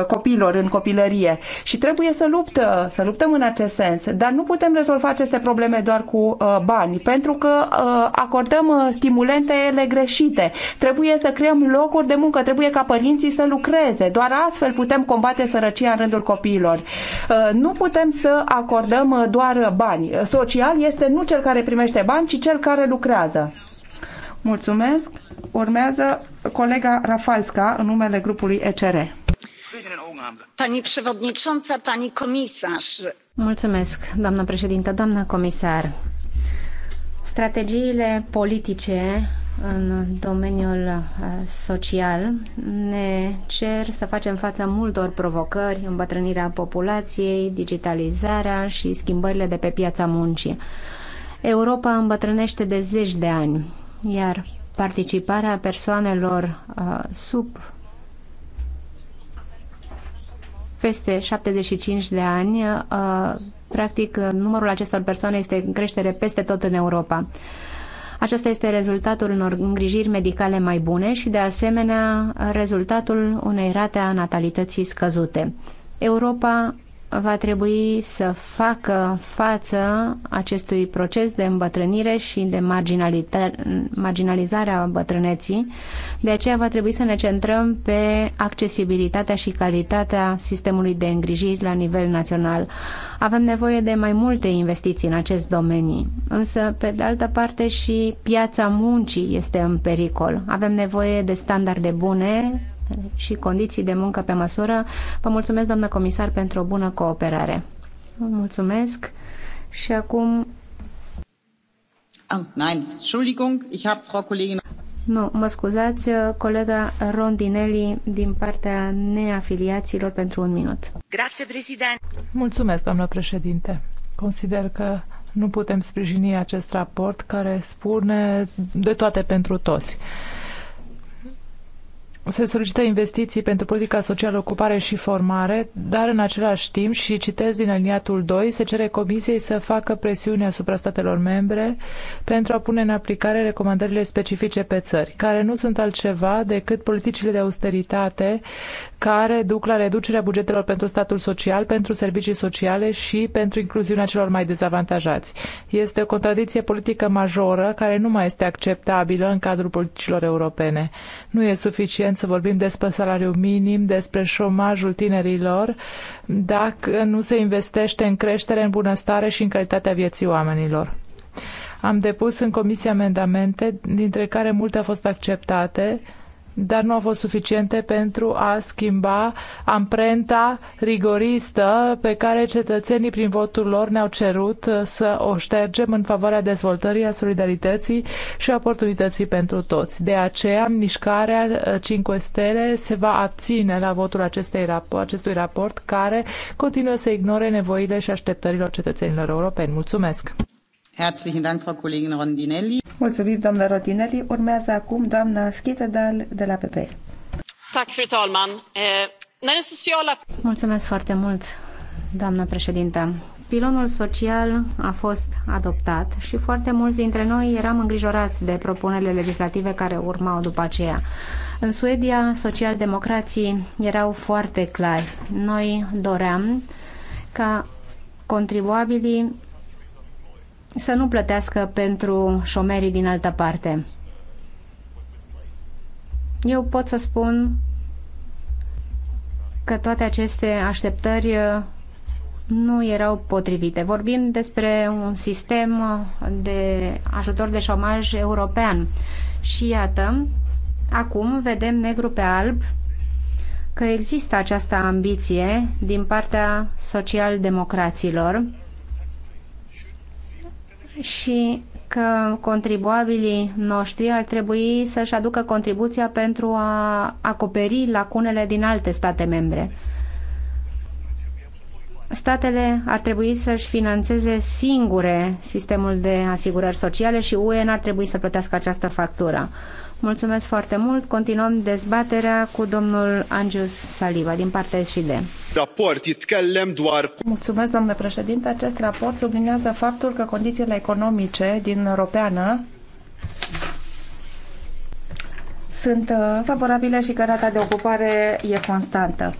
copiilor, în copilărie și trebuie să luptă, să luptăm în acest sens. Dar nu putem rezolva aceste probleme doar cu bani, pentru că acordăm stimulente ele greșite. Trebuie să creăm locuri de muncă, trebuie ca părinții să lucreze lucreze. Doar astfel putem combate sărăcia în rândul copiilor. Uh, nu putem să acordăm uh, doar bani. Social este nu cel care primește bani, ci cel care lucrează. Mulțumesc. Urmează colega Rafalska în numele grupului ECR. Pani przewodnicząca, pani comisar. Mulțumesc, doamnă președintă, doamnă comisar. Strategiile politice în domeniul uh, social ne cer să facem față multor provocări, îmbătrânirea populației, digitalizarea și schimbările de pe piața muncii. Europa îmbătrânește de zeci de ani, iar participarea persoanelor uh, sub peste 75 de ani, uh, practic numărul acestor persoane este în creștere peste tot în Europa. Acesta este rezultatul unor îngrijiri medicale mai bune și, de asemenea, rezultatul unei rate a natalității scăzute. Europa va trebui să facă față acestui proces de îmbătrânire și de marginalizare a bătrâneții. De aceea va trebui să ne centrăm pe accesibilitatea și calitatea sistemului de îngrijiri la nivel național. Avem nevoie de mai multe investiții în acest domeniu, însă, pe de altă parte, și piața muncii este în pericol. Avem nevoie de standarde bune și condiții de muncă pe măsură. Vă mulțumesc, doamnă comisar, pentru o bună cooperare. Vă mulțumesc și acum... Oh, nein, Entschuldigung, ich habe Frau Kollegin... Nu, mă scuzați, colega Rondinelli din partea neafiliaților pentru un minut. Grazie, președinte. Mulțumesc, doamnă președinte. Consider că nu putem sprijini acest raport care spune de toate pentru toți se solicită investiții pentru politica socială, ocupare și formare, dar în același timp, și citesc din aliniatul 2, se cere Comisiei să facă presiune asupra statelor membre pentru a pune în aplicare recomandările specifice pe țări, care nu sunt altceva decât politicile de austeritate care duc la reducerea bugetelor pentru statul social, pentru servicii sociale și pentru incluziunea celor mai dezavantajați. Este o contradicție politică majoră care nu mai este acceptabilă în cadrul politicilor europene. Nu e suficient moment să vorbim despre salariul minim, despre șomajul tinerilor, dacă nu se investește în creștere, în bunăstare și în calitatea vieții oamenilor. Am depus în comisie amendamente, dintre care multe au fost acceptate, dar nu au fost suficiente pentru a schimba amprenta rigoristă pe care cetățenii prin votul lor ne-au cerut să o ștergem în favoarea dezvoltării, a solidarității și oportunității pentru toți. De aceea, mișcarea 5 stele se va abține la votul acestei rapor, acestui raport care continuă să ignore nevoile și așteptărilor cetățenilor europeni. Mulțumesc! Herzlichen Dank, Frau Kollegin Rondinelli. Mulțumim, Rondinelli. Urmează acum doamna de la PP. Tak, fru talman. Eh, Mulțumesc foarte mult, doamnă președintă. Pilonul social a fost adoptat și foarte mulți dintre noi eram îngrijorați de propunerile legislative care urmau după aceea. În Suedia, socialdemocrații erau foarte clari. Noi doream ca contribuabilii să nu plătească pentru șomerii din altă parte. Eu pot să spun că toate aceste așteptări uh, nu erau potrivite. Vorbim despre un sistem de ajutor de șomaj european. Și iată, acum vedem negru pe alb că există această ambiție din partea social-democraților și că contribuabilii noștri ar trebui să-și aducă contribuția pentru a acoperi lacunele din alte state membre. Statele ar trebui să-și financeze singure sistemul de asigurări sociale și UE n-ar trebui să plătească această factură. Mulțumesc foarte mult. Continuăm dezbaterea cu domnul Angius Saliva din partea SID. Raport, itkellem doar... Mulțumesc, domnule președinte. Acest raport sublinează faptul că condițiile economice din Europeană sunt uh, favorabile și că rata de ocupare e constantă.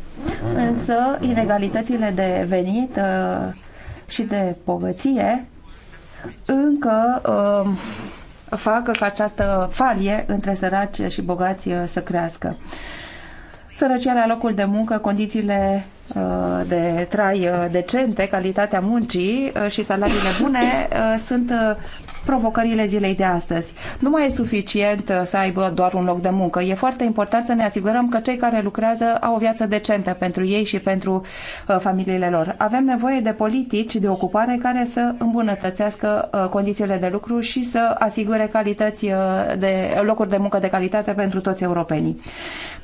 Însă, inegalitățile de venit uh, și de bogăție încă uh, facă ca această falie între săraci și bogați uh, să crească. Sărăcia la locul de muncă, condițiile uh, de trai uh, decente, calitatea muncii și salariile bune sunt provocările zilei de astăzi. Nu mai e suficient uh, să aibă doar un loc de muncă. E foarte important să ne asigurăm că cei care lucrează au o viață decentă pentru ei și pentru uh, familiile lor. Avem nevoie de politici de ocupare care să îmbunătățească uh, condițiile de lucru și să asigure calități de locuri de muncă de calitate pentru toți europenii.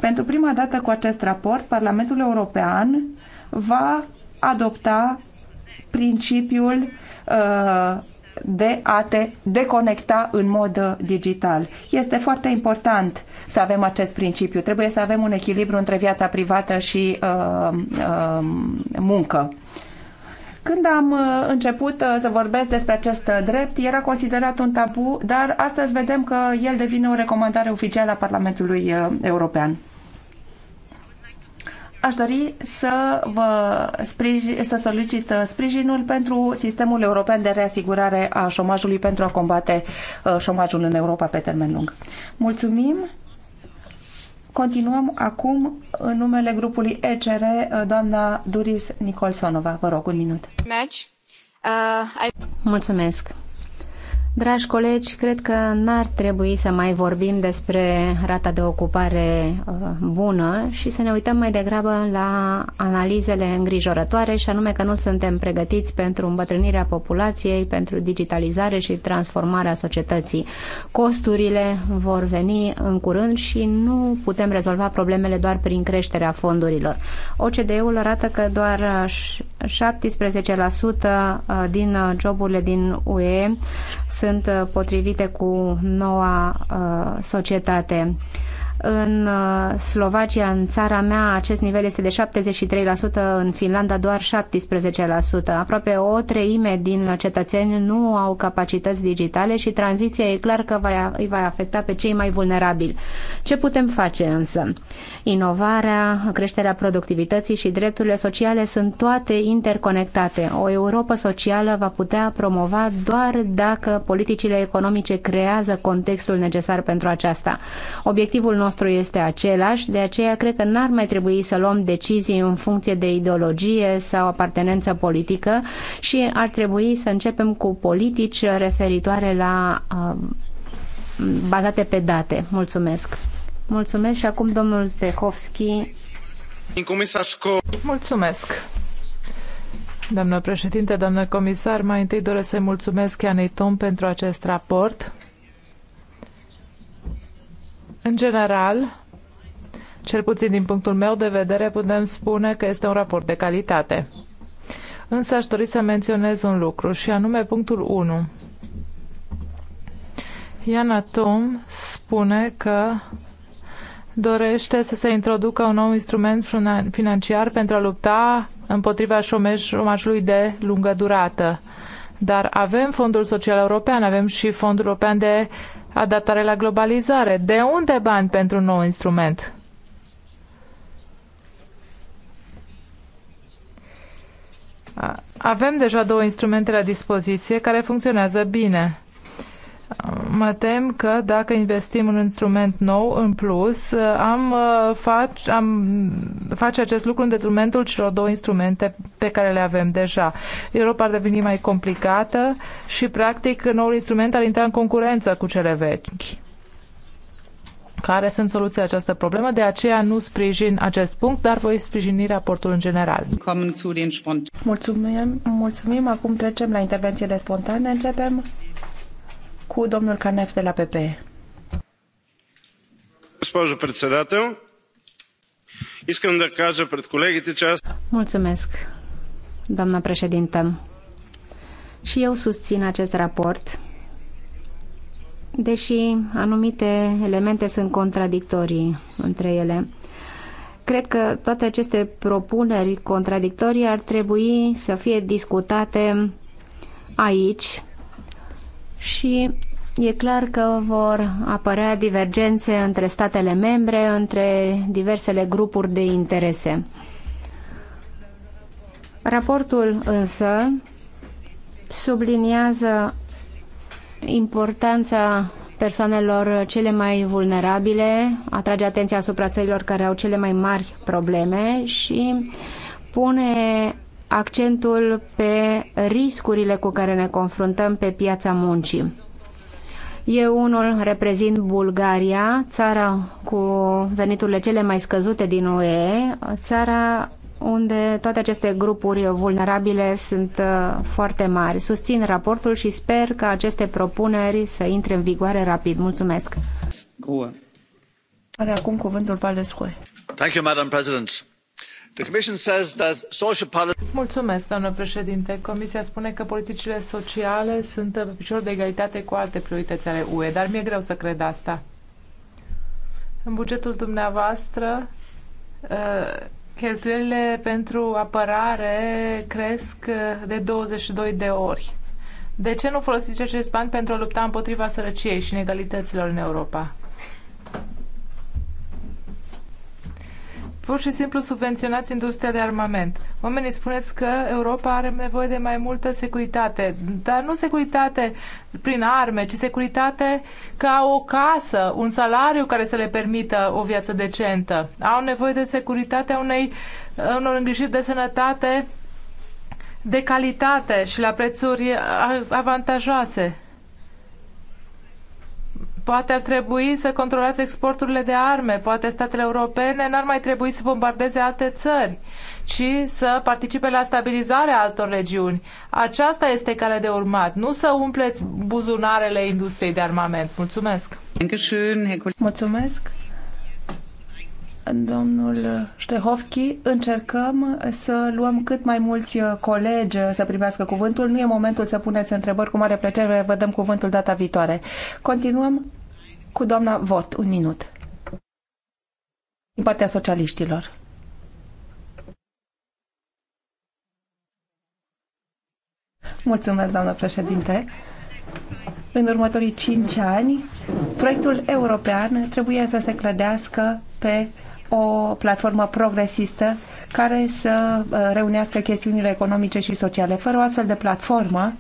Pentru prima dată cu acest raport, Parlamentul European va adopta principiul uh, de a te deconecta în mod uh, digital. Este foarte important să avem acest principiu. Trebuie să avem un echilibru între viața privată și uh, uh, muncă. Când am uh, început uh, să vorbesc despre acest drept, era considerat un tabu, dar astăzi vedem că el devine o recomandare oficială a Parlamentului European. Aș dori să vă sprijin, să solicit uh, sprijinul pentru sistemul european de reasigurare a șomajului pentru a combate uh, șomajul în Europa pe termen lung. Mulțumim! Continuăm acum în numele grupului ECR, uh, doamna Duris Nicolsonova. Vă rog, un minut. Mulțumesc! Dragi colegi, cred că n-ar trebui să mai vorbim despre rata de ocupare uh, bună și să ne uităm mai degrabă la analizele îngrijorătoare și anume că nu suntem pregătiți pentru îmbătrânirea populației, pentru digitalizare și transformarea societății. Costurile vor veni în curând și nu putem rezolva problemele doar prin creșterea fondurilor. OCDE-ul arată că doar 17% uh, din uh, joburile din UE sunt uh, potrivite cu noua societate. În uh, Slovacia, în țara mea, acest nivel este de 73%, în Finlanda doar 17%. Aproape o treime din cetățeni nu au capacități digitale și tranziția e clar că îi va afecta pe cei mai vulnerabili. Ce putem face însă? Inovarea, creșterea productivității și drepturile sociale sunt toate interconectate. O Europa socială va putea promova doar dacă politicile economice creează contextul necesar pentru aceasta. Obiectivul nostru nostru este același, de aceea cred că n-ar mai trebui să luăm decizii în funcție de ideologie sau apartenență politică și ar trebui să începem cu politici referitoare la uh, bazate pe date. Mulțumesc. Mulțumesc și acum domnul Zdehovski. Mulțumesc. Doamnă președinte, doamnă comisar, mai întâi doresc să-i mulțumesc Ianei Tom pentru acest raport în general, cel puțin din punctul meu de vedere, putem spune că este un raport de calitate. Însă aș dori să menționez un lucru, și anume punctul 1. Iana Tom spune că dorește să se introducă un nou instrument financiar pentru a lupta împotriva șomajului de lungă durată. Dar avem Fondul Social European, avem și Fondul European de adaptare la globalizare. De unde bani pentru un nou instrument? Avem deja două instrumente la dispoziție care funcționează bine. Mă tem că dacă investim un instrument nou în plus, am, uh, fac, am face acest lucru în detrimentul celor două instrumente pe care le avem deja. Europa ar deveni mai complicată și, practic, noul instrument ar intra în concurență cu cele vechi care sunt soluția această problemă. De aceea nu sprijin acest punct, dar voi sprijini raportul în general. Mulțumim, mulțumim. Acum trecem la intervențiile spontane. Începem cu domnul Canef de la PPE. Госпожо председател, искам да кажа пред колегите, че аз... Mulțumesc, doamna președintă. Și eu susțin acest raport, deși anumite elemente sunt contradictorii între ele. Cred că toate aceste propuneri contradictorii ar trebui să fie discutate aici, și e clar că vor apărea divergențe între statele membre, între diversele grupuri de interese. Raportul însă subliniază importanța persoanelor cele mai vulnerabile, atrage atenția asupra țărilor care au cele mai mari probleme și pune accentul pe riscurile cu care ne confruntăm pe piața muncii. Eu unul reprezint Bulgaria, țara cu veniturile cele mai scăzute din UE, țara unde toate aceste grupuri vulnerabile sunt uh, foarte mari. Susțin raportul și sper că aceste propuneri să intre în vigoare rapid. Mulțumesc! Are acum cuvântul Palescu. Thank you, Madam President. Mulțumesc, doamnă președinte. Comisia spune că politicile sociale sunt pe picior de egalitate cu alte priorități ale UE, dar mi-e greu să cred asta. În bugetul dumneavoastră, ă, cheltuielile pentru apărare cresc ă, de 22 de ori. De ce nu folosiți acest bani pentru a lupta împotriva sărăciei și inegalităților în Europa? pur și simplu subvenționați industria de armament. Oamenii spuneți că Europa are nevoie de mai multă securitate, dar nu securitate prin arme, ci securitate ca o casă, un salariu care să le permită o viață decentă. Au nevoie de securitatea unei, unor îngrijiri de sănătate de calitate și la prețuri avantajoase. Poate ar trebui să controlați exporturile de arme, poate statele europene n-ar mai trebui să bombardeze alte țări, ci să participe la stabilizarea altor regiuni. Aceasta este calea de urmat, nu să umpleți buzunarele industriei de armament. Mulțumesc! Mulțumesc! domnul Ștehovski, încercăm să luăm cât mai mulți colegi să primească cuvântul. Nu e momentul să puneți întrebări. Cu mare plăcere vă dăm cuvântul data viitoare. Continuăm cu doamna Vort. Un minut. Din partea socialiștilor. Mulțumesc, doamnă președinte. În următorii cinci ani, proiectul european trebuie să se clădească pe o platformă progresistă care să uh, reunească chestiunile economice și sociale. Fără o astfel de platformă,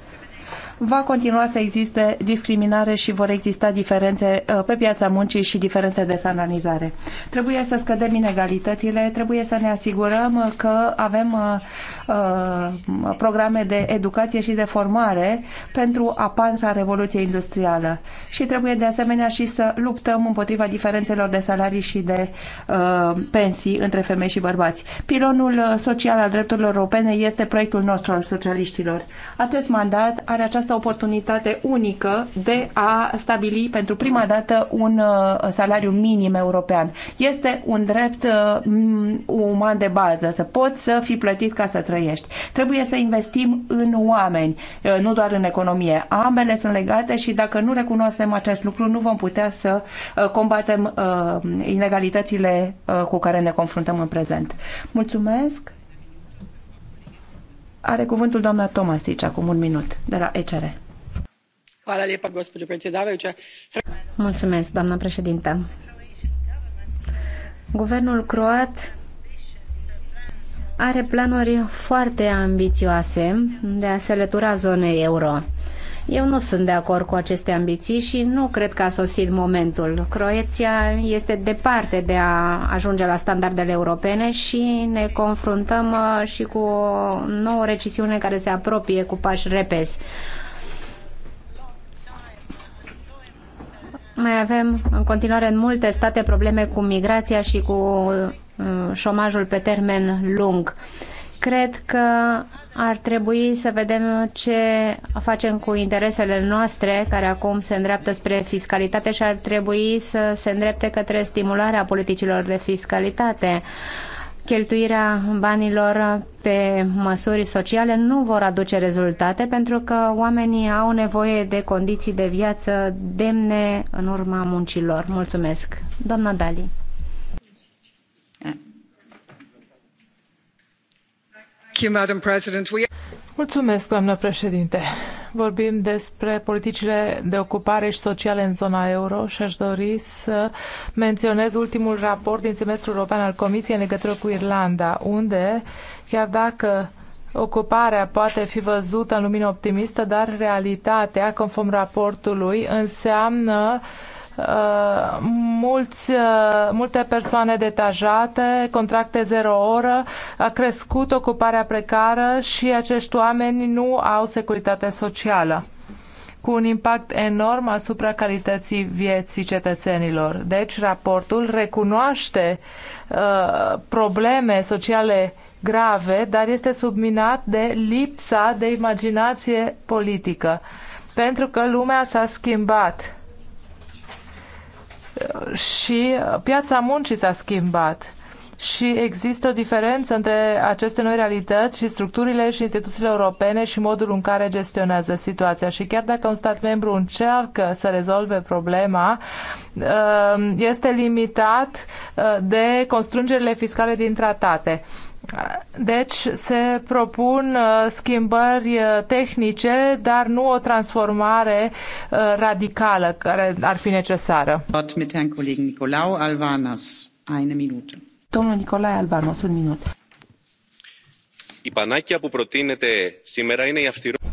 va continua să existe discriminare și vor exista diferențe uh, pe piața muncii și diferențe de salarizare. Trebuie să scădem inegalitățile, trebuie să ne asigurăm că avem uh, Uh, programe de educație și de formare pentru a patra revoluție industrială. Și trebuie de asemenea și să luptăm împotriva diferențelor de salarii și de uh, pensii între femei și bărbați. Pilonul social al drepturilor europene este proiectul nostru al socialiștilor. Acest mandat are această oportunitate unică de a stabili pentru prima dată un uh, salariu minim european. Este un drept uh, uman de bază, să poți să fii plătit ca să trăiești. Trebuie să investim în oameni, eh, nu doar în economie. Ambele sunt legate și dacă nu recunoaștem acest lucru, nu vom putea să eh, combatem eh, inegalitățile cu care ne confruntăm în prezent. Mulțumesc! Are cuvântul doamna Tomasic acum un minut, de la ECR. Mulțumesc, doamna președintă. Guvernul croat are planuri foarte ambițioase de a se lătura zonei euro. Eu nu sunt de acord cu aceste ambiții și nu cred că a sosit momentul. Croația este departe de a ajunge la standardele europene și ne confruntăm uh, și cu o nouă recesiune care se apropie cu pași repezi. Mai avem în continuare în multe state probleme cu migrația și cu Uh, șomajul pe termen lung. Cred că ar trebui să vedem ce facem cu interesele noastre, care acum se îndreaptă spre fiscalitate și ar trebui să se îndrepte către stimularea politicilor de fiscalitate. Cheltuirea banilor pe măsuri sociale nu vor aduce rezultate pentru că oamenii au nevoie de condiții de viață demne în urma muncilor. Mulțumesc. Doamna Dali. Mulțumesc, doamnă președinte. Vorbim despre politicile de ocupare și sociale în zona euro și aș dori să menționez ultimul raport din semestrul european al Comisiei în legătură cu Irlanda, unde, chiar dacă Ocuparea poate fi văzută în lumină optimistă, dar realitatea, conform raportului, înseamnă Uh, mulți, uh, multe persoane detajate, contracte zero oră, a crescut ocuparea precară și acești oameni nu au securitate socială cu un impact enorm asupra calității vieții cetățenilor. Deci, raportul recunoaște uh, probleme sociale grave, dar este subminat de lipsa de imaginație politică. Pentru că lumea s-a schimbat și piața muncii s-a schimbat și există o diferență între aceste noi realități și structurile și instituțiile europene și modul în care gestionează situația. Și chiar dacă un stat membru încearcă să rezolve problema, uh, este limitat uh, de constrângerile fiscale din tratate. Deci se propun uh, schimbări uh, tehnice, dar nu o transformare uh, radicală care ar fi necesară. Nicolau Alvanas, Domnul Nicolae Albanos, un minut. Ipanachia cu που προτείνεται σήμερα είναι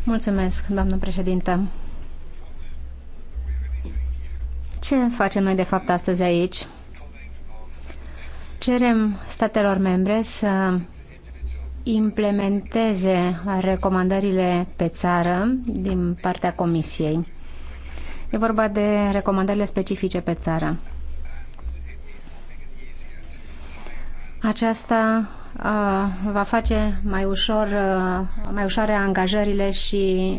Mulțumesc, doamnă președintă. Ce facem noi de fapt astăzi aici? Cerem statelor membre să implementeze recomandările pe țară din partea Comisiei. E vorba de recomandările specifice pe țară. Aceasta va face mai ușor, mai ușoare angajările și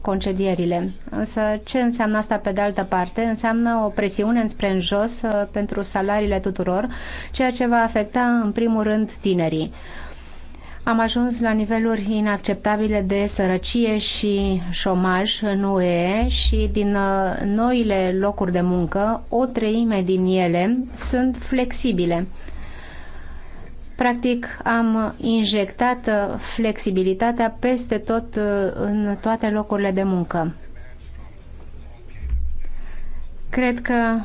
concedierile. Însă ce înseamnă asta pe de altă parte? Înseamnă o presiune înspre în jos pentru salariile tuturor, ceea ce va afecta în primul rând tinerii. Am ajuns la niveluri inacceptabile de sărăcie și șomaj în UE și din noile locuri de muncă, o treime din ele sunt flexibile Practic am injectat uh, flexibilitatea peste tot uh, în toate locurile de muncă. Cred că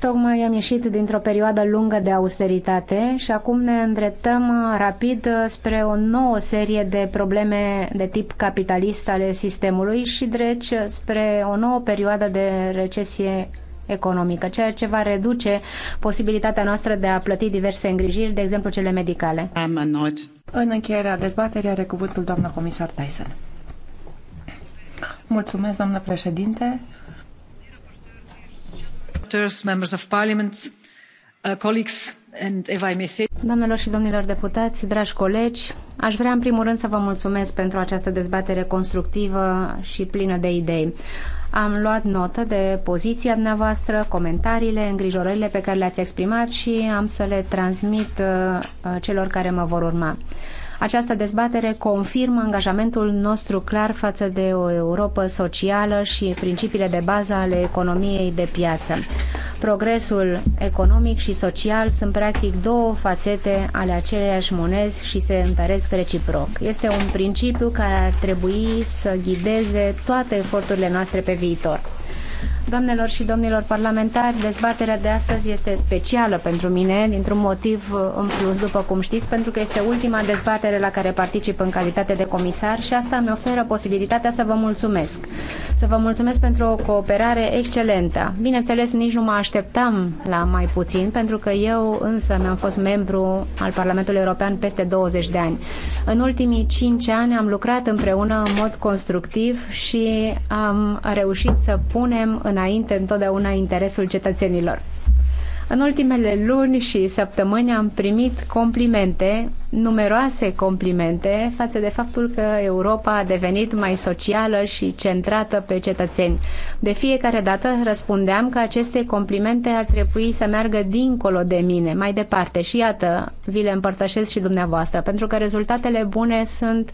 tocmai am ieșit dintr-o perioadă lungă de austeritate și acum ne îndreptăm uh, rapid spre o nouă serie de probleme de tip capitalist ale sistemului și dreci spre o nouă perioadă de recesie economică, ceea ce va reduce posibilitatea noastră de a plăti diverse îngrijiri, de exemplu cele medicale. În încheierea dezbaterii are cuvântul doamna comisar Tyson. Mulțumesc, doamnă președinte. Members of Parliament, uh, colleagues, and Doamnelor și domnilor deputați, dragi colegi, aș vrea în primul rând să vă mulțumesc pentru această dezbatere constructivă și plină de idei. Am luat notă de poziția dumneavoastră, comentariile, îngrijorările pe care le-ați exprimat și am să le transmit uh, celor care mă vor urma. Această dezbatere confirmă angajamentul nostru clar față de o Europa socială și principiile de bază ale economiei de piață. Progresul economic și social sunt practic două fațete ale aceleiași monezi și se întăresc reciproc. Este un principiu care ar trebui să ghideze toate eforturile noastre pe viitor. Doamnelor și domnilor parlamentari, dezbaterea de astăzi este specială pentru mine, dintr-un motiv uh, în plus, după cum știți, pentru că este ultima dezbatere la care particip în calitate de comisar și asta mi oferă posibilitatea să vă mulțumesc. Să vă mulțumesc pentru o cooperare excelentă. Bineînțeles, nici nu mă așteptam la mai puțin, pentru că eu însă mi-am fost membru al Parlamentului European peste 20 de ani. În ultimii 5 ani am lucrat împreună în mod constructiv și am reușit să punem în înainte întotdeauna interesul cetățenilor. În ultimele luni și săptămâni am primit complimente, numeroase complimente, față de faptul că Europa a devenit mai socială și centrată pe cetățeni. De fiecare dată răspundeam că aceste complimente ar trebui să meargă dincolo de mine, mai departe. Și iată, vi le împărtășesc și dumneavoastră, pentru că rezultatele bune sunt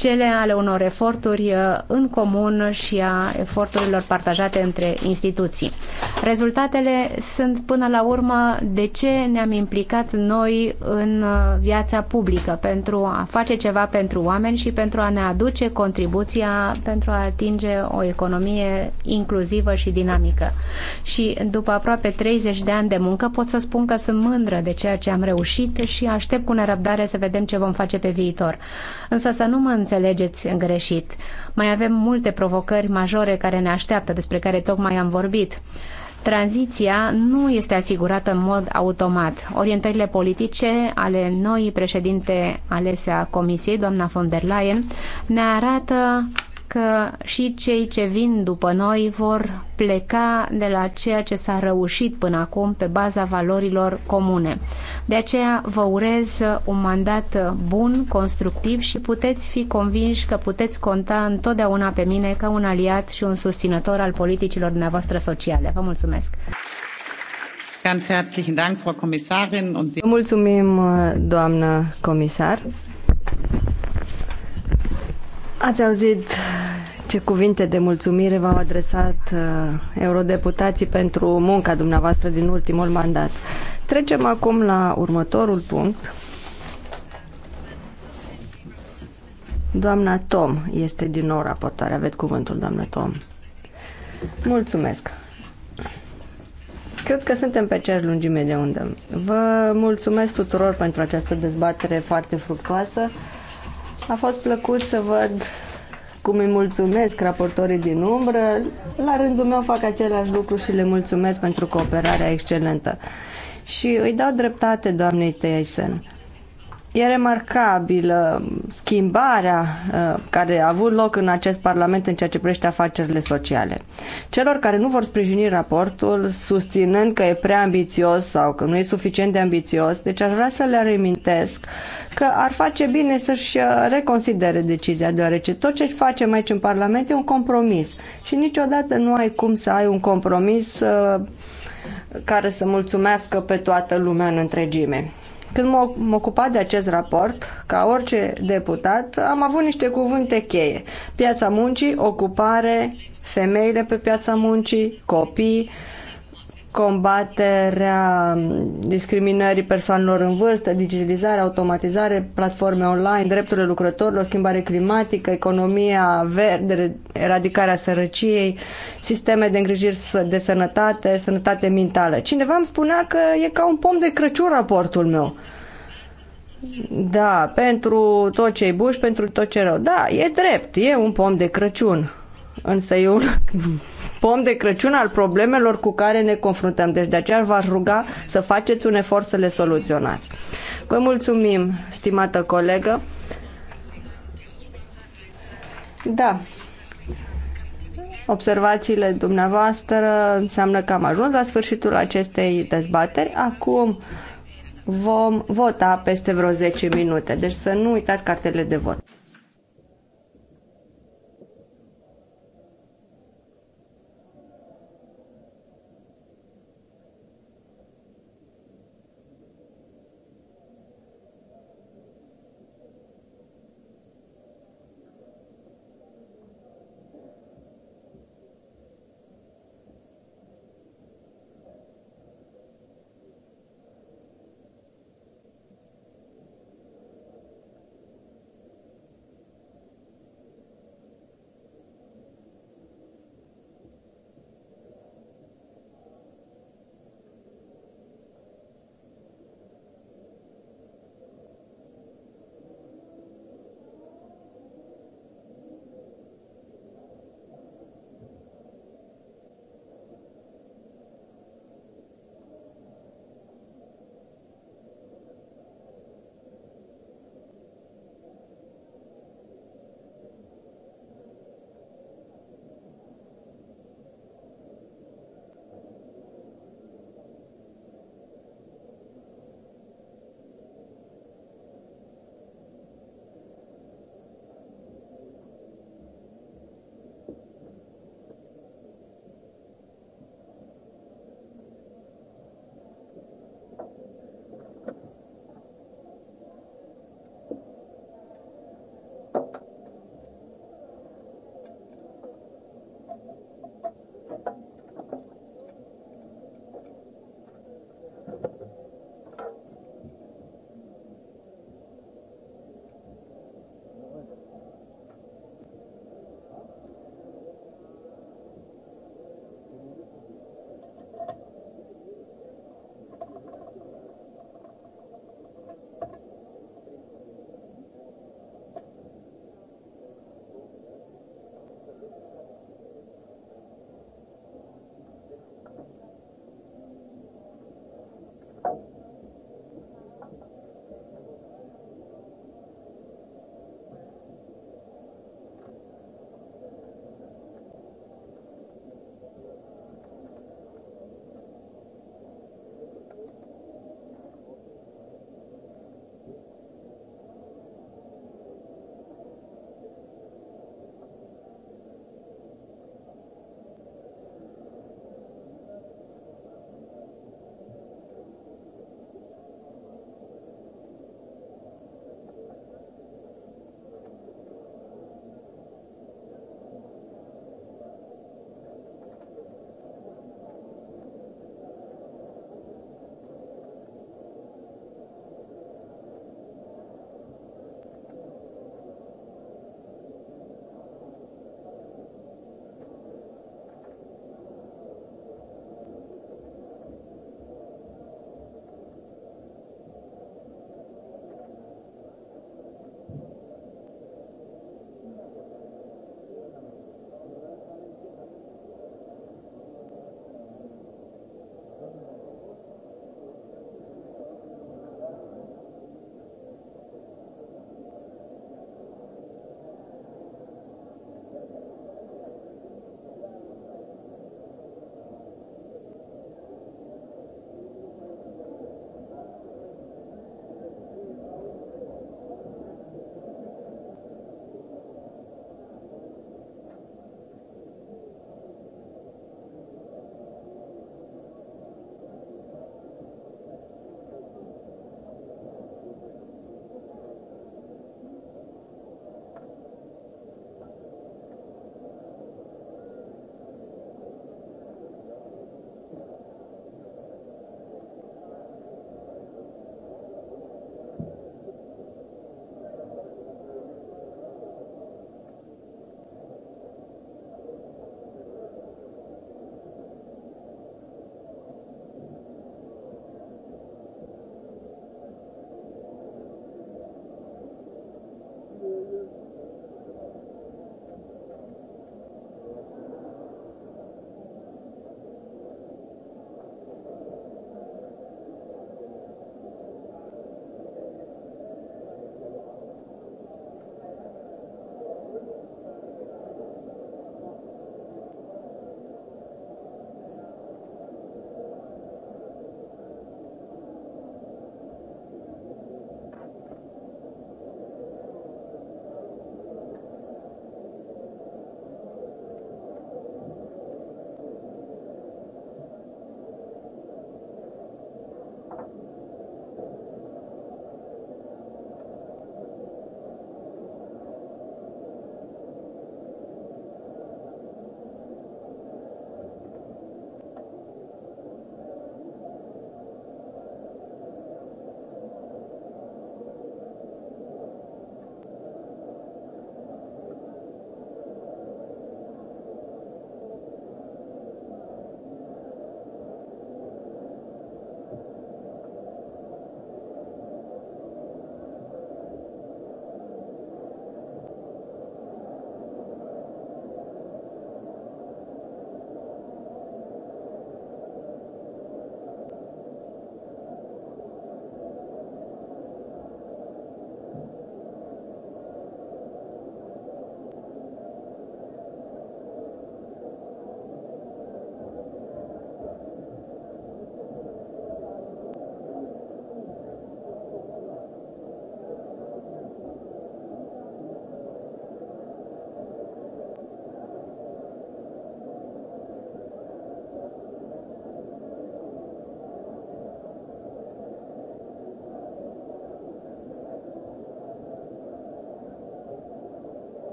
cele ale unor eforturi uh, în comun și a eforturilor partajate între instituții. Rezultatele sunt până la urmă de ce ne-am implicat noi în uh, viața publică, pentru a face ceva pentru oameni și pentru a ne aduce contribuția pentru a atinge o economie inclusivă și dinamică. Și după aproape 30 de ani de muncă pot să spun că sunt mândră de ceea ce am reușit și aștept cu nerăbdare să vedem ce vom face pe viitor. Însă să nu mă înțelegeți greșit. Mai avem multe provocări majore care ne așteaptă, despre care tocmai am vorbit. Tranziția nu este asigurată în mod automat. Orientările politice ale noii președinte alese a Comisiei, doamna von der Leyen, ne arată că și cei ce vin după noi vor pleca de la ceea ce s-a reușit până acum pe baza valorilor comune. De aceea vă urez un mandat bun, constructiv și puteți fi convinși că puteți conta întotdeauna pe mine ca un aliat și un susținător al politicilor dumneavoastră sociale. Vă mulțumesc! Ganz herzlichen Dank, Frau Kommissarin. Und Sie Mulțumim, doamnă comisar. Ați auzit ce cuvinte de mulțumire v-au adresat uh, eurodeputații pentru munca dumneavoastră din ultimul mandat. Trecem acum la următorul punct. Doamna Tom este din nou raportare. Aveți cuvântul, doamna Tom. Mulțumesc. Cred că suntem pe cer lungime de undă. Vă mulțumesc tuturor pentru această dezbatere foarte fructoasă. A fost plăcut să văd cum îi mulțumesc raportorii din umbră. La rândul meu fac același lucru și le mulțumesc pentru cooperarea excelentă. Și îi dau dreptate doamnei Tyson. E remarcabilă schimbarea uh, care a avut loc în acest Parlament în ceea ce privește afacerile sociale. Celor care nu vor sprijini raportul, susținând că e prea ambițios sau că nu e suficient de ambițios, deci aș vrea să le reamintesc că ar face bine să-și uh, reconsidere decizia, deoarece tot ce facem aici în Parlament e un compromis și niciodată nu ai cum să ai un compromis uh, care să mulțumească pe toată lumea în întregime. Când m-am ocupat de acest raport, ca orice deputat, am avut niște cuvinte cheie. Piața muncii, ocupare, femeile pe piața muncii, copii, uh, combaterea discriminării persoanelor în vârstă, digitalizare, automatizare, platforme online, drepturile lucrătorilor, schimbare climatică, economia verde, eradicarea sărăciei, sisteme de îngrijiri de sănătate, sănătate mentală. Cineva îmi spunea că e ca un pom de Crăciun raportul meu. Da, pentru tot ce e buș, pentru tot ce rău. Da, e drept, e un pom de Crăciun. Însă e un pom de Crăciun al problemelor cu care ne confruntăm. Deci de aceea v-aș ruga să faceți un efort să le soluționați. Vă mulțumim, stimată colegă. Da, observațiile dumneavoastră înseamnă că am ajuns la sfârșitul acestei dezbateri. Acum vom vota peste vreo 10 minute, deci să nu uitați cartele de vot.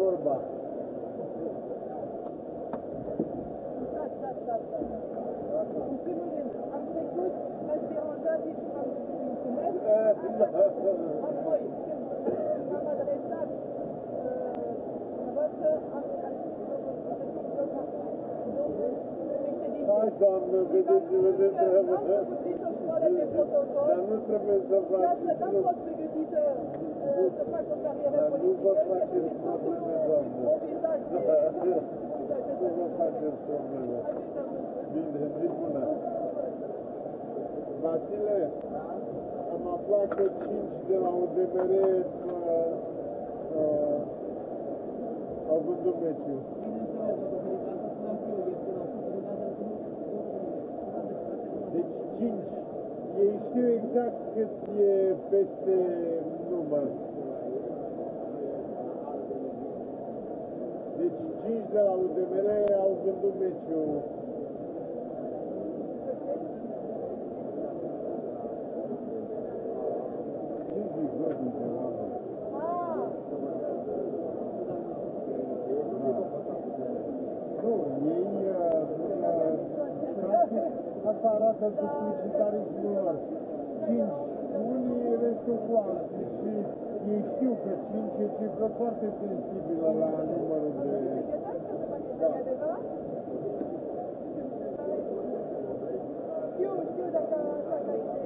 vorba. Da, da, da, da. În primul rând, am trecut la stereozații și am mulțumesc. Apoi, când m-am adresat dumneavoastră, am Da, doamnă, vedeți, vedeți, vedeți. Dar nu trebuie să faci. Dar să dăm persoanelor. Bine, zi bună. Vasile, am aflat că 5 de la UDMR uh, uh, au vândut meciul. Deci 5. Ei știu exact cât e peste număr. Deci 5 de la UDMR încetul meciul. Nu, ei, asta arată publicitarismul lor. 5 unii, restul cu alții și știu că 5 e cifră foarte sensibilă la numărul de eu, știu, dacă, dacă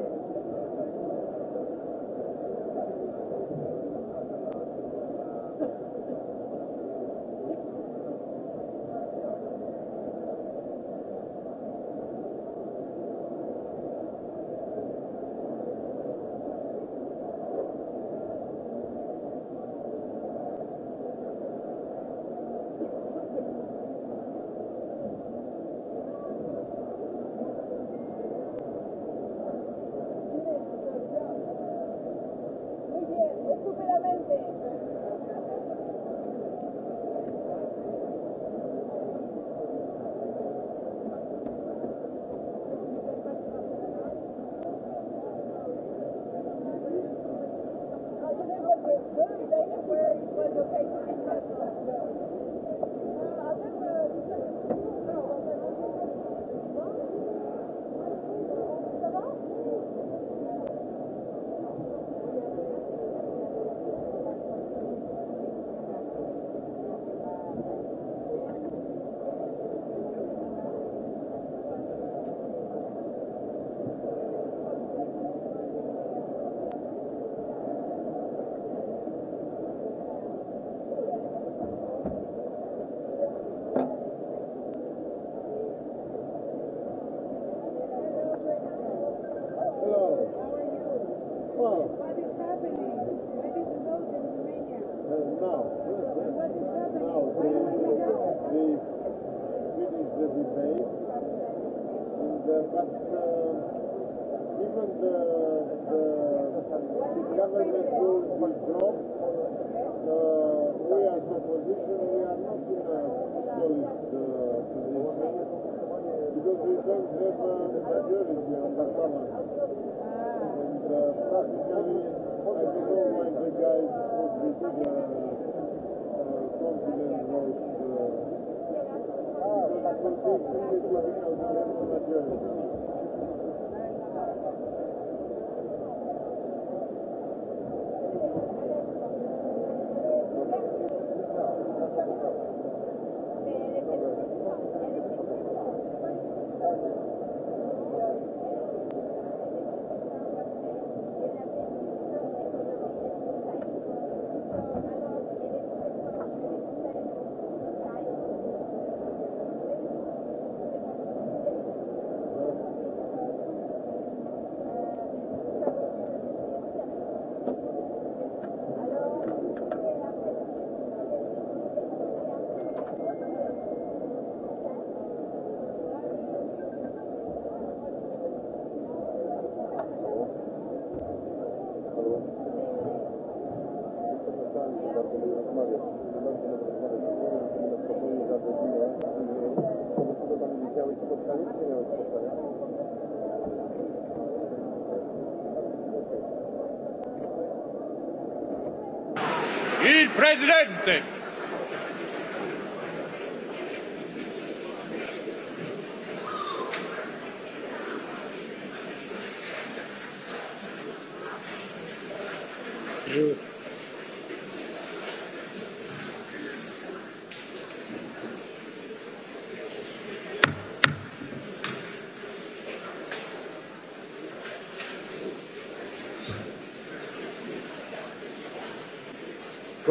Il presidente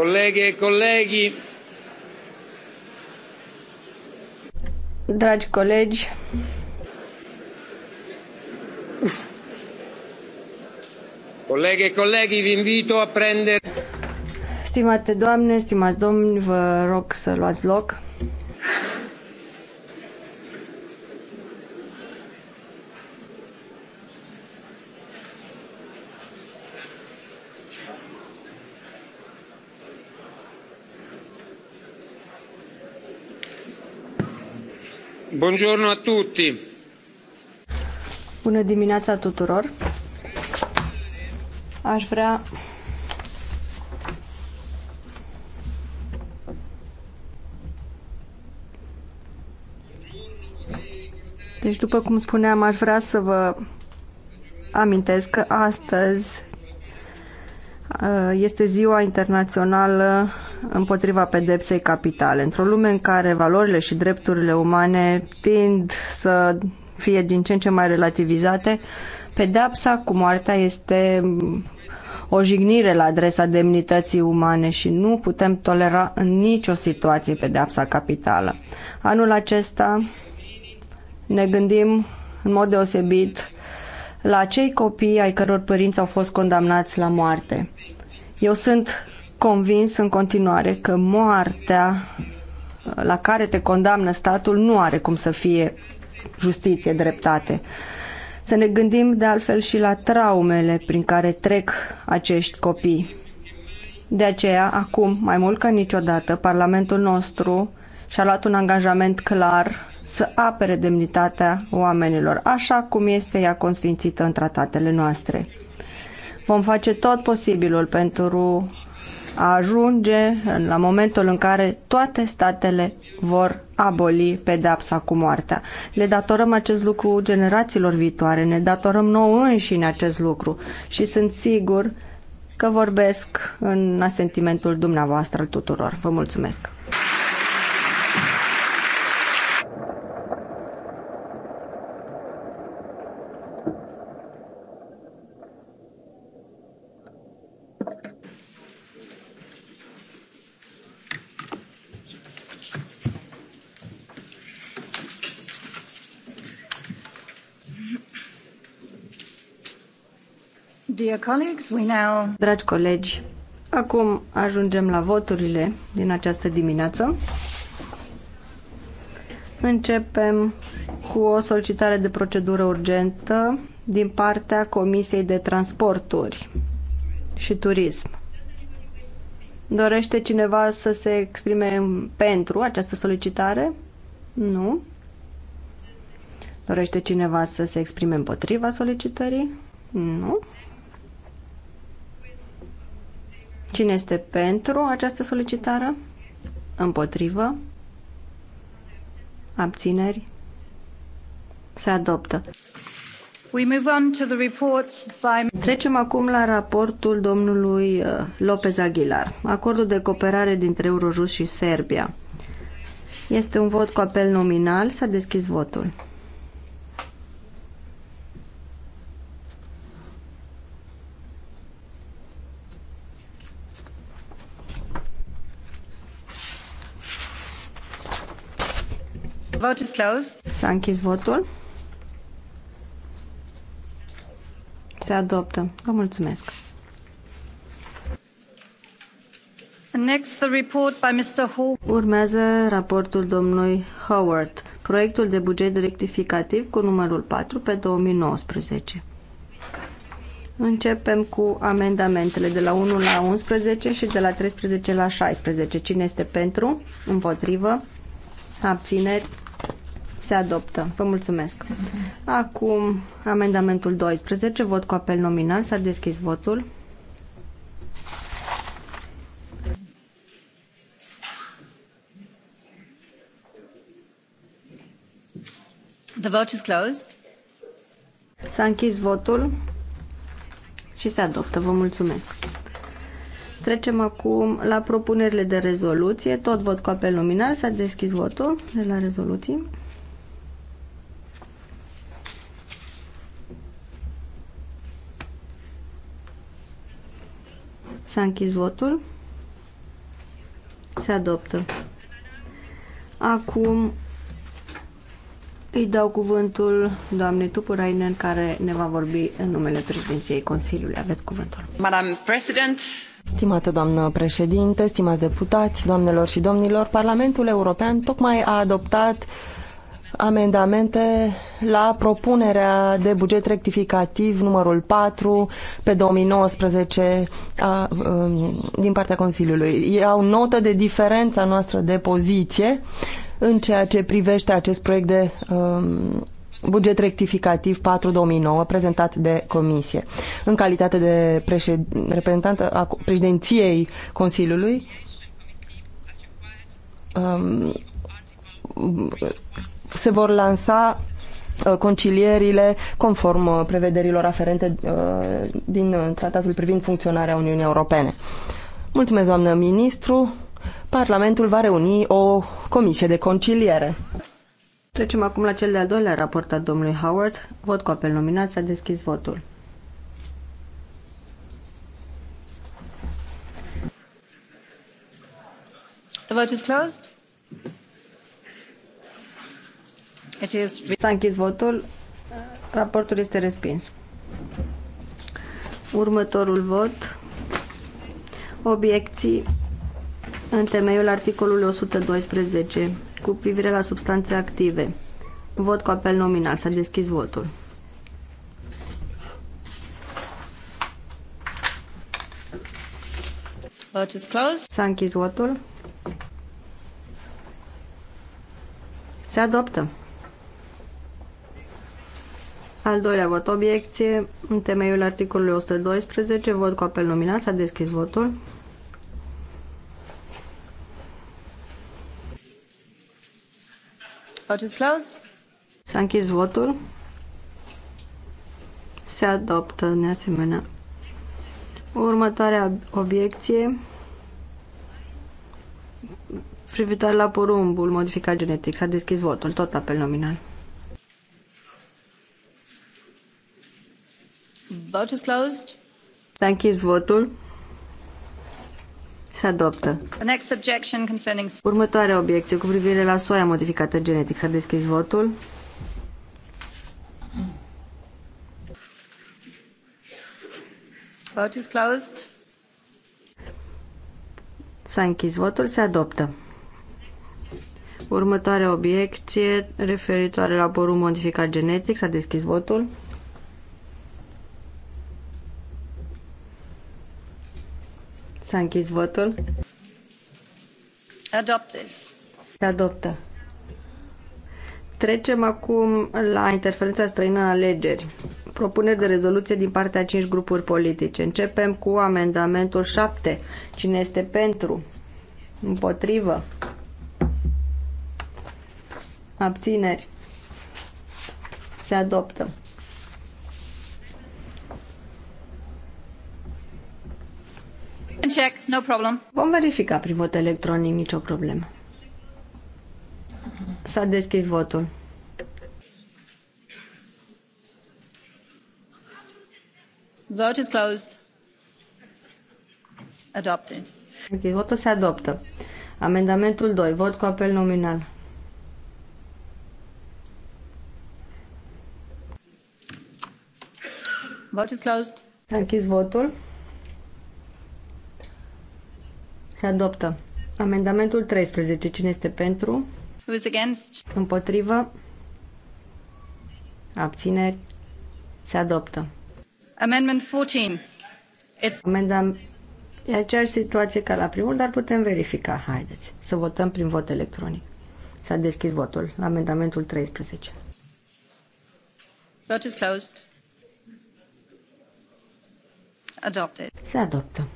Colleghe e colleghi. Dragi colegi. Colleghe e colleghi, vi invito a prendere Stimate doamne, stimați domni, vă rog să luați loc. Buongiorno a tutti. Bună dimineața tuturor. Aș vrea Deci, după cum spuneam, aș vrea să vă amintesc că astăzi uh, este ziua internațională împotriva pedepsei capitale. Într-o lume în care valorile și drepturile umane tind să fie din ce în ce mai relativizate, pedepsa cu moartea este o jignire la adresa demnității umane și nu putem tolera în nicio situație pedepsa capitală. Anul acesta ne gândim în mod deosebit la cei copii ai căror părinți au fost condamnați la moarte. Eu sunt convins în continuare că moartea la care te condamnă statul nu are cum să fie justiție, dreptate. Să ne gândim de altfel și la traumele prin care trec acești copii. De aceea, acum, mai mult ca niciodată, Parlamentul nostru și-a luat un angajament clar să apere demnitatea oamenilor, așa cum este ea consfințită în tratatele noastre. Vom face tot posibilul pentru a ajunge la momentul în care toate statele vor aboli pedapsa cu moartea. Le datorăm acest lucru generațiilor viitoare, ne datorăm nou înșine acest lucru și sunt sigur că vorbesc în asentimentul dumneavoastră tuturor. Vă mulțumesc! Dear colleagues, we now... Dragi colegi, acum ajungem la voturile din această dimineață. Începem cu o solicitare de procedură urgentă din partea Comisiei de Transporturi și Turism. Dorește cineva să se exprime pentru această solicitare? Nu. Dorește cineva să se exprime împotriva solicitării? Nu. Cine este pentru această solicitare? Împotrivă? Abțineri? Se adoptă. We move on to the reports by... Trecem acum la raportul domnului uh, López Aguilar. Acordul de cooperare dintre Eurojust și Serbia. Este un vot cu apel nominal. S-a deschis votul. vote is closed. S-a închis votul. Se adoptă. Vă mulțumesc. Next, the report by Mr. Urmează raportul domnului Howard, proiectul de buget rectificativ cu numărul 4 pe 2019. Începem cu amendamentele de la 1 la 11 și de la 13 la 16. Cine este pentru? Împotrivă? Abțineri? se adoptă. Vă mulțumesc. Acum, amendamentul 12, vot cu apel nominal. S-a deschis votul. The vote is closed. S-a închis votul și se adoptă. Vă mulțumesc. Trecem acum la propunerile de rezoluție. Tot vot cu apel nominal. S-a deschis votul de la rezoluții. S-a închis votul. Se adoptă. Acum îi dau cuvântul doamnei Tupurainen, care ne va vorbi în numele președinției Consiliului. Aveți cuvântul. Madam President, Stimată doamnă președinte, stimați deputați, doamnelor și domnilor, Parlamentul European tocmai a adoptat amendamente la propunerea de buget rectificativ numărul 4 pe 2019 a, um, din partea Consiliului. Iau notă de diferența noastră de poziție în ceea ce privește acest proiect de um, buget rectificativ 4-2009 prezentat de Comisie. În calitate de președ... reprezentant a președinției Consiliului, um, se vor lansa uh, concilierile conform uh, prevederilor aferente uh, din tratatul privind funcționarea Uniunii Europene. Mulțumesc, doamnă ministru. Parlamentul va reuni o comisie de conciliere. Trecem acum la cel de-al doilea raport al domnului Howard. Vot cu apel nominat. S-a deschis votul. The vote is closed. S-a închis votul. Raportul este respins. Următorul vot. Obiecții în temeiul articolului 112 cu privire la substanțe active. Vot cu apel nominal. S-a deschis votul. Vote is closed. S-a închis votul. Se adoptă. Al doilea vot, obiecție, în temeiul articolului 112, vot cu apel nominal, s-a deschis votul. S-a închis votul. Se adoptă, de asemenea. Următoarea obiecție privitoare la porumbul modificat genetic. S-a deschis votul, tot apel nominal. Vote is closed. închis votul. Se adoptă. The next objection concerning... Următoarea obiecție cu privire la soia modificată genetic. S-a deschis votul. Vote is closed. S-a închis votul, se adoptă. Următoarea obiecție referitoare la porumb modificat genetic, s-a deschis votul. S-a închis votul. Adopted. Se adoptă. Trecem acum la interferența străină în alegeri. Propuneri de rezoluție din partea 5 grupuri politice. Începem cu amendamentul 7. Cine este pentru? Împotrivă? Abțineri? Se adoptă. Check, no problem. Vom verifica prin vot electronic, nicio problemă. S-a deschis votul. Vote is closed. Adopted. Votul se adoptă. Amendamentul 2. Vot cu apel nominal. Vote is closed. S-a închis votul. Se adoptă. Amendamentul 13. Cine este pentru? Who's against? Împotrivă. Abțineri. Se adoptă. Amendment 14. It's... Amendam... E aceeași situație ca la primul, dar putem verifica. Haideți să votăm prin vot electronic. S-a deschis votul la amendamentul 13. Vote is closed. Adopted. Se adoptă.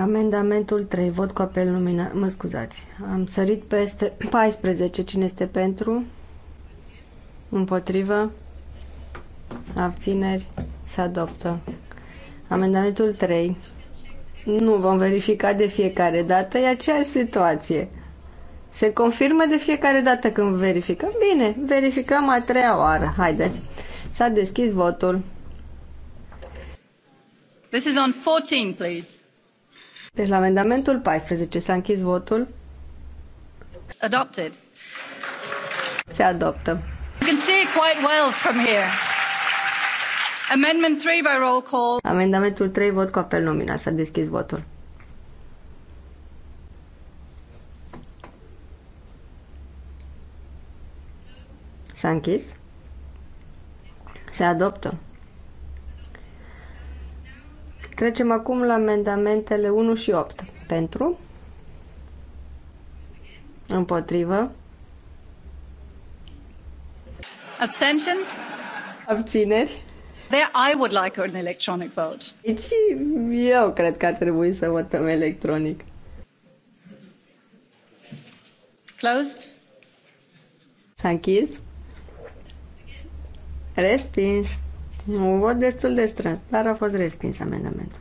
Amendamentul 3, vot cu apel nominal. Mă scuzați, am sărit peste 14. Cine este pentru? Împotrivă? Abțineri? Se adoptă. Amendamentul 3. Nu vom verifica de fiecare dată, e aceeași situație. Se confirmă de fiecare dată când verificăm. Bine, verificăm a treia oară. Haideți. S-a deschis votul. This is on 14, please. Deci la amendamentul 14 s-a închis votul. Adopted. Se adoptă. You can see quite well from here. Amendment 3 by roll call. Amendamentul 3 vot cu apel nominal. S-a deschis votul. S-a închis. Se adoptă. Trecem acum la amendamentele 1 și 8. Pentru? Împotrivă? Abstentions? Abțineri? There I would like an electronic vote. Deci eu cred că ar trebui să votăm electronic. Closed? S-a închis? Respins. Un vot destul de strâns, dar a fost respins amendamentul.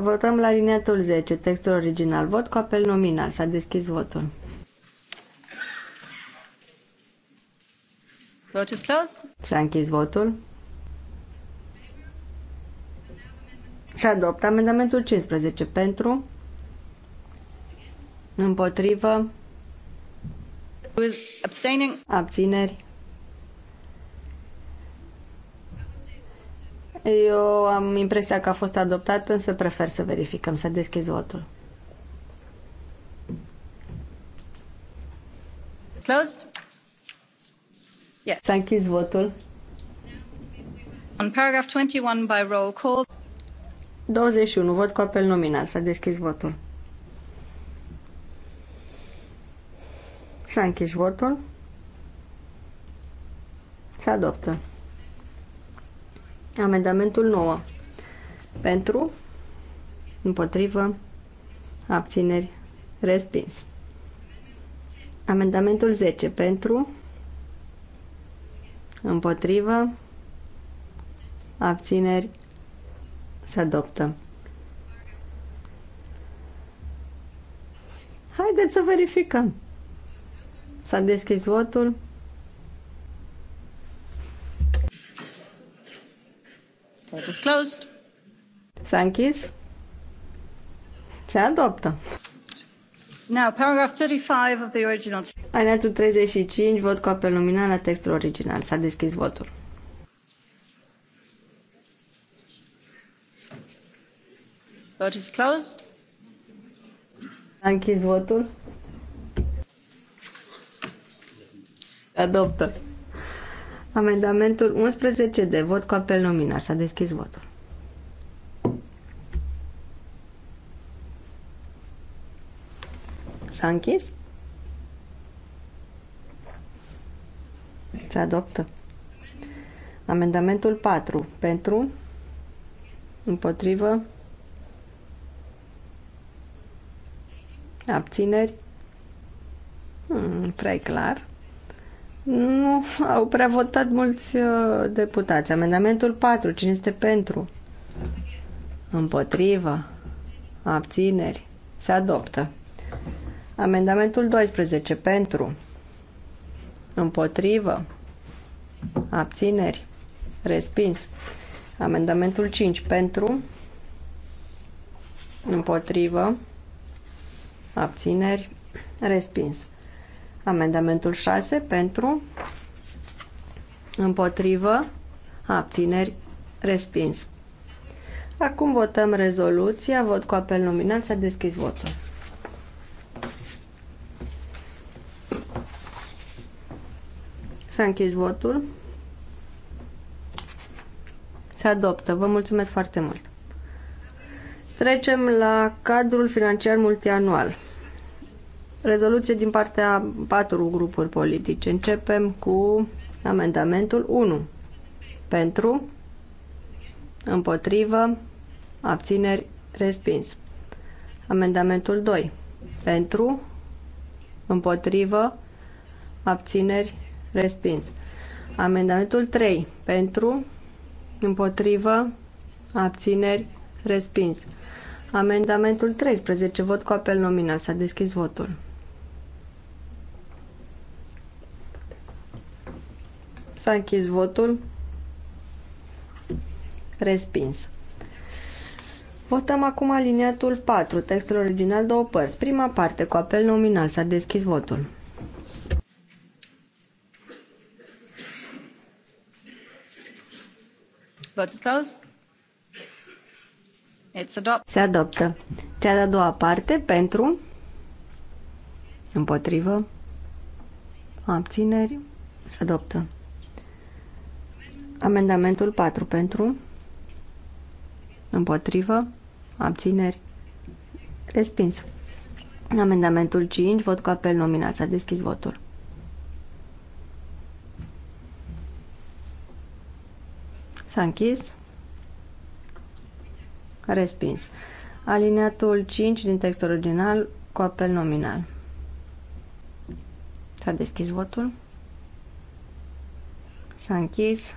Votăm la liniatul 10, textul original. Vot cu apel nominal. S-a deschis votul. Vote is closed. S-a închis votul. Se adoptă amendamentul 15 pentru, împotrivă, abțineri. Eu am impresia că a fost adoptat, însă prefer să verificăm, să deschid votul. Closed? Yes. S-a închis votul. On paragraph 21 by roll call. 21. Vot cu apel nominal. S-a deschis votul. S-a închis votul. Se adoptă. Amendamentul 9. Pentru, împotrivă, abțineri, respins. Amendamentul 10. Pentru, împotrivă, abțineri, se adoptă. Haideți să verificăm. S-a deschis votul. Vote is closed. S-a închis. Se adoptă. Now, paragraph 35 of the original. Alineatul 35, vot cu apel nominal la textul original. S-a deschis votul. Vote is closed. S-a închis votul. Adoptă. Amendamentul 11 de vot cu apel nominal. S-a deschis votul. S-a închis? Se adoptă. Amendamentul 4. Pentru? Împotrivă? Abțineri? Hmm, prea clar. Nu au prea votat mulți uh, deputați. Amendamentul 4. Cine este pentru? Împotrivă. Abțineri. Se adoptă. Amendamentul 12. Pentru. Împotrivă. Abțineri. Respins. Amendamentul 5. Pentru. Împotrivă. Abțineri. Respins. Amendamentul 6 pentru, împotrivă, abțineri, respins. Acum votăm rezoluția, vot cu apel nominal, s-a deschis votul. S-a închis votul. Se adoptă. Vă mulțumesc foarte mult. Trecem la cadrul financiar multianual. Rezoluție din partea patru grupuri politice. Începem cu amendamentul 1. Pentru, împotrivă, abțineri, respins. Amendamentul 2. Pentru, împotrivă, abțineri, respins. Amendamentul 3. Pentru, împotrivă, abțineri, respins. Amendamentul 13. Vot cu apel nominal. S-a deschis votul. S-a închis votul. Respins. Votăm acum aliniatul 4, textul original, două părți. Prima parte, cu apel nominal, s-a deschis votul. Vote closed. It's adopt. Se adoptă. Cea de-a doua parte, pentru, împotrivă, abțineri, se adoptă. Amendamentul 4 pentru, împotrivă, abțineri, respins. Amendamentul 5, vot cu apel nominal, s-a deschis votul. S-a închis. Respins. Alineatul 5 din textul original cu apel nominal. S-a deschis votul. S-a închis.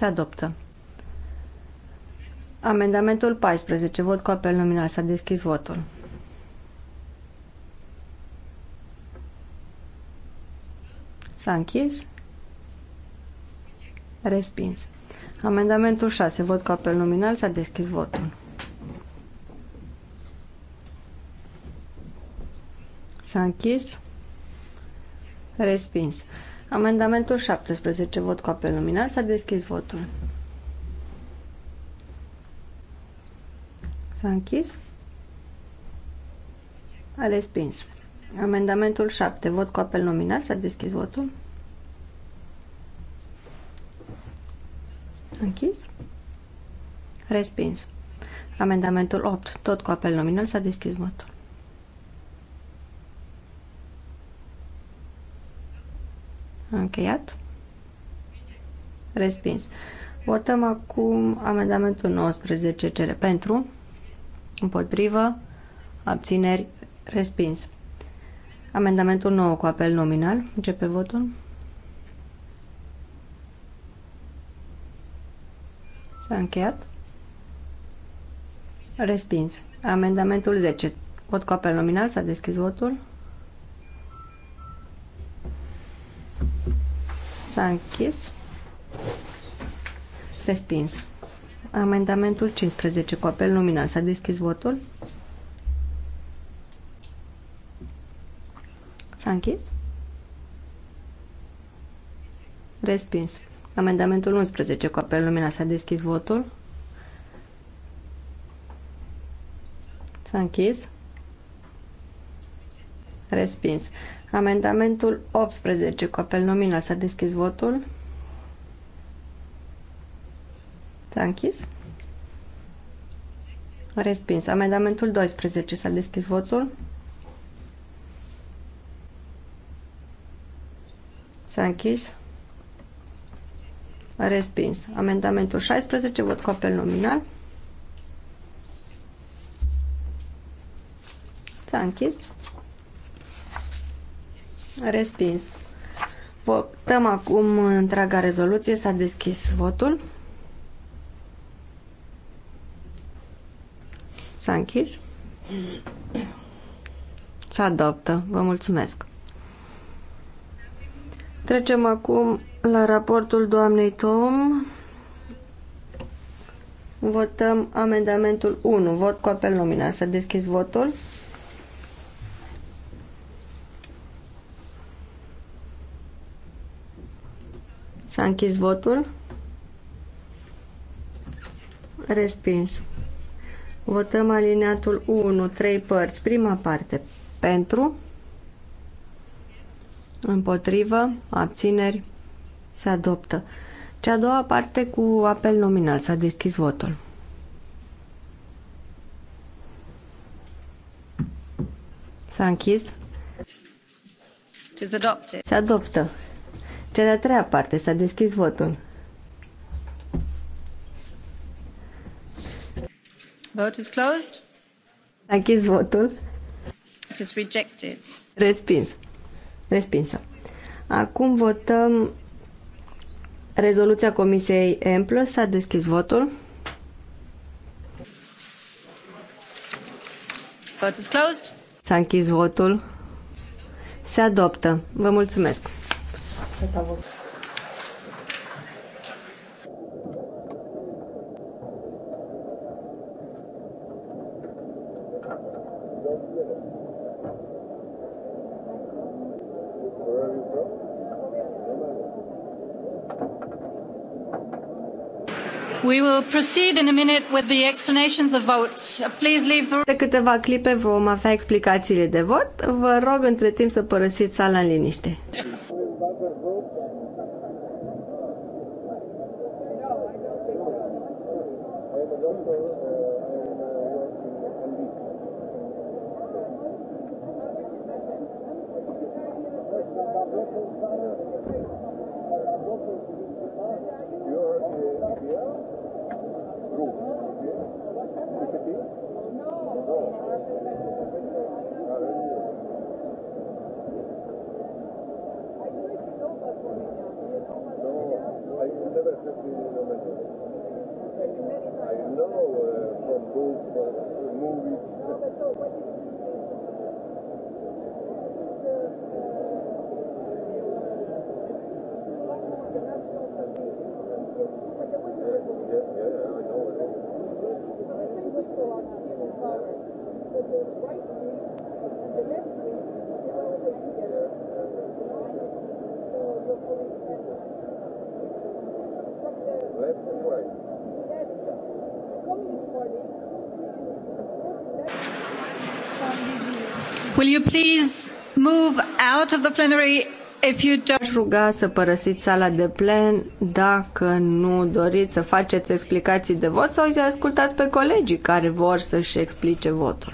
Se adoptă. Amendamentul 14. Vot cu apel nominal. S-a deschis votul. S-a închis. Respins. Amendamentul 6. Vot cu apel nominal. S-a deschis votul. S-a închis. Respins. Amendamentul 17, vot cu apel nominal, s-a deschis votul. S-a închis. A respins. Amendamentul 7, vot cu apel nominal, s-a deschis votul. Închis. Respins. Amendamentul 8, tot cu apel nominal, s-a deschis votul. Încheiat? Respins. Votăm acum amendamentul 19, cere pentru, împotrivă, abțineri, respins. Amendamentul 9 cu apel nominal. Începe votul. S-a încheiat. Respins. Amendamentul 10. Vot cu apel nominal. S-a deschis votul. S-a închis. Respins. Amendamentul 15 cu apel nominal. S-a deschis votul. S-a închis. Respins. Amendamentul 11 cu apel nominal. S-a deschis votul. S-a închis. Respins. Amendamentul 18 cu apel nominal. S-a deschis votul. S-a închis. Respins. Amendamentul 12. S-a deschis votul. S-a închis. Respins. Amendamentul 16. Vot cu apel nominal. S-a închis. Respins. Votăm acum întreaga rezoluție. S-a deschis votul. S-a închis. Se adoptă. Vă mulțumesc. Trecem acum la raportul doamnei Tom. Votăm amendamentul 1. Vot cu apel nominal. Să deschis votul. S-a închis votul. Respins. Votăm alineatul 1, 3 părți. Prima parte. Pentru. Împotrivă. Abțineri. Se adoptă. Cea a doua parte cu apel nominal. S-a deschis votul. S-a închis. Se adoptă. Cea de-a treia parte. S-a deschis votul. Vote is closed. S-a închis votul. It is rejected. Respins. Respinsă. Acum votăm rezoluția Comisiei M+. S-a deschis votul. Vote is closed. S-a închis votul. Se adoptă. Vă mulțumesc это вот. We will proceed in a minute with the explanations of vote. Please leave the... De câteva clipe vom avea explicațiile de vot. Vă rog între timp să părăsiți sala în liniște. of Aș ruga să părăsiți sala de plen dacă nu doriți să faceți explicații de vot sau să ascultați pe colegii care vor să-și explice votul.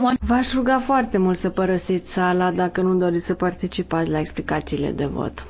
Want... V-aș ruga foarte mult să părăsiți sala dacă nu doriți să participați la explicațiile de vot.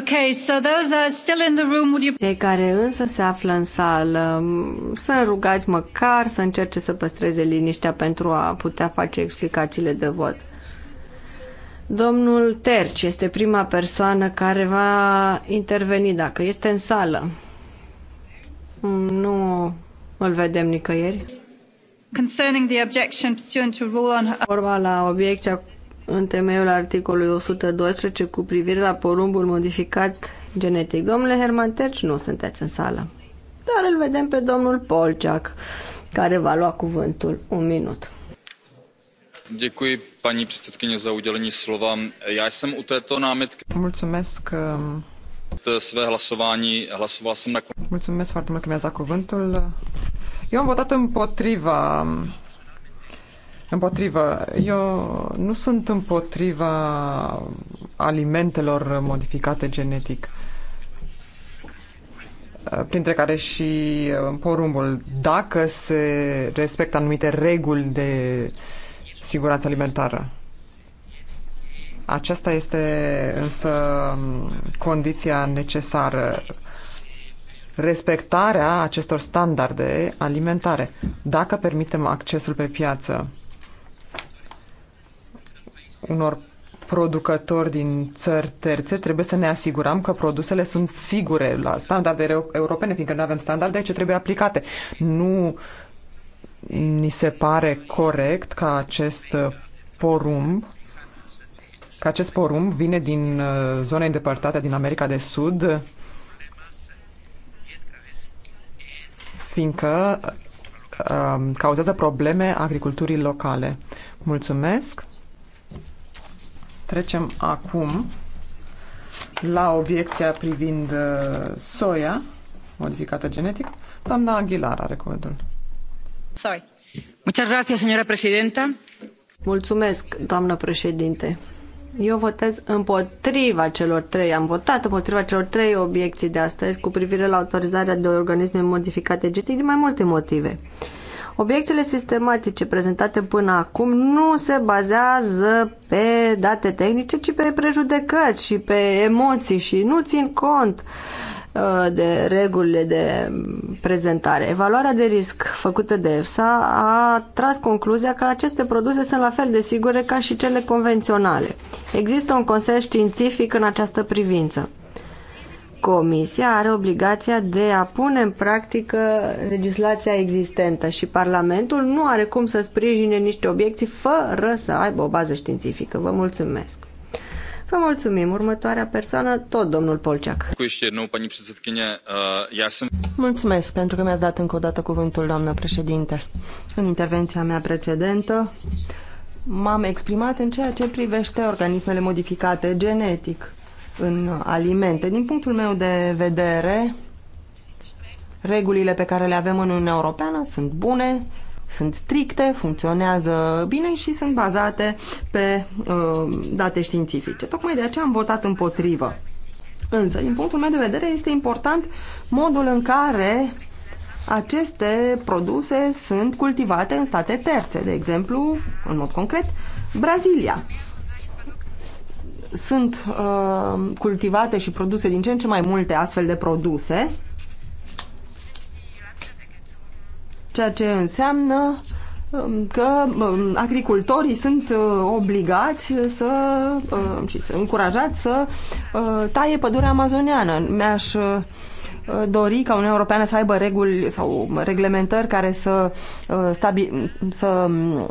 Okay, so those are still in the room, would you... Cei care însă se află în sală, să rugați măcar să încerce să păstreze liniștea pentru a putea face explicațiile de vot. Domnul Terci este prima persoană care va interveni dacă este în sală. Mm, nu îl vedem nicăieri. Concerning the objection pursuant to rule on... Vorba la obiecția în temeiul articolului 112 cu privire la porumbul modificat genetic. Domnule Herman Terci, nu sunteți în sală. Dar îl vedem pe domnul Polceac, care va lua cuvântul. Un minut. Děkuji, paní předsedkyně, za udělení slova. Já jsem u této námitky... Mulțumesc, um, své hlasování, hlasoval jsem na... Mulțumesc foarte mult că mi a cuvântul. Eu am votat împotriva um, Împotrivă. Eu nu sunt împotriva alimentelor modificate genetic, printre care și uh, porumbul. Dacă se respectă anumite reguli de siguranță alimentară. Aceasta este însă um, condiția necesară respectarea acestor standarde alimentare. Dacă permitem accesul pe piață unor producători din țări terțe, trebuie să ne asigurăm că produsele sunt sigure la standarde europene, fiindcă nu avem standarde ce trebuie aplicate. Nu ni se pare corect ca acest porumb că acest porumb vine din uh, zone îndepărtate din America de Sud, fiindcă uh, cauzează probleme agriculturii locale. Mulțumesc! Trecem acum la obiecția privind uh, soia modificată genetic. Doamna Aguilar are cuvântul. Soi. Muchas gracias, señora presidenta. Mulțumesc, doamnă președinte. Eu votez împotriva celor trei, am votat împotriva celor trei obiecții de astăzi cu privire la autorizarea de organisme modificate genetic din mai multe motive. Obiectele sistematice prezentate până acum nu se bazează pe date tehnice, ci pe prejudecăți și pe emoții și nu țin cont uh, de regulile de prezentare. Evaluarea de risc făcută de EFSA a tras concluzia că aceste produse sunt la fel de sigure ca și cele convenționale. Există un consens științific în această privință. Comisia are obligația de a pune în practică legislația existentă și Parlamentul nu are cum să sprijine niște obiecții fără să aibă o bază științifică. Vă mulțumesc! Vă mulțumim. Următoarea persoană, tot domnul Polceac. Uh, mulțumesc pentru că mi-ați dat încă o dată cuvântul, doamnă președinte. În intervenția mea precedentă m-am exprimat în ceea ce privește organismele modificate genetic în alimente. Din punctul meu de vedere, regulile pe care le avem în Uniunea Europeană sunt bune, sunt stricte, funcționează bine și sunt bazate pe uh, date științifice. Tocmai de aceea am votat împotrivă. Însă, din punctul meu de vedere, este important modul în care aceste produse sunt cultivate în state terțe, de exemplu, în mod concret, Brazilia sunt uh, cultivate și produse din ce în ce mai multe astfel de produse, ceea ce înseamnă um, că um, agricultorii sunt uh, obligați să uh, și să încurajați să uh, taie pădurea amazoniană, Mi-aș dori ca Uniunea Europeană să aibă reguli sau reglementări care să, stabi, să um,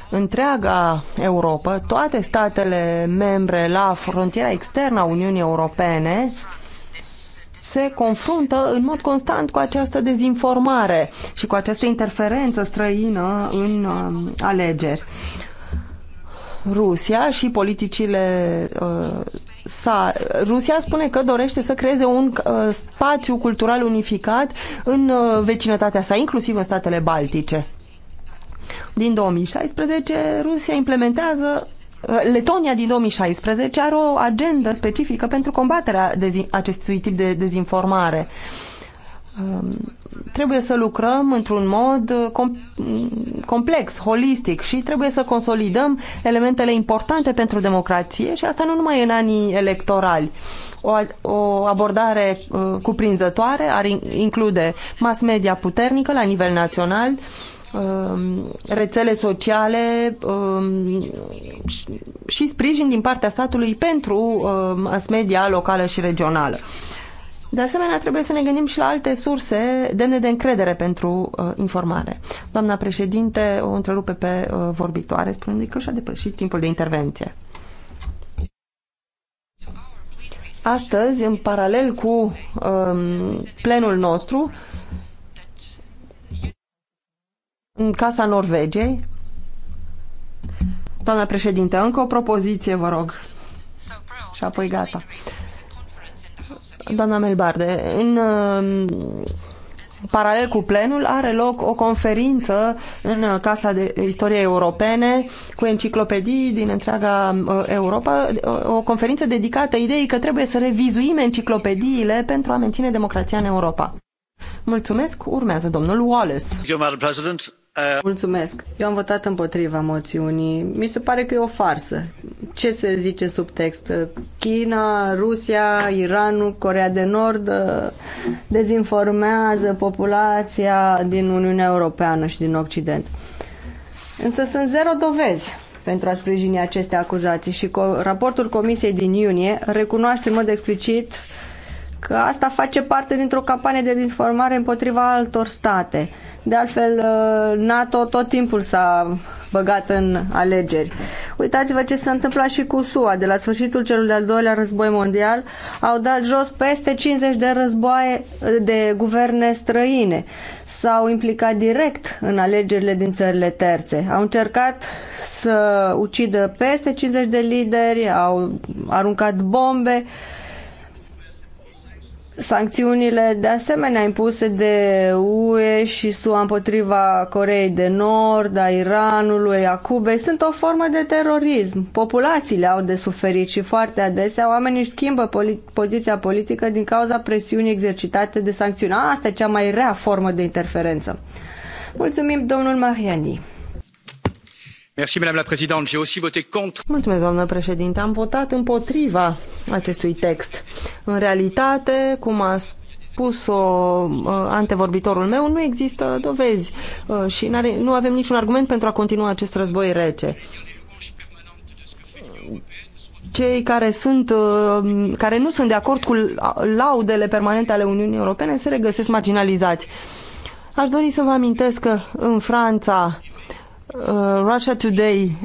întreaga Europa, toate statele membre la frontiera externă a Uniunii Europene se confruntă în mod constant cu această dezinformare și cu această interferență străină în um, alegeri. Rusia și politicile uh, sa. Rusia spune că dorește să creeze un uh, spațiu cultural unificat în uh, vecinătatea sa, inclusiv în statele baltice. Din 2016, Rusia implementează uh, Letonia din 2016 are o agendă specifică pentru combaterea acestui tip de dezinformare. Um, trebuie să lucrăm într-un mod uh, com complex, holistic și trebuie să consolidăm elementele importante pentru democrație și asta nu numai în anii electorali. O, o abordare uh, cuprinzătoare ar include mass media puternică la nivel național, uh, Um, rețele sociale um, și sprijin din partea statului pentru um, mass media locală și regională. De asemenea, trebuie să ne gândim și la alte surse demne de încredere pentru uh, informare. Doamna președinte o întrerupe pe uh, vorbitoare, spunând că și-a depășit timpul de intervenție. Astăzi, în paralel cu uh, plenul nostru, uh, în Casa Norvegiei. Doamna președinte, încă o propoziție, vă rog. Și apoi gata. Doamna Melbarde, în paralel cu plenul are loc o conferință în Casa de Istorie Europene cu enciclopedii din întreaga uh, Europa, o conferință dedicată ideii că trebuie să revizuim enciclopediile pentru a menține democrația în Europa. Mulțumesc, urmează domnul Wallace. Mulțumesc. Eu am votat împotriva moțiunii. Mi se pare că e o farsă. Ce se zice sub text? China, Rusia, Iranul, Corea de Nord uh, dezinformează populația din Uniunea Europeană și din Occident. Însă sunt zero dovezi pentru a sprijini aceste acuzații și raportul Comisiei din iunie recunoaște în mod explicit că asta face parte dintr-o campanie de disformare împotriva altor state. De altfel, uh, NATO tot timpul s-a băgat în alegeri. Uitați-vă ce s-a întâmplat și cu SUA. De la sfârșitul celui de-al doilea război mondial au dat jos peste 50 de războaie uh, de guverne străine. S-au implicat direct în alegerile din țările terțe. Au încercat să ucidă peste 50 de lideri, au aruncat bombe, Sancțiunile de asemenea impuse de UE și SUA împotriva Coreei de Nord, a Iranului, a Cubei sunt o formă de terorism. Populațiile au de suferit și foarte adesea oamenii își schimbă poli- poziția politică din cauza presiunii exercitate de sancțiuni. Asta e cea mai rea formă de interferență. Mulțumim, domnul Mariani. Mulțumesc, doamnă președinte. Am votat împotriva acestui text. În realitate, cum a spus-o uh, antevorbitorul meu, nu există dovezi uh, și nu avem niciun argument pentru a continua acest război rece cei care, sunt, uh, care nu sunt de acord cu laudele permanente ale Uniunii Europene se regăsesc marginalizați. Aș dori să vă amintesc că în Franța Uh, Russia Today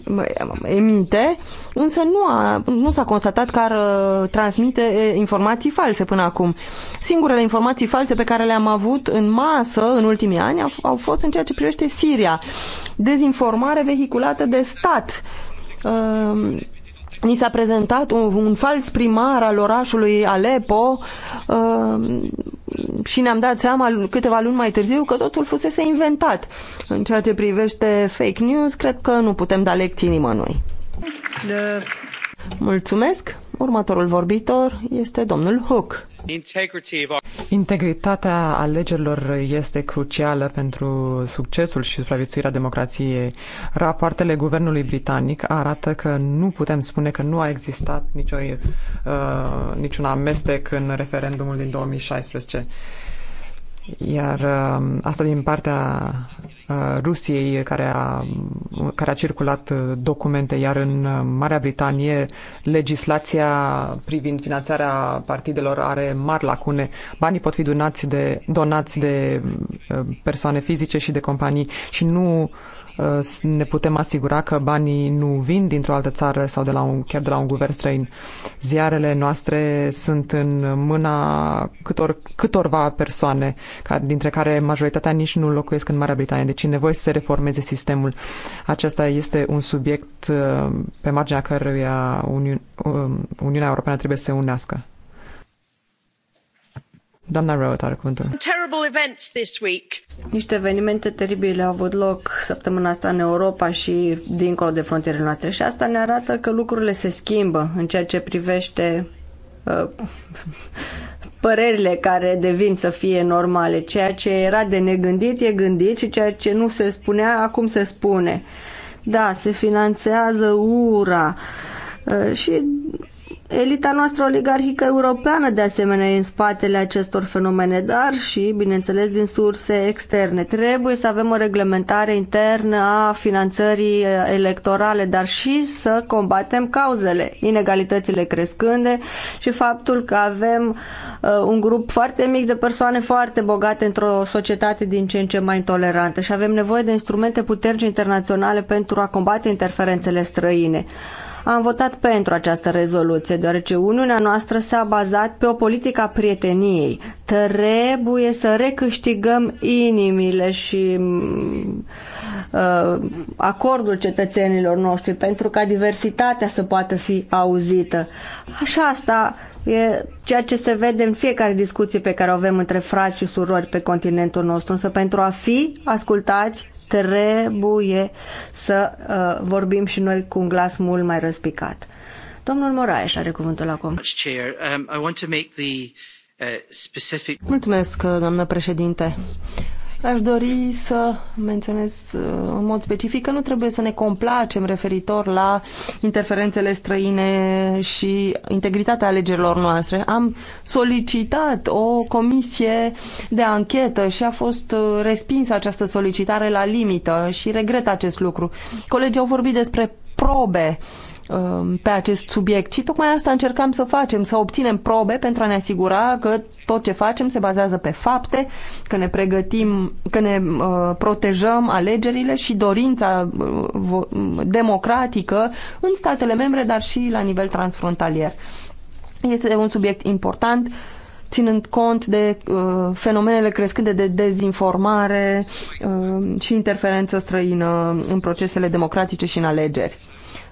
emite, însă nu, a, nu s-a constatat că ar uh, transmite uh, informații false până acum. Singurele informații false pe care le-am avut în masă în ultimii ani au, au fost în ceea ce privește Siria. Dezinformare vehiculată de stat. Uh, ni s-a prezentat un, un fals primar al orașului Alepo uh, și ne-am dat seama câteva luni mai târziu că totul fusese inventat. În ceea ce privește fake news, cred că nu putem da lecții nimănui. De... Mulțumesc! Următorul vorbitor este domnul Hook. Integritatea alegerilor este crucială pentru succesul și supraviețuirea democrației. Rapoartele guvernului britanic arată că nu putem spune că nu a existat nicio, uh, niciun amestec în referendumul din 2016. Iar um, asta din partea uh, Rusiei care a, care a circulat uh, documente, iar în uh, Marea Britanie legislația privind finanțarea partidelor are mari lacune. Banii pot fi donați de, donați de persoane fizice și de companii și nu Uh, ne putem asigura că banii nu vin dintr-o altă țară sau de la un, chiar de la un guvern străin. Ziarele noastre sunt în mâna câtor, câtorva persoane, care, dintre care majoritatea nici nu locuiesc în Marea Britanie, deci e nevoie să se reformeze sistemul. Acesta este un subiect uh, pe marginea căruia uh, Uniunea Europeană trebuie să se unească. Doamna Rowe are cuvântul. Terrible events this week. Niște evenimente teribile au avut loc săptămâna asta în Europa și dincolo de frontierele noastre și asta ne arată că lucrurile se schimbă în ceea ce privește uh, părerile care devin să fie normale. Ceea ce era de negândit e gândit și ceea ce nu se spunea acum se spune. Da, se finanțează ura. Uh, și Elita noastră oligarhică europeană, de asemenea, e în spatele acestor fenomene, dar și, bineînțeles, din surse externe. Trebuie să avem o reglementare internă a finanțării electorale, dar și să combatem cauzele, inegalitățile crescânde și faptul că avem uh, un grup foarte mic de persoane foarte bogate într-o societate din ce în ce mai intolerantă și avem nevoie de instrumente puternice internaționale pentru a combate interferențele străine. Am votat pentru această rezoluție, deoarece Uniunea noastră s-a bazat pe o politică a prieteniei. Trebuie să recâștigăm inimile și mm, uh, acordul cetățenilor noștri pentru ca diversitatea să poată fi auzită. Așa asta E ceea ce se vede în fiecare discuție pe care o avem între frați și surori pe continentul nostru, însă pentru a fi ascultați trebuie să uh, vorbim și noi cu un glas mult mai răspicat. Domnul Moraes are cuvântul acum. Um, uh, Mulțumesc, uh, doamnă președinte. Aș dori să menționez uh, în mod specific că nu trebuie să ne complacem referitor la interferențele străine și integritatea alegerilor noastre. Am solicitat o comisie de anchetă și a fost uh, respinsă această solicitare la limită și regret acest lucru. Colegii au vorbit despre probe uh, Um, pe acest subiect și tocmai asta încercam să facem, să obținem probe pentru a ne asigura că tot ce facem se bazează pe fapte, că ne pregătim, că ne uh, protejăm alegerile și dorința uh, democratică în statele membre, dar și la nivel transfrontalier. Este un subiect important ținând cont de uh, fenomenele crescânde de dezinformare uh, și interferență străină în procesele democratice și în alegeri.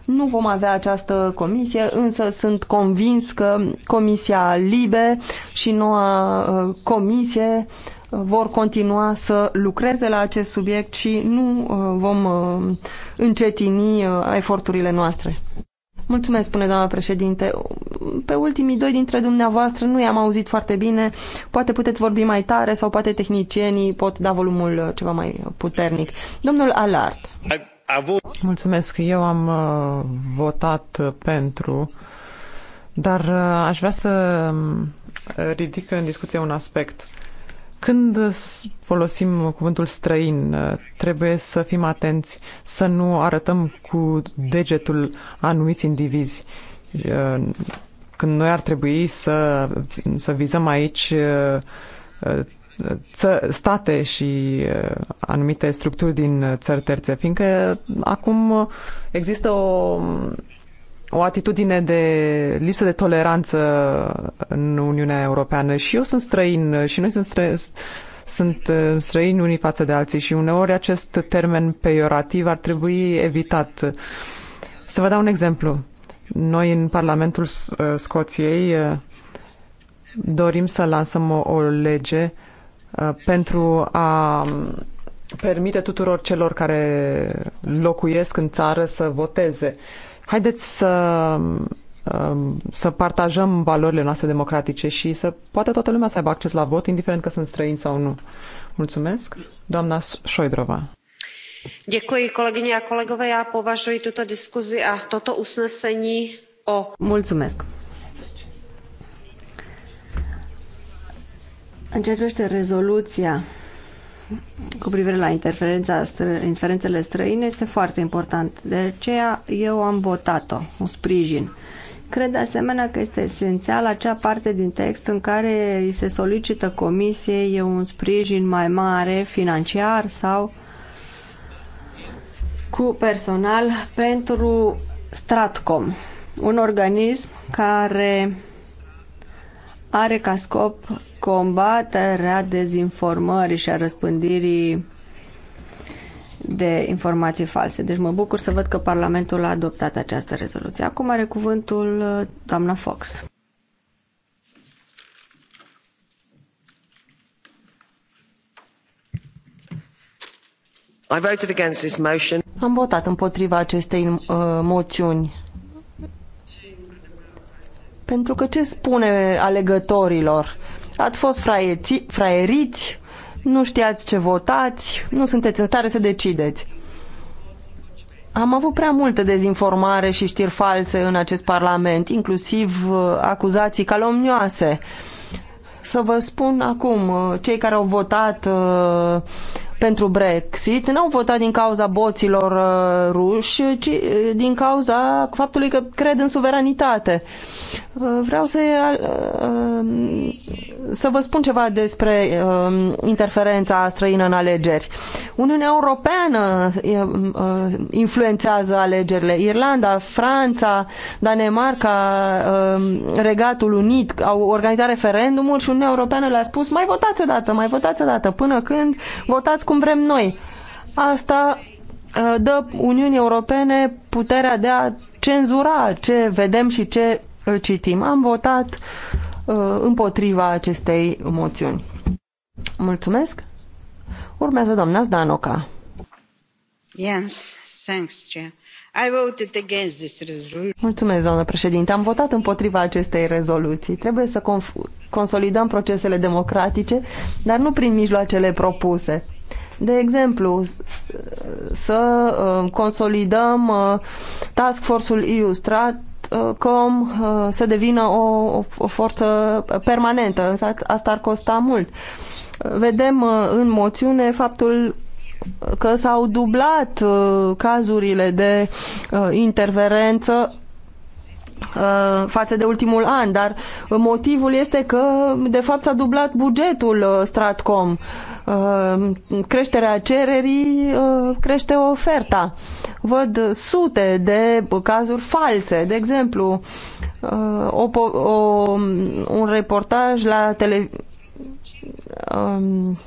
Nu vom avea această comisie, însă sunt convins că Comisia Libe și noua uh, comisie uh, vor continua să lucreze la acest subiect și nu uh, vom încetini eforturile noastre. Mulțumesc, spune doamna președinte. Pe ultimii doi dintre dumneavoastră nu i-am auzit foarte bine. Poate puteți vorbi mai tare sau poate tehnicienii pot da volumul ceva mai puternic. Domnul Alard. I Mulțumesc. Eu am uh, votat pentru, dar uh, aș vrea să um, ridic în discuție un aspect. Când folosim cuvântul străin, uh, trebuie să fim atenți să nu arătăm cu degetul anumiți indivizi. Uh, când noi ar trebui să, să vizăm aici uh, state și uh, anumite structuri din uh, țări terțe, fiindcă uh, acum există o, o atitudine de lipsă de toleranță în Uniunea Europeană și eu sunt străin și noi sunt străini sunt străini unii față de alții și uneori acest termen peiorativ ar trebui evitat. Să vă dau un exemplu. Noi în Parlamentul Scoției dorim să lansăm o, o lege Uh, pentru a um, permite tuturor celor care locuiesc în țară să voteze. Haideți să, um, um, să partajăm valorile noastre democratice și să poată toată lumea să aibă acces la vot, indiferent că sunt străini sau nu. Mulțumesc. Doamna Șoidrova. Děkuji, kolegyně a kolegové. Já považuji tuto diskuzi a toto usnesení o... Mulțumesc. În ce privește rezoluția cu privire la interferența stră, interferențele străine, este foarte important. De aceea eu am votat-o, un sprijin. Cred de asemenea că este esențial acea parte din text în care îi se solicită comisiei un sprijin mai mare financiar sau cu personal pentru Stratcom, un organism care are ca scop combaterea dezinformării și a răspândirii de informații false. Deci mă bucur să văd că Parlamentul a adoptat această rezoluție. Acum are cuvântul uh, doamna Fox. I voted against this motion. Am votat împotriva acestei uh, moțiuni pentru că ce spune alegătorilor? Ați fost fraieți, fraieriți, nu știați ce votați, nu sunteți în stare să decideți. Am avut prea multă dezinformare și știri false în acest parlament, inclusiv uh, acuzații calomnioase. Să vă spun acum, uh, cei care au votat uh, pentru Brexit n-au votat din cauza boților uh, ruși, ci uh, din cauza faptului că cred în suveranitate. Uh, vreau să, să vă spun ceva despre interferența străină în alegeri. Uniunea Europeană influențează alegerile. Irlanda, Franța, Danemarca, Regatul Unit au organizat referendumuri și Uniunea Europeană le-a spus mai votați odată, mai votați odată, până când votați cu cum vrem noi. Asta ă, dă Uniunii Europene puterea de a cenzura ce vedem și ce ă, citim. Am votat ă, împotriva acestei moțiuni. Mulțumesc. Urmează doamna Zdanoca. Yes, thanks, Chair. I voted against this resolution. Mulțumesc, doamnă președinte. Am votat împotriva acestei rezoluții. Trebuie să consolidăm procesele democratice, dar nu prin mijloacele propuse. De exemplu, să uh, consolidăm uh, task force-ul EU Strat cum uh, să devină o, o forță permanentă. Asta ar costa mult. Vedem în moțiune faptul că s-au dublat cazurile de interferență Uh, față de ultimul an, dar motivul este că de fapt s-a dublat bugetul uh, Stratcom. Uh, creșterea cererii crește oferta. Văd sute de cazuri false. De exemplu, o, o, un reportaj la tele, um,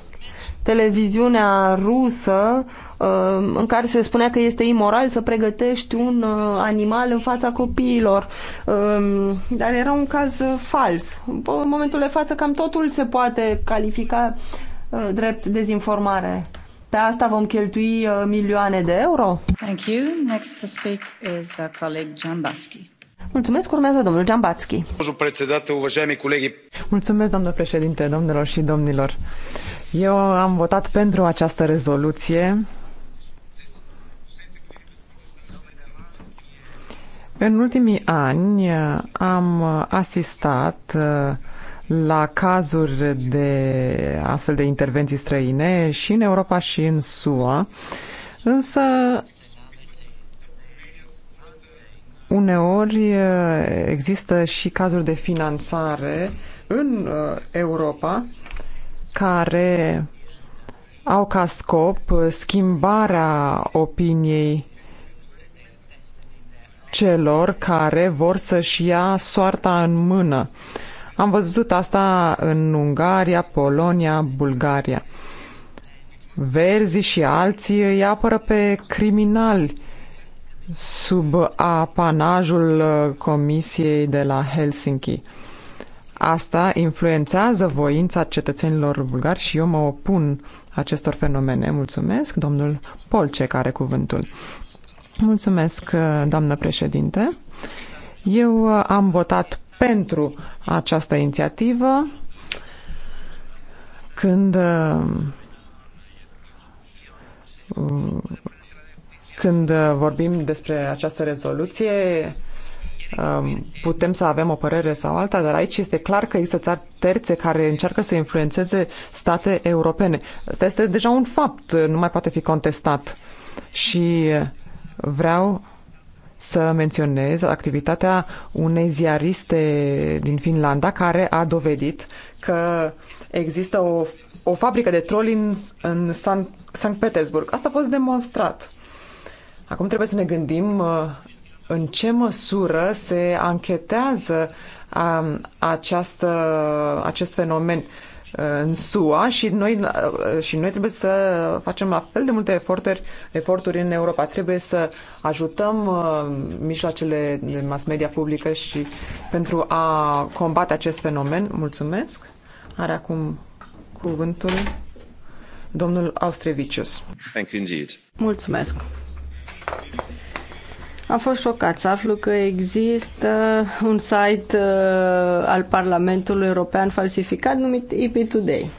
televiziunea rusă uh, Uh, în care se spunea că este imoral să pregătești un uh, animal în fața copiilor. Um, dar era un caz uh, fals. În momentul de față cam totul se poate califica drept dezinformare. Pe asta vom cheltui milioane de euro? Thank you. Next to speak is our colleague John Basky. Mulțumesc, urmează domnul Giambatski. Mulțumesc, domnul președinte, domnilor și domnilor. Eu am votat pentru această rezoluție În ultimii ani uh, am uh, asistat uh, la cazuri de astfel de intervenții străine și în Europa și în SUA, însă uneori există și cazuri de finanțare în Europa care au ca scop schimbarea opiniei celor care vor să-și ia soarta în mână. Am văzut asta în Ungaria, Polonia, Bulgaria. Verzi și alții îi apără pe criminali sub apanajul uh, Comisiei de la Helsinki. Asta influențează voința cetățenilor bulgari și eu mă opun acestor fenomene. Mulțumesc, domnul Polce, care cuvântul. Mulțumesc, uh, doamnă președinte. Eu uh, am votat pentru această inițiativă când uh, când vorbim despre această rezoluție um, putem să avem o părere sau alta, dar aici este clar că există țări terțe care încearcă să influențeze state europene. Asta este deja un fapt, nu mai poate fi contestat. Și vreau să menționez activitatea unei ziariste din Finlanda care a dovedit că există o, o fabrică de troli în, în San, Sankt Petersburg. Asta a fost demonstrat. Acum trebuie să ne gândim uh, în ce măsură se anchetează um, această, acest fenomen în SUA și noi, și noi trebuie să facem la fel de multe eforturi, eforturi în Europa. Trebuie să ajutăm uh, mijloacele de mass media publică și pentru a combate acest fenomen. Mulțumesc. Are acum cuvântul domnul Austrevicius. Mulțumesc. Am fost șocat să aflu că există un site uh, al Parlamentului European falsificat numit EP Today.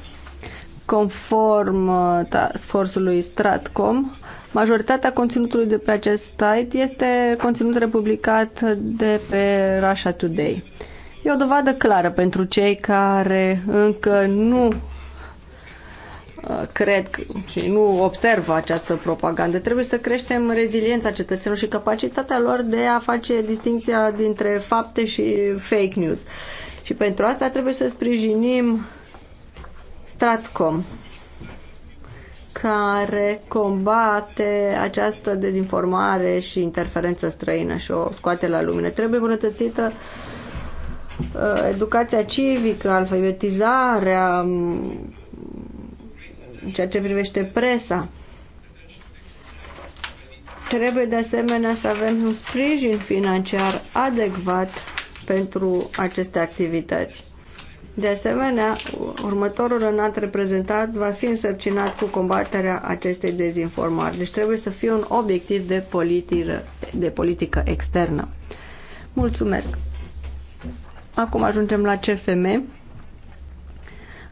Conform uh, task Stratcom, majoritatea conținutului de pe acest site este conținut republicat de pe Russia Today. E o dovadă clară pentru cei care încă nu Uh, cred și nu observă această propagandă. Trebuie să creștem reziliența cetățenilor și capacitatea lor de a face distinția dintre fapte și fake news. Și pentru asta trebuie să sprijinim Stratcom, care combate această dezinformare și interferență străină și o scoate la lumină. Trebuie îmbunătățită uh, educația civică, alfabetizarea, în ceea ce privește presa. Trebuie de asemenea să avem un sprijin financiar adecvat pentru aceste activități. De asemenea, următorul înalt reprezentat va fi însărcinat cu combaterea acestei dezinformări. Deci trebuie să fie un obiectiv de politică, de politică externă. Mulțumesc! Acum ajungem la CFM.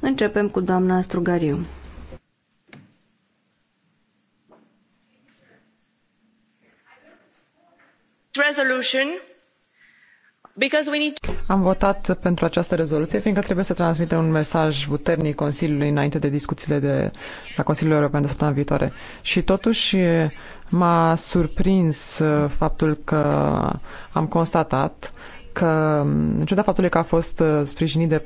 Începem cu doamna Strugariu. Am votat pentru această rezoluție, fiindcă trebuie să transmitem un mesaj puternic Consiliului înainte de discuțiile de la Consiliul European de săptămâna viitoare. Și totuși m-a surprins uh, faptul că am constatat că, um, în ciuda faptului că a fost uh, sprijinit de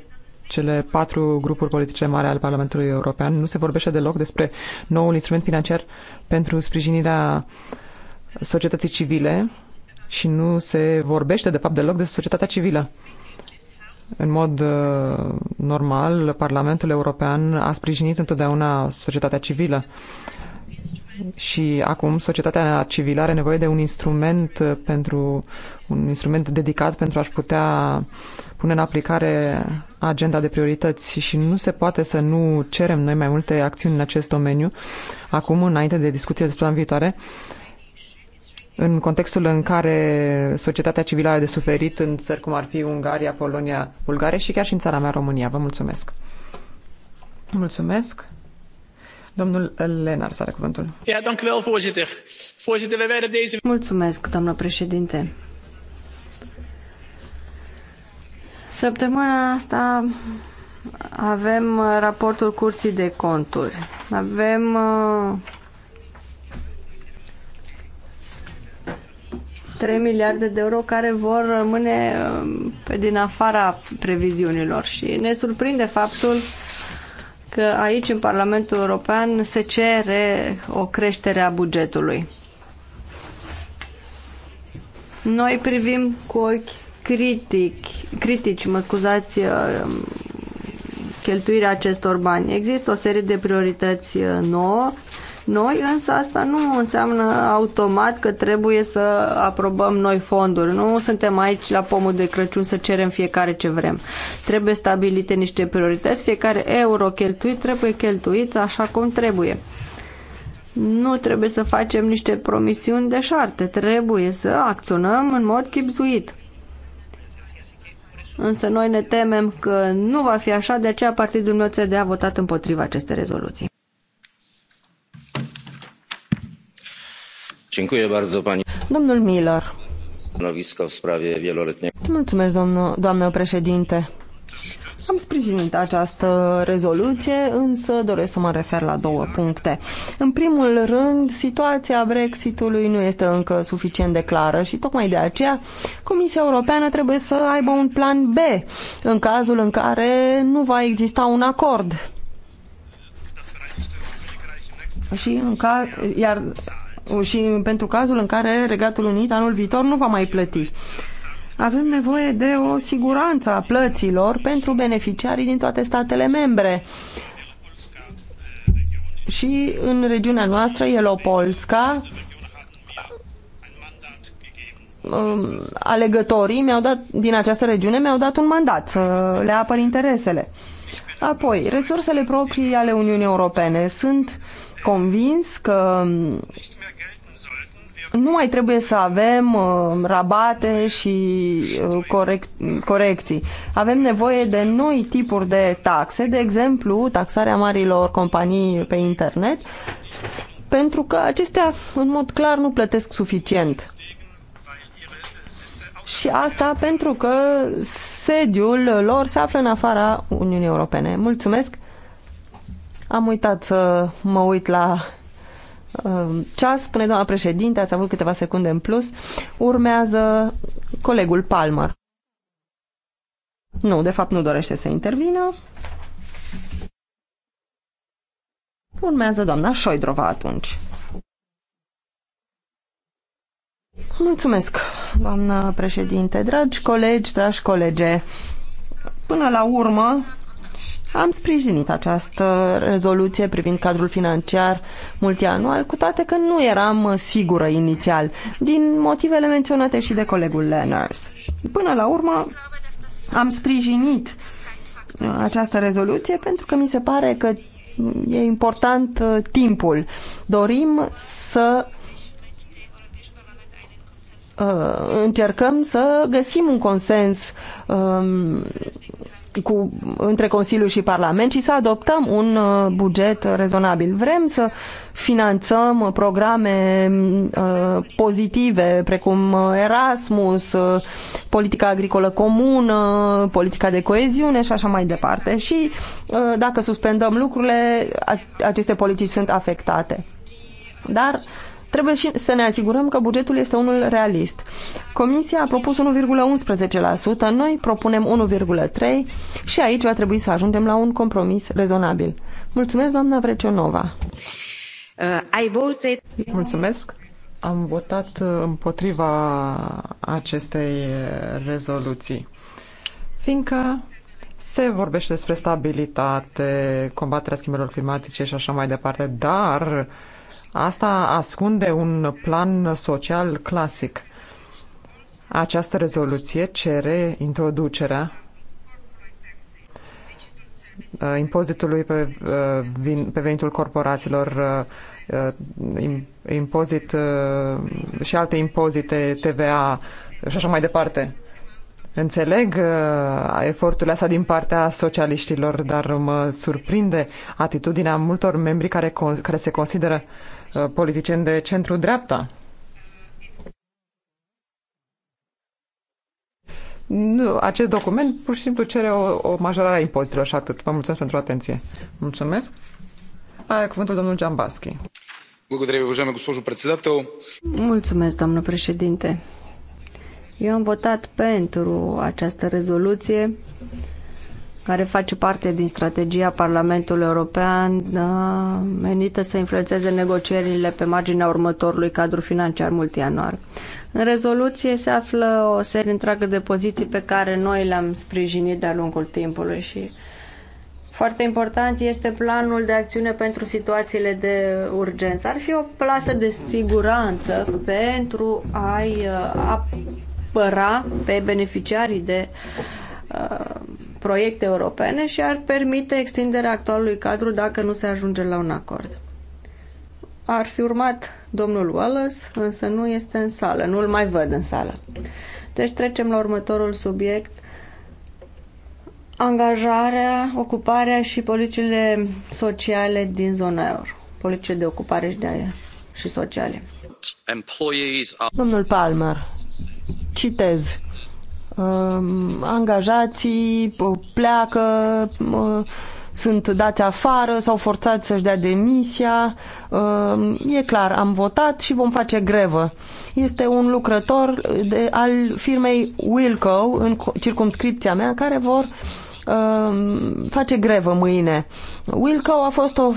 cele patru grupuri politice mari ale Parlamentului European, nu se vorbește deloc despre noul instrument financiar pentru sprijinirea societății civile, și nu se vorbește, de fapt, deloc de societatea civilă. În mod uh, normal, Parlamentul European a sprijinit întotdeauna societatea civilă și acum societatea civilă are nevoie de un instrument uh, pentru un instrument dedicat pentru a-și putea pune în aplicare agenda de priorități și nu se poate să nu cerem noi mai multe acțiuni în acest domeniu acum înainte de discuție despre an viitoare în contextul în care societatea civilă are de suferit în țări cum ar fi Ungaria, Polonia, Bulgaria și chiar și în țara mea, România. Vă mulțumesc! Mulțumesc! Domnul Lenar are cuvântul. Mulțumesc, doamnă președinte. Săptămâna asta avem uh, raportul Curții de Conturi. Avem uh, 3 miliarde de euro care vor rămâne um, pe din afara previziunilor și ne surprinde faptul că aici, în Parlamentul European, se cere o creștere a bugetului. Noi privim cu ochi critic, critici, mă scuzați, um, cheltuirea acestor bani. Există o serie de priorități uh, nouă noi, însă asta nu înseamnă automat că trebuie să aprobăm noi fonduri. Nu suntem aici la pomul de Crăciun să cerem fiecare ce vrem. Trebuie stabilite niște priorități, fiecare euro cheltuit trebuie cheltuit așa cum trebuie. Nu trebuie să facem niște promisiuni de șarte, trebuie să acționăm în mod chipzuit. Însă noi ne temem că nu va fi așa, de aceea partidul meu ți-a votat împotriva acestei rezoluții. Domnul Miller. Mulțumesc, domnul, doamnă președinte. Am sprijinit această rezoluție, însă doresc să mă refer la două puncte. În primul rând, situația Brexitului nu este încă suficient de clară și tocmai de aceea Comisia Europeană trebuie să aibă un plan B în cazul în care nu va exista un acord. Și în ca... iar și pentru cazul în care Regatul Unit anul viitor nu va mai plăti. Avem nevoie de o siguranță a plăților pentru beneficiarii din toate statele membre. Și în regiunea noastră, Elopolska, um, alegătorii mi-au dat, din această regiune mi-au dat un mandat să le apăr interesele. Apoi, resursele proprii ale Uniunii Europene. Sunt convins că nu mai trebuie să avem uh, rabate și uh, corec- corecții. Avem nevoie de noi tipuri de taxe, de exemplu, taxarea marilor companii pe internet, pentru că acestea, în mod clar, nu plătesc suficient. Și asta pentru că sediul lor se află în afara Uniunii Europene. Mulțumesc! Am uitat să mă uit la Um, ceas. Spune doamna președinte, ați avut câteva secunde în plus. Urmează colegul Palmer. Nu, de fapt nu dorește să intervină. Urmează doamna Șoidrova atunci. Mulțumesc, doamna președinte, dragi colegi, dragi colege. Până la urmă, am sprijinit această rezoluție privind cadrul financiar multianual, cu toate că nu eram sigură inițial, din motivele menționate și de colegul Lenners. Până la urmă, am sprijinit uh, această rezoluție pentru că mi se pare că e important uh, timpul. Dorim să uh, încercăm să găsim un consens um, cu, între Consiliu și Parlament, și să adoptăm un uh, buget rezonabil. Vrem să finanțăm programe uh, pozitive, precum uh, Erasmus, politica agricolă comună, politica de coeziune și așa mai departe. Și dacă suspendăm lucrurile, aceste politici sunt afectate. Dar uh, Trebuie și să ne asigurăm că bugetul este unul realist. Comisia a propus 1,11%, noi propunem 1,3% și aici va trebui să ajungem la un compromis rezonabil. Mulțumesc, doamna Vrecionova. Uh, voted... Mulțumesc. Am votat uh, împotriva acestei uh, rezoluții, fiindcă se vorbește despre stabilitate, combaterea schimbărilor climatice și așa mai departe, dar uh, Asta ascunde un plan social clasic. Această rezoluție cere introducerea uh, impozitului pe, uh, pe venitul corporațiilor, uh, impozit și alte impozite, TVA și așa mai departe. Înțeleg eforturile astea din partea socialiștilor, dar mă surprinde atitudinea multor membri care, care se consideră uh, Uh, politicieni de centru-dreapta. Nu, acest document pur și simplu cere o, o majorare a impozitelor și atât. Vă mulțumesc pentru atenție. Mulțumesc. Aia cuvântul domnul Giambaschi. Mulțumesc, domnul președinte. Eu am votat pentru această rezoluție care face parte din strategia Parlamentului European uh, menită să influențeze negocierile pe marginea următorului cadru financiar multianual. În rezoluție se află o serie întreagă de poziții pe care noi le-am sprijinit de-a lungul timpului și foarte important este planul de acțiune pentru situațiile de urgență. Ar fi o plasă de siguranță pentru a-i uh, apăra pe beneficiarii de uh, proiecte europene și ar permite extinderea actualului cadru dacă nu se ajunge la un acord. Ar fi urmat domnul Wallace, însă nu este în sală, nu-l mai văd în sală. Deci trecem la următorul subiect, angajarea, ocuparea și politicile sociale din zona euro, politicile de ocupare și, de aia și sociale. Domnul Palmer, citez Um, angajații uh, pleacă, uh, sunt dați afară sau forțați să-și dea demisia. Um, e clar, am votat și vom face grevă. Este un lucrător de, al firmei Wilco în circumscripția mea care vor um, face grevă mâine. Wilco a fost o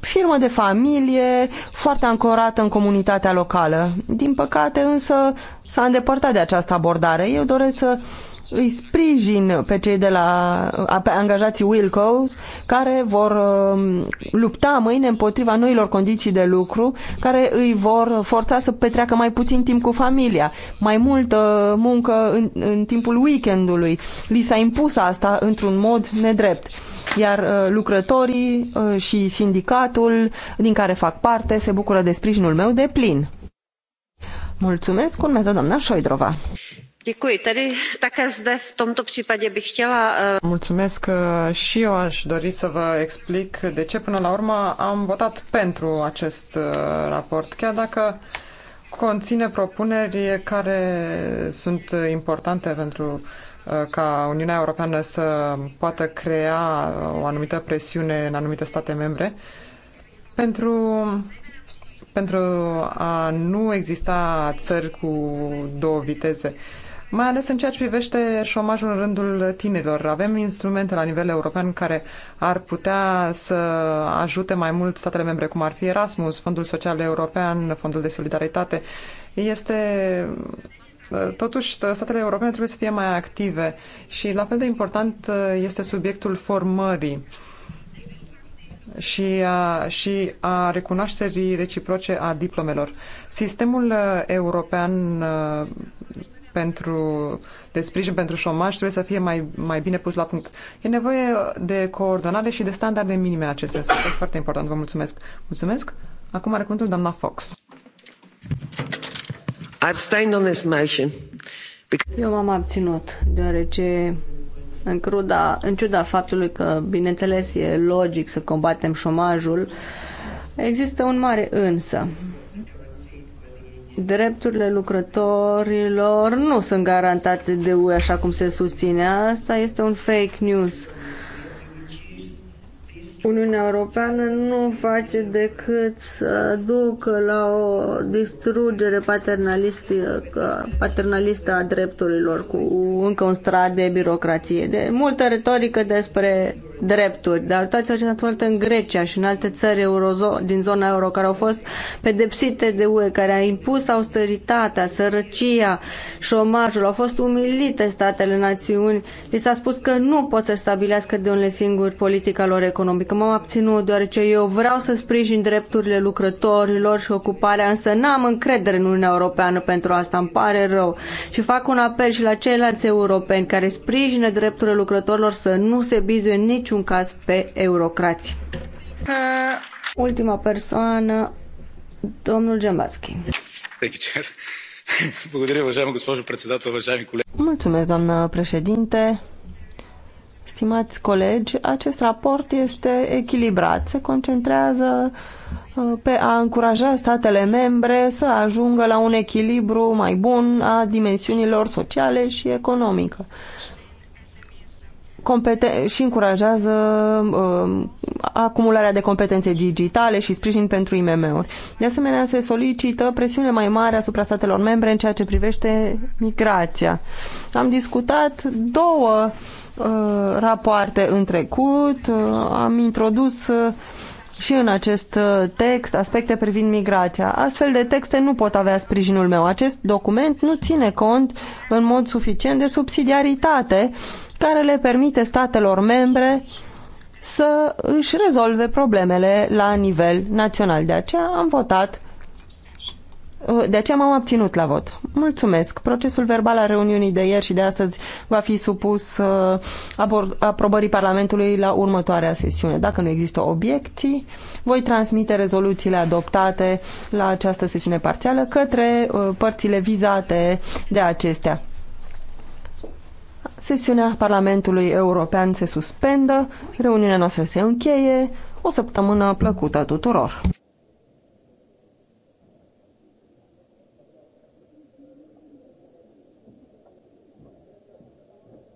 firmă de familie, foarte ancorată în comunitatea locală. Din păcate însă s-a îndepărtat de această abordare. Eu doresc să îi sprijin pe cei de la pe angajații Wilco's care vor um, lupta mâine împotriva noilor condiții de lucru care îi vor forța să petreacă mai puțin timp cu familia, mai multă muncă în, în timpul weekendului. Li s-a impus asta într-un mod nedrept. Iar uh, lucrătorii uh, și sindicatul din care fac parte se bucură de sprijinul meu de plin. Mulțumesc, urmează doamna Șoidrova. Eh, Mulțumesc eh, și eu aș dori să vă explic de ce până la urmă am votat pentru acest eh, raport, chiar dacă conține propuneri care sunt importante pentru ca Uniunea Europeană să poată crea o anumită presiune în anumite state membre pentru pentru a nu exista țări cu două viteze mai ales în ceea ce privește șomajul în rândul tinerilor. Avem instrumente la nivel european care ar putea să ajute mai mult statele membre, cum ar fi Erasmus, Fondul Social European, Fondul de Solidaritate. Este Totuși, statele europene trebuie să fie mai active și la fel de important este subiectul formării și a, și a recunoașterii reciproce a diplomelor. Sistemul uh, european uh, pentru, de sprijin pentru șomaj trebuie să fie mai, mai bine pus la punct. E nevoie de coordonare și de standarde minime în acest sens. Este foarte important. Vă mulțumesc. Mulțumesc. Acum are cuvântul doamna Fox. I've on this motion. Because... Eu m-am abținut, deoarece în, cruda, în ciuda faptului că, bineînțeles, e logic să combatem șomajul, există un mare însă. Drepturile lucrătorilor nu sunt garantate de UE așa cum se susține. Asta este un fake news Uniunea Europeană nu face decât să ducă la o distrugere paternalistă, paternalistă a drepturilor cu încă un strat de birocrație. De multă retorică despre drepturi, dar uitați acestea ce s-a întâmplat în Grecia și în alte țări eurozo- din zona euro care au fost pedepsite de UE, care a impus austeritatea, sărăcia, șomajul, au fost umilite statele națiuni. Li s-a spus că nu pot să stabilească de unele singuri politica lor economică m-am abținut, deoarece eu vreau să sprijin drepturile lucrătorilor și ocuparea, însă n-am încredere în Uniunea Europeană pentru asta, îmi pare rău. Și fac un apel și la ceilalți europeni care sprijină drepturile lucrătorilor să nu se bizuie în niciun caz pe eurocrați. Ultima persoană, domnul Gembatski. Mulțumesc, doamnă președinte stimați colegi, acest raport este echilibrat. Se concentrează uh, pe a încuraja statele membre să ajungă la un echilibru mai bun a dimensiunilor sociale și economică. Compete și încurajează uh, acumularea de competențe digitale și sprijin pentru IMM-uri. De asemenea, se solicită presiune mai mare asupra statelor membre în ceea ce privește migrația. Am discutat două uh, Uh, rapoarte în trecut, uh, am introdus uh, și în acest text aspecte privind migrația. Astfel de texte nu pot avea sprijinul meu. Acest document nu ține cont în mod suficient de subsidiaritate care le permite statelor membre să își rezolve problemele la nivel național. De aceea am votat Uh, de aceea m-am abținut la vot. Mulțumesc. Procesul verbal al reuniunii de ieri și de astăzi va fi supus uh, aprobării Parlamentului la următoarea sesiune. Dacă nu există obiecții, voi transmite rezoluțiile adoptate la această sesiune parțială către uh, părțile vizate de acestea. Sesiunea Parlamentului European se suspendă, reuniunea noastră se încheie. O săptămână plăcută tuturor!